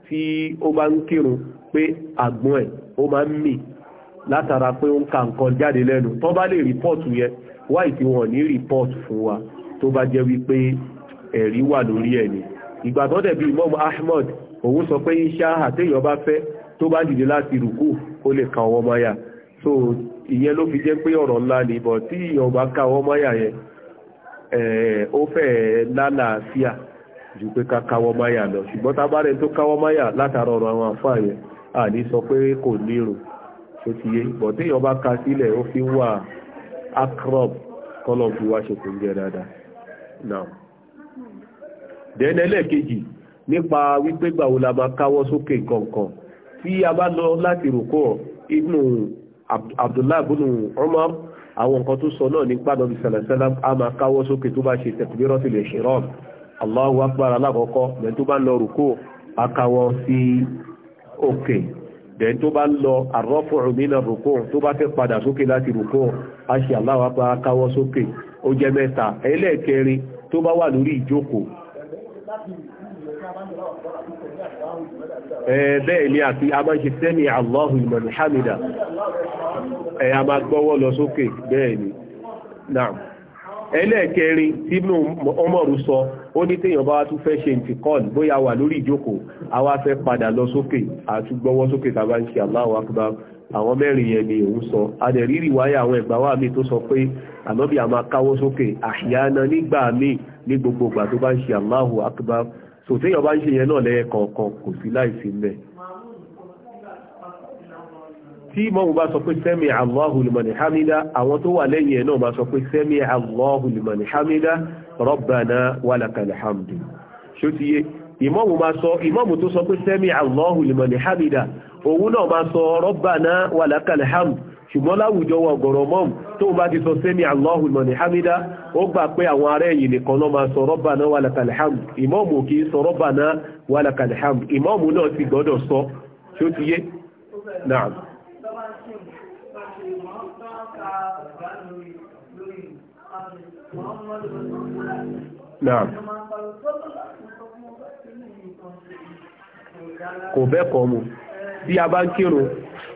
tí ó bá ń kírun pé àgbọn ẹ̀ ó máa ń mì látara pé ó ń ka nǹkan jáde lẹ́nu tó bá lè rìpọ́ọ̀tù yẹn wáì tí wọ́n ní rìpọ́ọ̀tù fún wa tó bá jẹ́ wípé ẹ̀rí wà lórí ẹ̀ ni ìgbà tó dẹ̀bi Imam Ahmad òun sọ pé iṣẹ́ àtẹ̀yọ́ bá fẹ́ tó bá dìde láti rùkú ó lè ka ọwọ́ mọ́yà so ìyẹn ló fi jẹ́ pé ọ̀rọ̀ ńlá ni tí ìyàn bá káwọ́ máyà yẹn eh, ó fẹ́ lálàáfíà jù pé ká káwọ́ máyà lọ ṣùgbọ́n ta bá rẹ̀ tó káwọ́ máyà látara ọ̀rọ̀ àwọn àfáà yẹn ní sọ pé kò nírò tó ti yé tí sílẹ̀ ó fi wà akrob kọ́lọ̀ fi wá ṣe kò ń dáadáa nípa wípé la máa káwọ́ sókè tí a bá lọ láti rò kọ́ inú abdullahi bunu umar àwọn nǹkan tó sọ náà nípa nàbí sàlẹ̀sẹ́lá a máa káwọ́ sókè tó bá ṣe takbiratul ihram allahu akbar alákọ̀ọ́kọ́ lẹ́n tó bá lọ rùkú akáwọ́ sí òkè lẹ́n tó bá lọ arrafu mina rùkú tó bá fẹ́ padà sókè láti rùkú a ṣe allahu akbar akáwọ́ sókè ó jẹ́ mẹ́ta ẹlẹ́ẹ̀kẹrin tó bá wà lórí ìjókòó bẹ́ẹ̀ ni àti a máa ń ṣe sẹ́mi Allahu liman hamida ẹ̀ a máa gbọ́wọ́ lọ sókè bẹ́ẹ̀ ni náà ẹlẹ́ẹ̀kẹrin tí Ibn Umar sọ ó ní téèyàn bá tún fẹ́ ṣe ìtìkọ́ọ̀lù bóyá wà lórí ìjókòó a wá fẹ́ padà lọ sókè àtúgbọ́wọ́ sókè tàbá ń ṣe Allahu ni gbogbo ìgbà tó bá ń ṣe Allahu akbar so téèyàn bá ń ṣe yẹn náà lẹ́ẹ̀kọ̀ọ̀kan kò sí láìsí mẹ́ tí mọ́mù bá sọ pé sẹ́mi Allahu liman hamida àwọn tó wà lẹ́yìn ẹ̀ náà bá sọ pé sẹ́mi Allahu liman hamida rabbana walakal hamdu ṣó ti yé ìmọ́mù máa sọ ìmọ́mù tó sọ pé sẹ́mi Allahu liman hamida òun náà máa sọ rabbana walakal ṣùgbọ́n láwùjọ wọn ọ̀gọ̀rọ̀ mọ́m tó bá ti sọ sẹ́mi Allahu mọ̀nì hamida ó gbà pé àwọn ará ẹ̀yìn nìkan ló máa sọ Rabbana wa lakal hamd ìmọ́ọ̀mù kì í sọ Rabbana wa lakal hamd ìmọ́ọ̀mù náà ti gbọ́dọ̀ sọ tí ó ti yé náà. Kò bẹ́ẹ̀ kọ́ mu. Bí a bá ń kírun,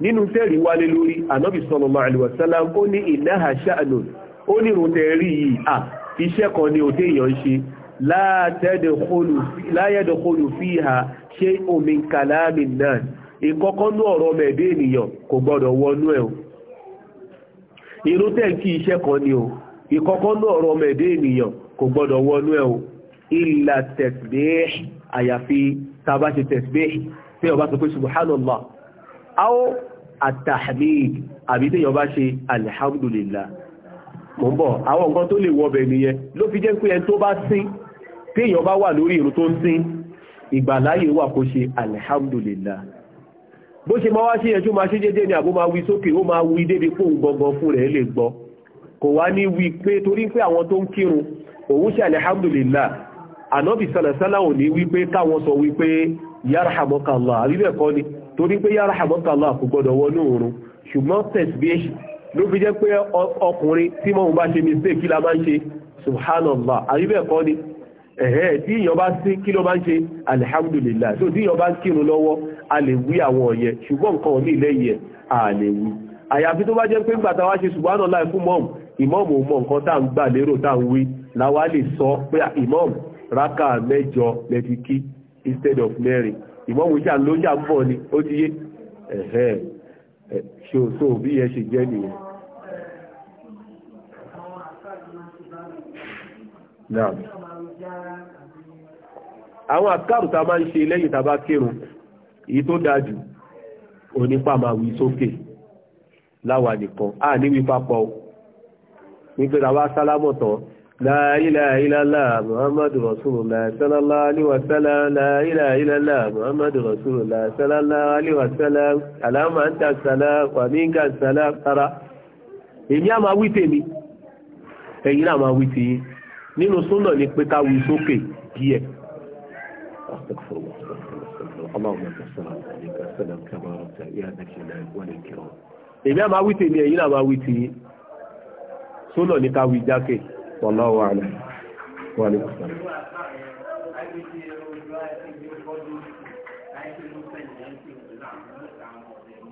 nínú tẹ́rì wálé lórí ànábì sallallahu alaihi wasallam ó ní innaha sha'nun ó ní ìrùn tẹ́rí yìí à iṣẹ́ kan ní òtẹ́ èèyàn ṣe la yadkhulu fiha shay'un min kalamin nas ìkọ́kọ́nú ọ̀rọ̀ ọmọ ẹ̀dẹ́ ènìyàn kò gbọ́dọ̀ wọnú ẹ̀ o ìrùn tẹ́ kí iṣẹ́ kan ní o ìkọ́kọ́nú ọ̀rọ̀ ọmọ àwọn àtàhàmìd àbí tèèyàn bá ṣe alhamdulillah mọ̀ ń bọ̀ àwọn nǹkan tó lè wọbẹ̀ nìyẹn ló fi jẹ́ pé ẹni tó bá sín tèèyàn bá wà lórí ìrun tó ń sín ìgbàláyè wà kó ṣe alhamdulillah bó ṣe máa wá ṣe ẹjú máa ṣe jẹ́jẹ́ ni àbó máa wí sókè ó máa wí débi ò ní wí káwọn sọ wí pé yarhamukallah àbíbẹ̀ kọ́ ni torí pé yára àmọ́kàlá kò gbọ́dọ̀ wọnú òrun ṣùgbọ́n tẹ̀síbíẹ́ṣì ló fi jẹ́ pé ọkùnrin tí mọ́ bá ṣe mistake kí la máa ń ṣe subhanallah àríbẹ̀kọ́ ni ẹ̀hẹ́ tí ìyàn bá sí kí ló bá ń ṣe alhamdulillah tó tí ìyàn bá ń kírun lọ́wọ́ a lè wí àwọn ọ̀yẹ ṣùgbọ́n nǹkan ní ilẹ̀ a lè wí àyàfi tó bá jẹ́ pé gbàtà wá ṣe subhanallah fún mọ́ọ̀mù ah, instead of Mary ìmọ̀mù jà ló jà ń ni ó ti yé ẹ̀hẹ́ ṣòṣò bí yẹn ṣe jẹ́ nìyẹn náà àwọn àkàrù máa ń ṣe lẹ́yìn tá bá kírun tó dájú onípa máa wí sókè láwa nìkan a ní wípapọ̀ wípé tá bá لا إله إلا الله محمد رسول الله صلى الله عليه وسلم لا إله إلا الله محمد رسول الله صلى الله عليه وسلم اللهم أنت السلام ومنك السلام ترى èmi á máa wí tèmi ẹ̀yin náà máa wí ti yín nínú súnà ni pé ká wí sókè díẹ̀ èmi á máa wí tèmi ẹ̀yin náà máa wí ti yín súnà ni ká wí jákè والله a'lam wa alaykum assalam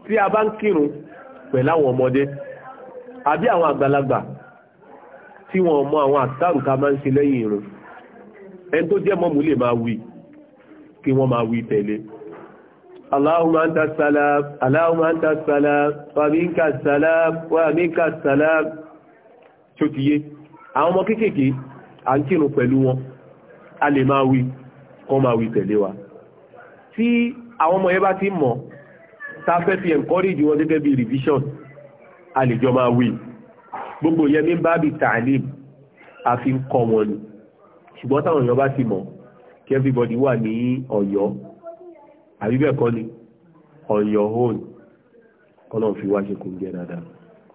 tí a bá ń kírun pẹ̀lú àwọn ọmọdé àbí àwọn àgbàlagbà tí wọ́n mọ àwọn àtàrù ká máa ń ṣe lẹ́yìn irun ẹni tó jẹ́ mọ́mú lè máa wí kí wọ́n máa wí tẹ̀lé Allahumma anta salam Allahumma àwọn ọmọ kéékèèké à ń kírun pẹ̀lú wọn a lè máa wí kọ́ máa wí tẹ̀lé wa tí àwọn ọmọ yẹn bá ti mọ̀ tá fẹ́ fi encourage wọn gẹ́gẹ́ bí revision a lè jọ máa wí gbogbo yẹn ní bá bí tààlim a fi ń kọ́ wọn ni ṣùgbọ́n táwọn èèyàn bá ti mọ̀ kí everybody wà ní ọ̀yọ́ àbíbẹ̀kọ́ ni on your own kọ́lọ́n fi wá ṣe kò ń jẹ́ dáadáa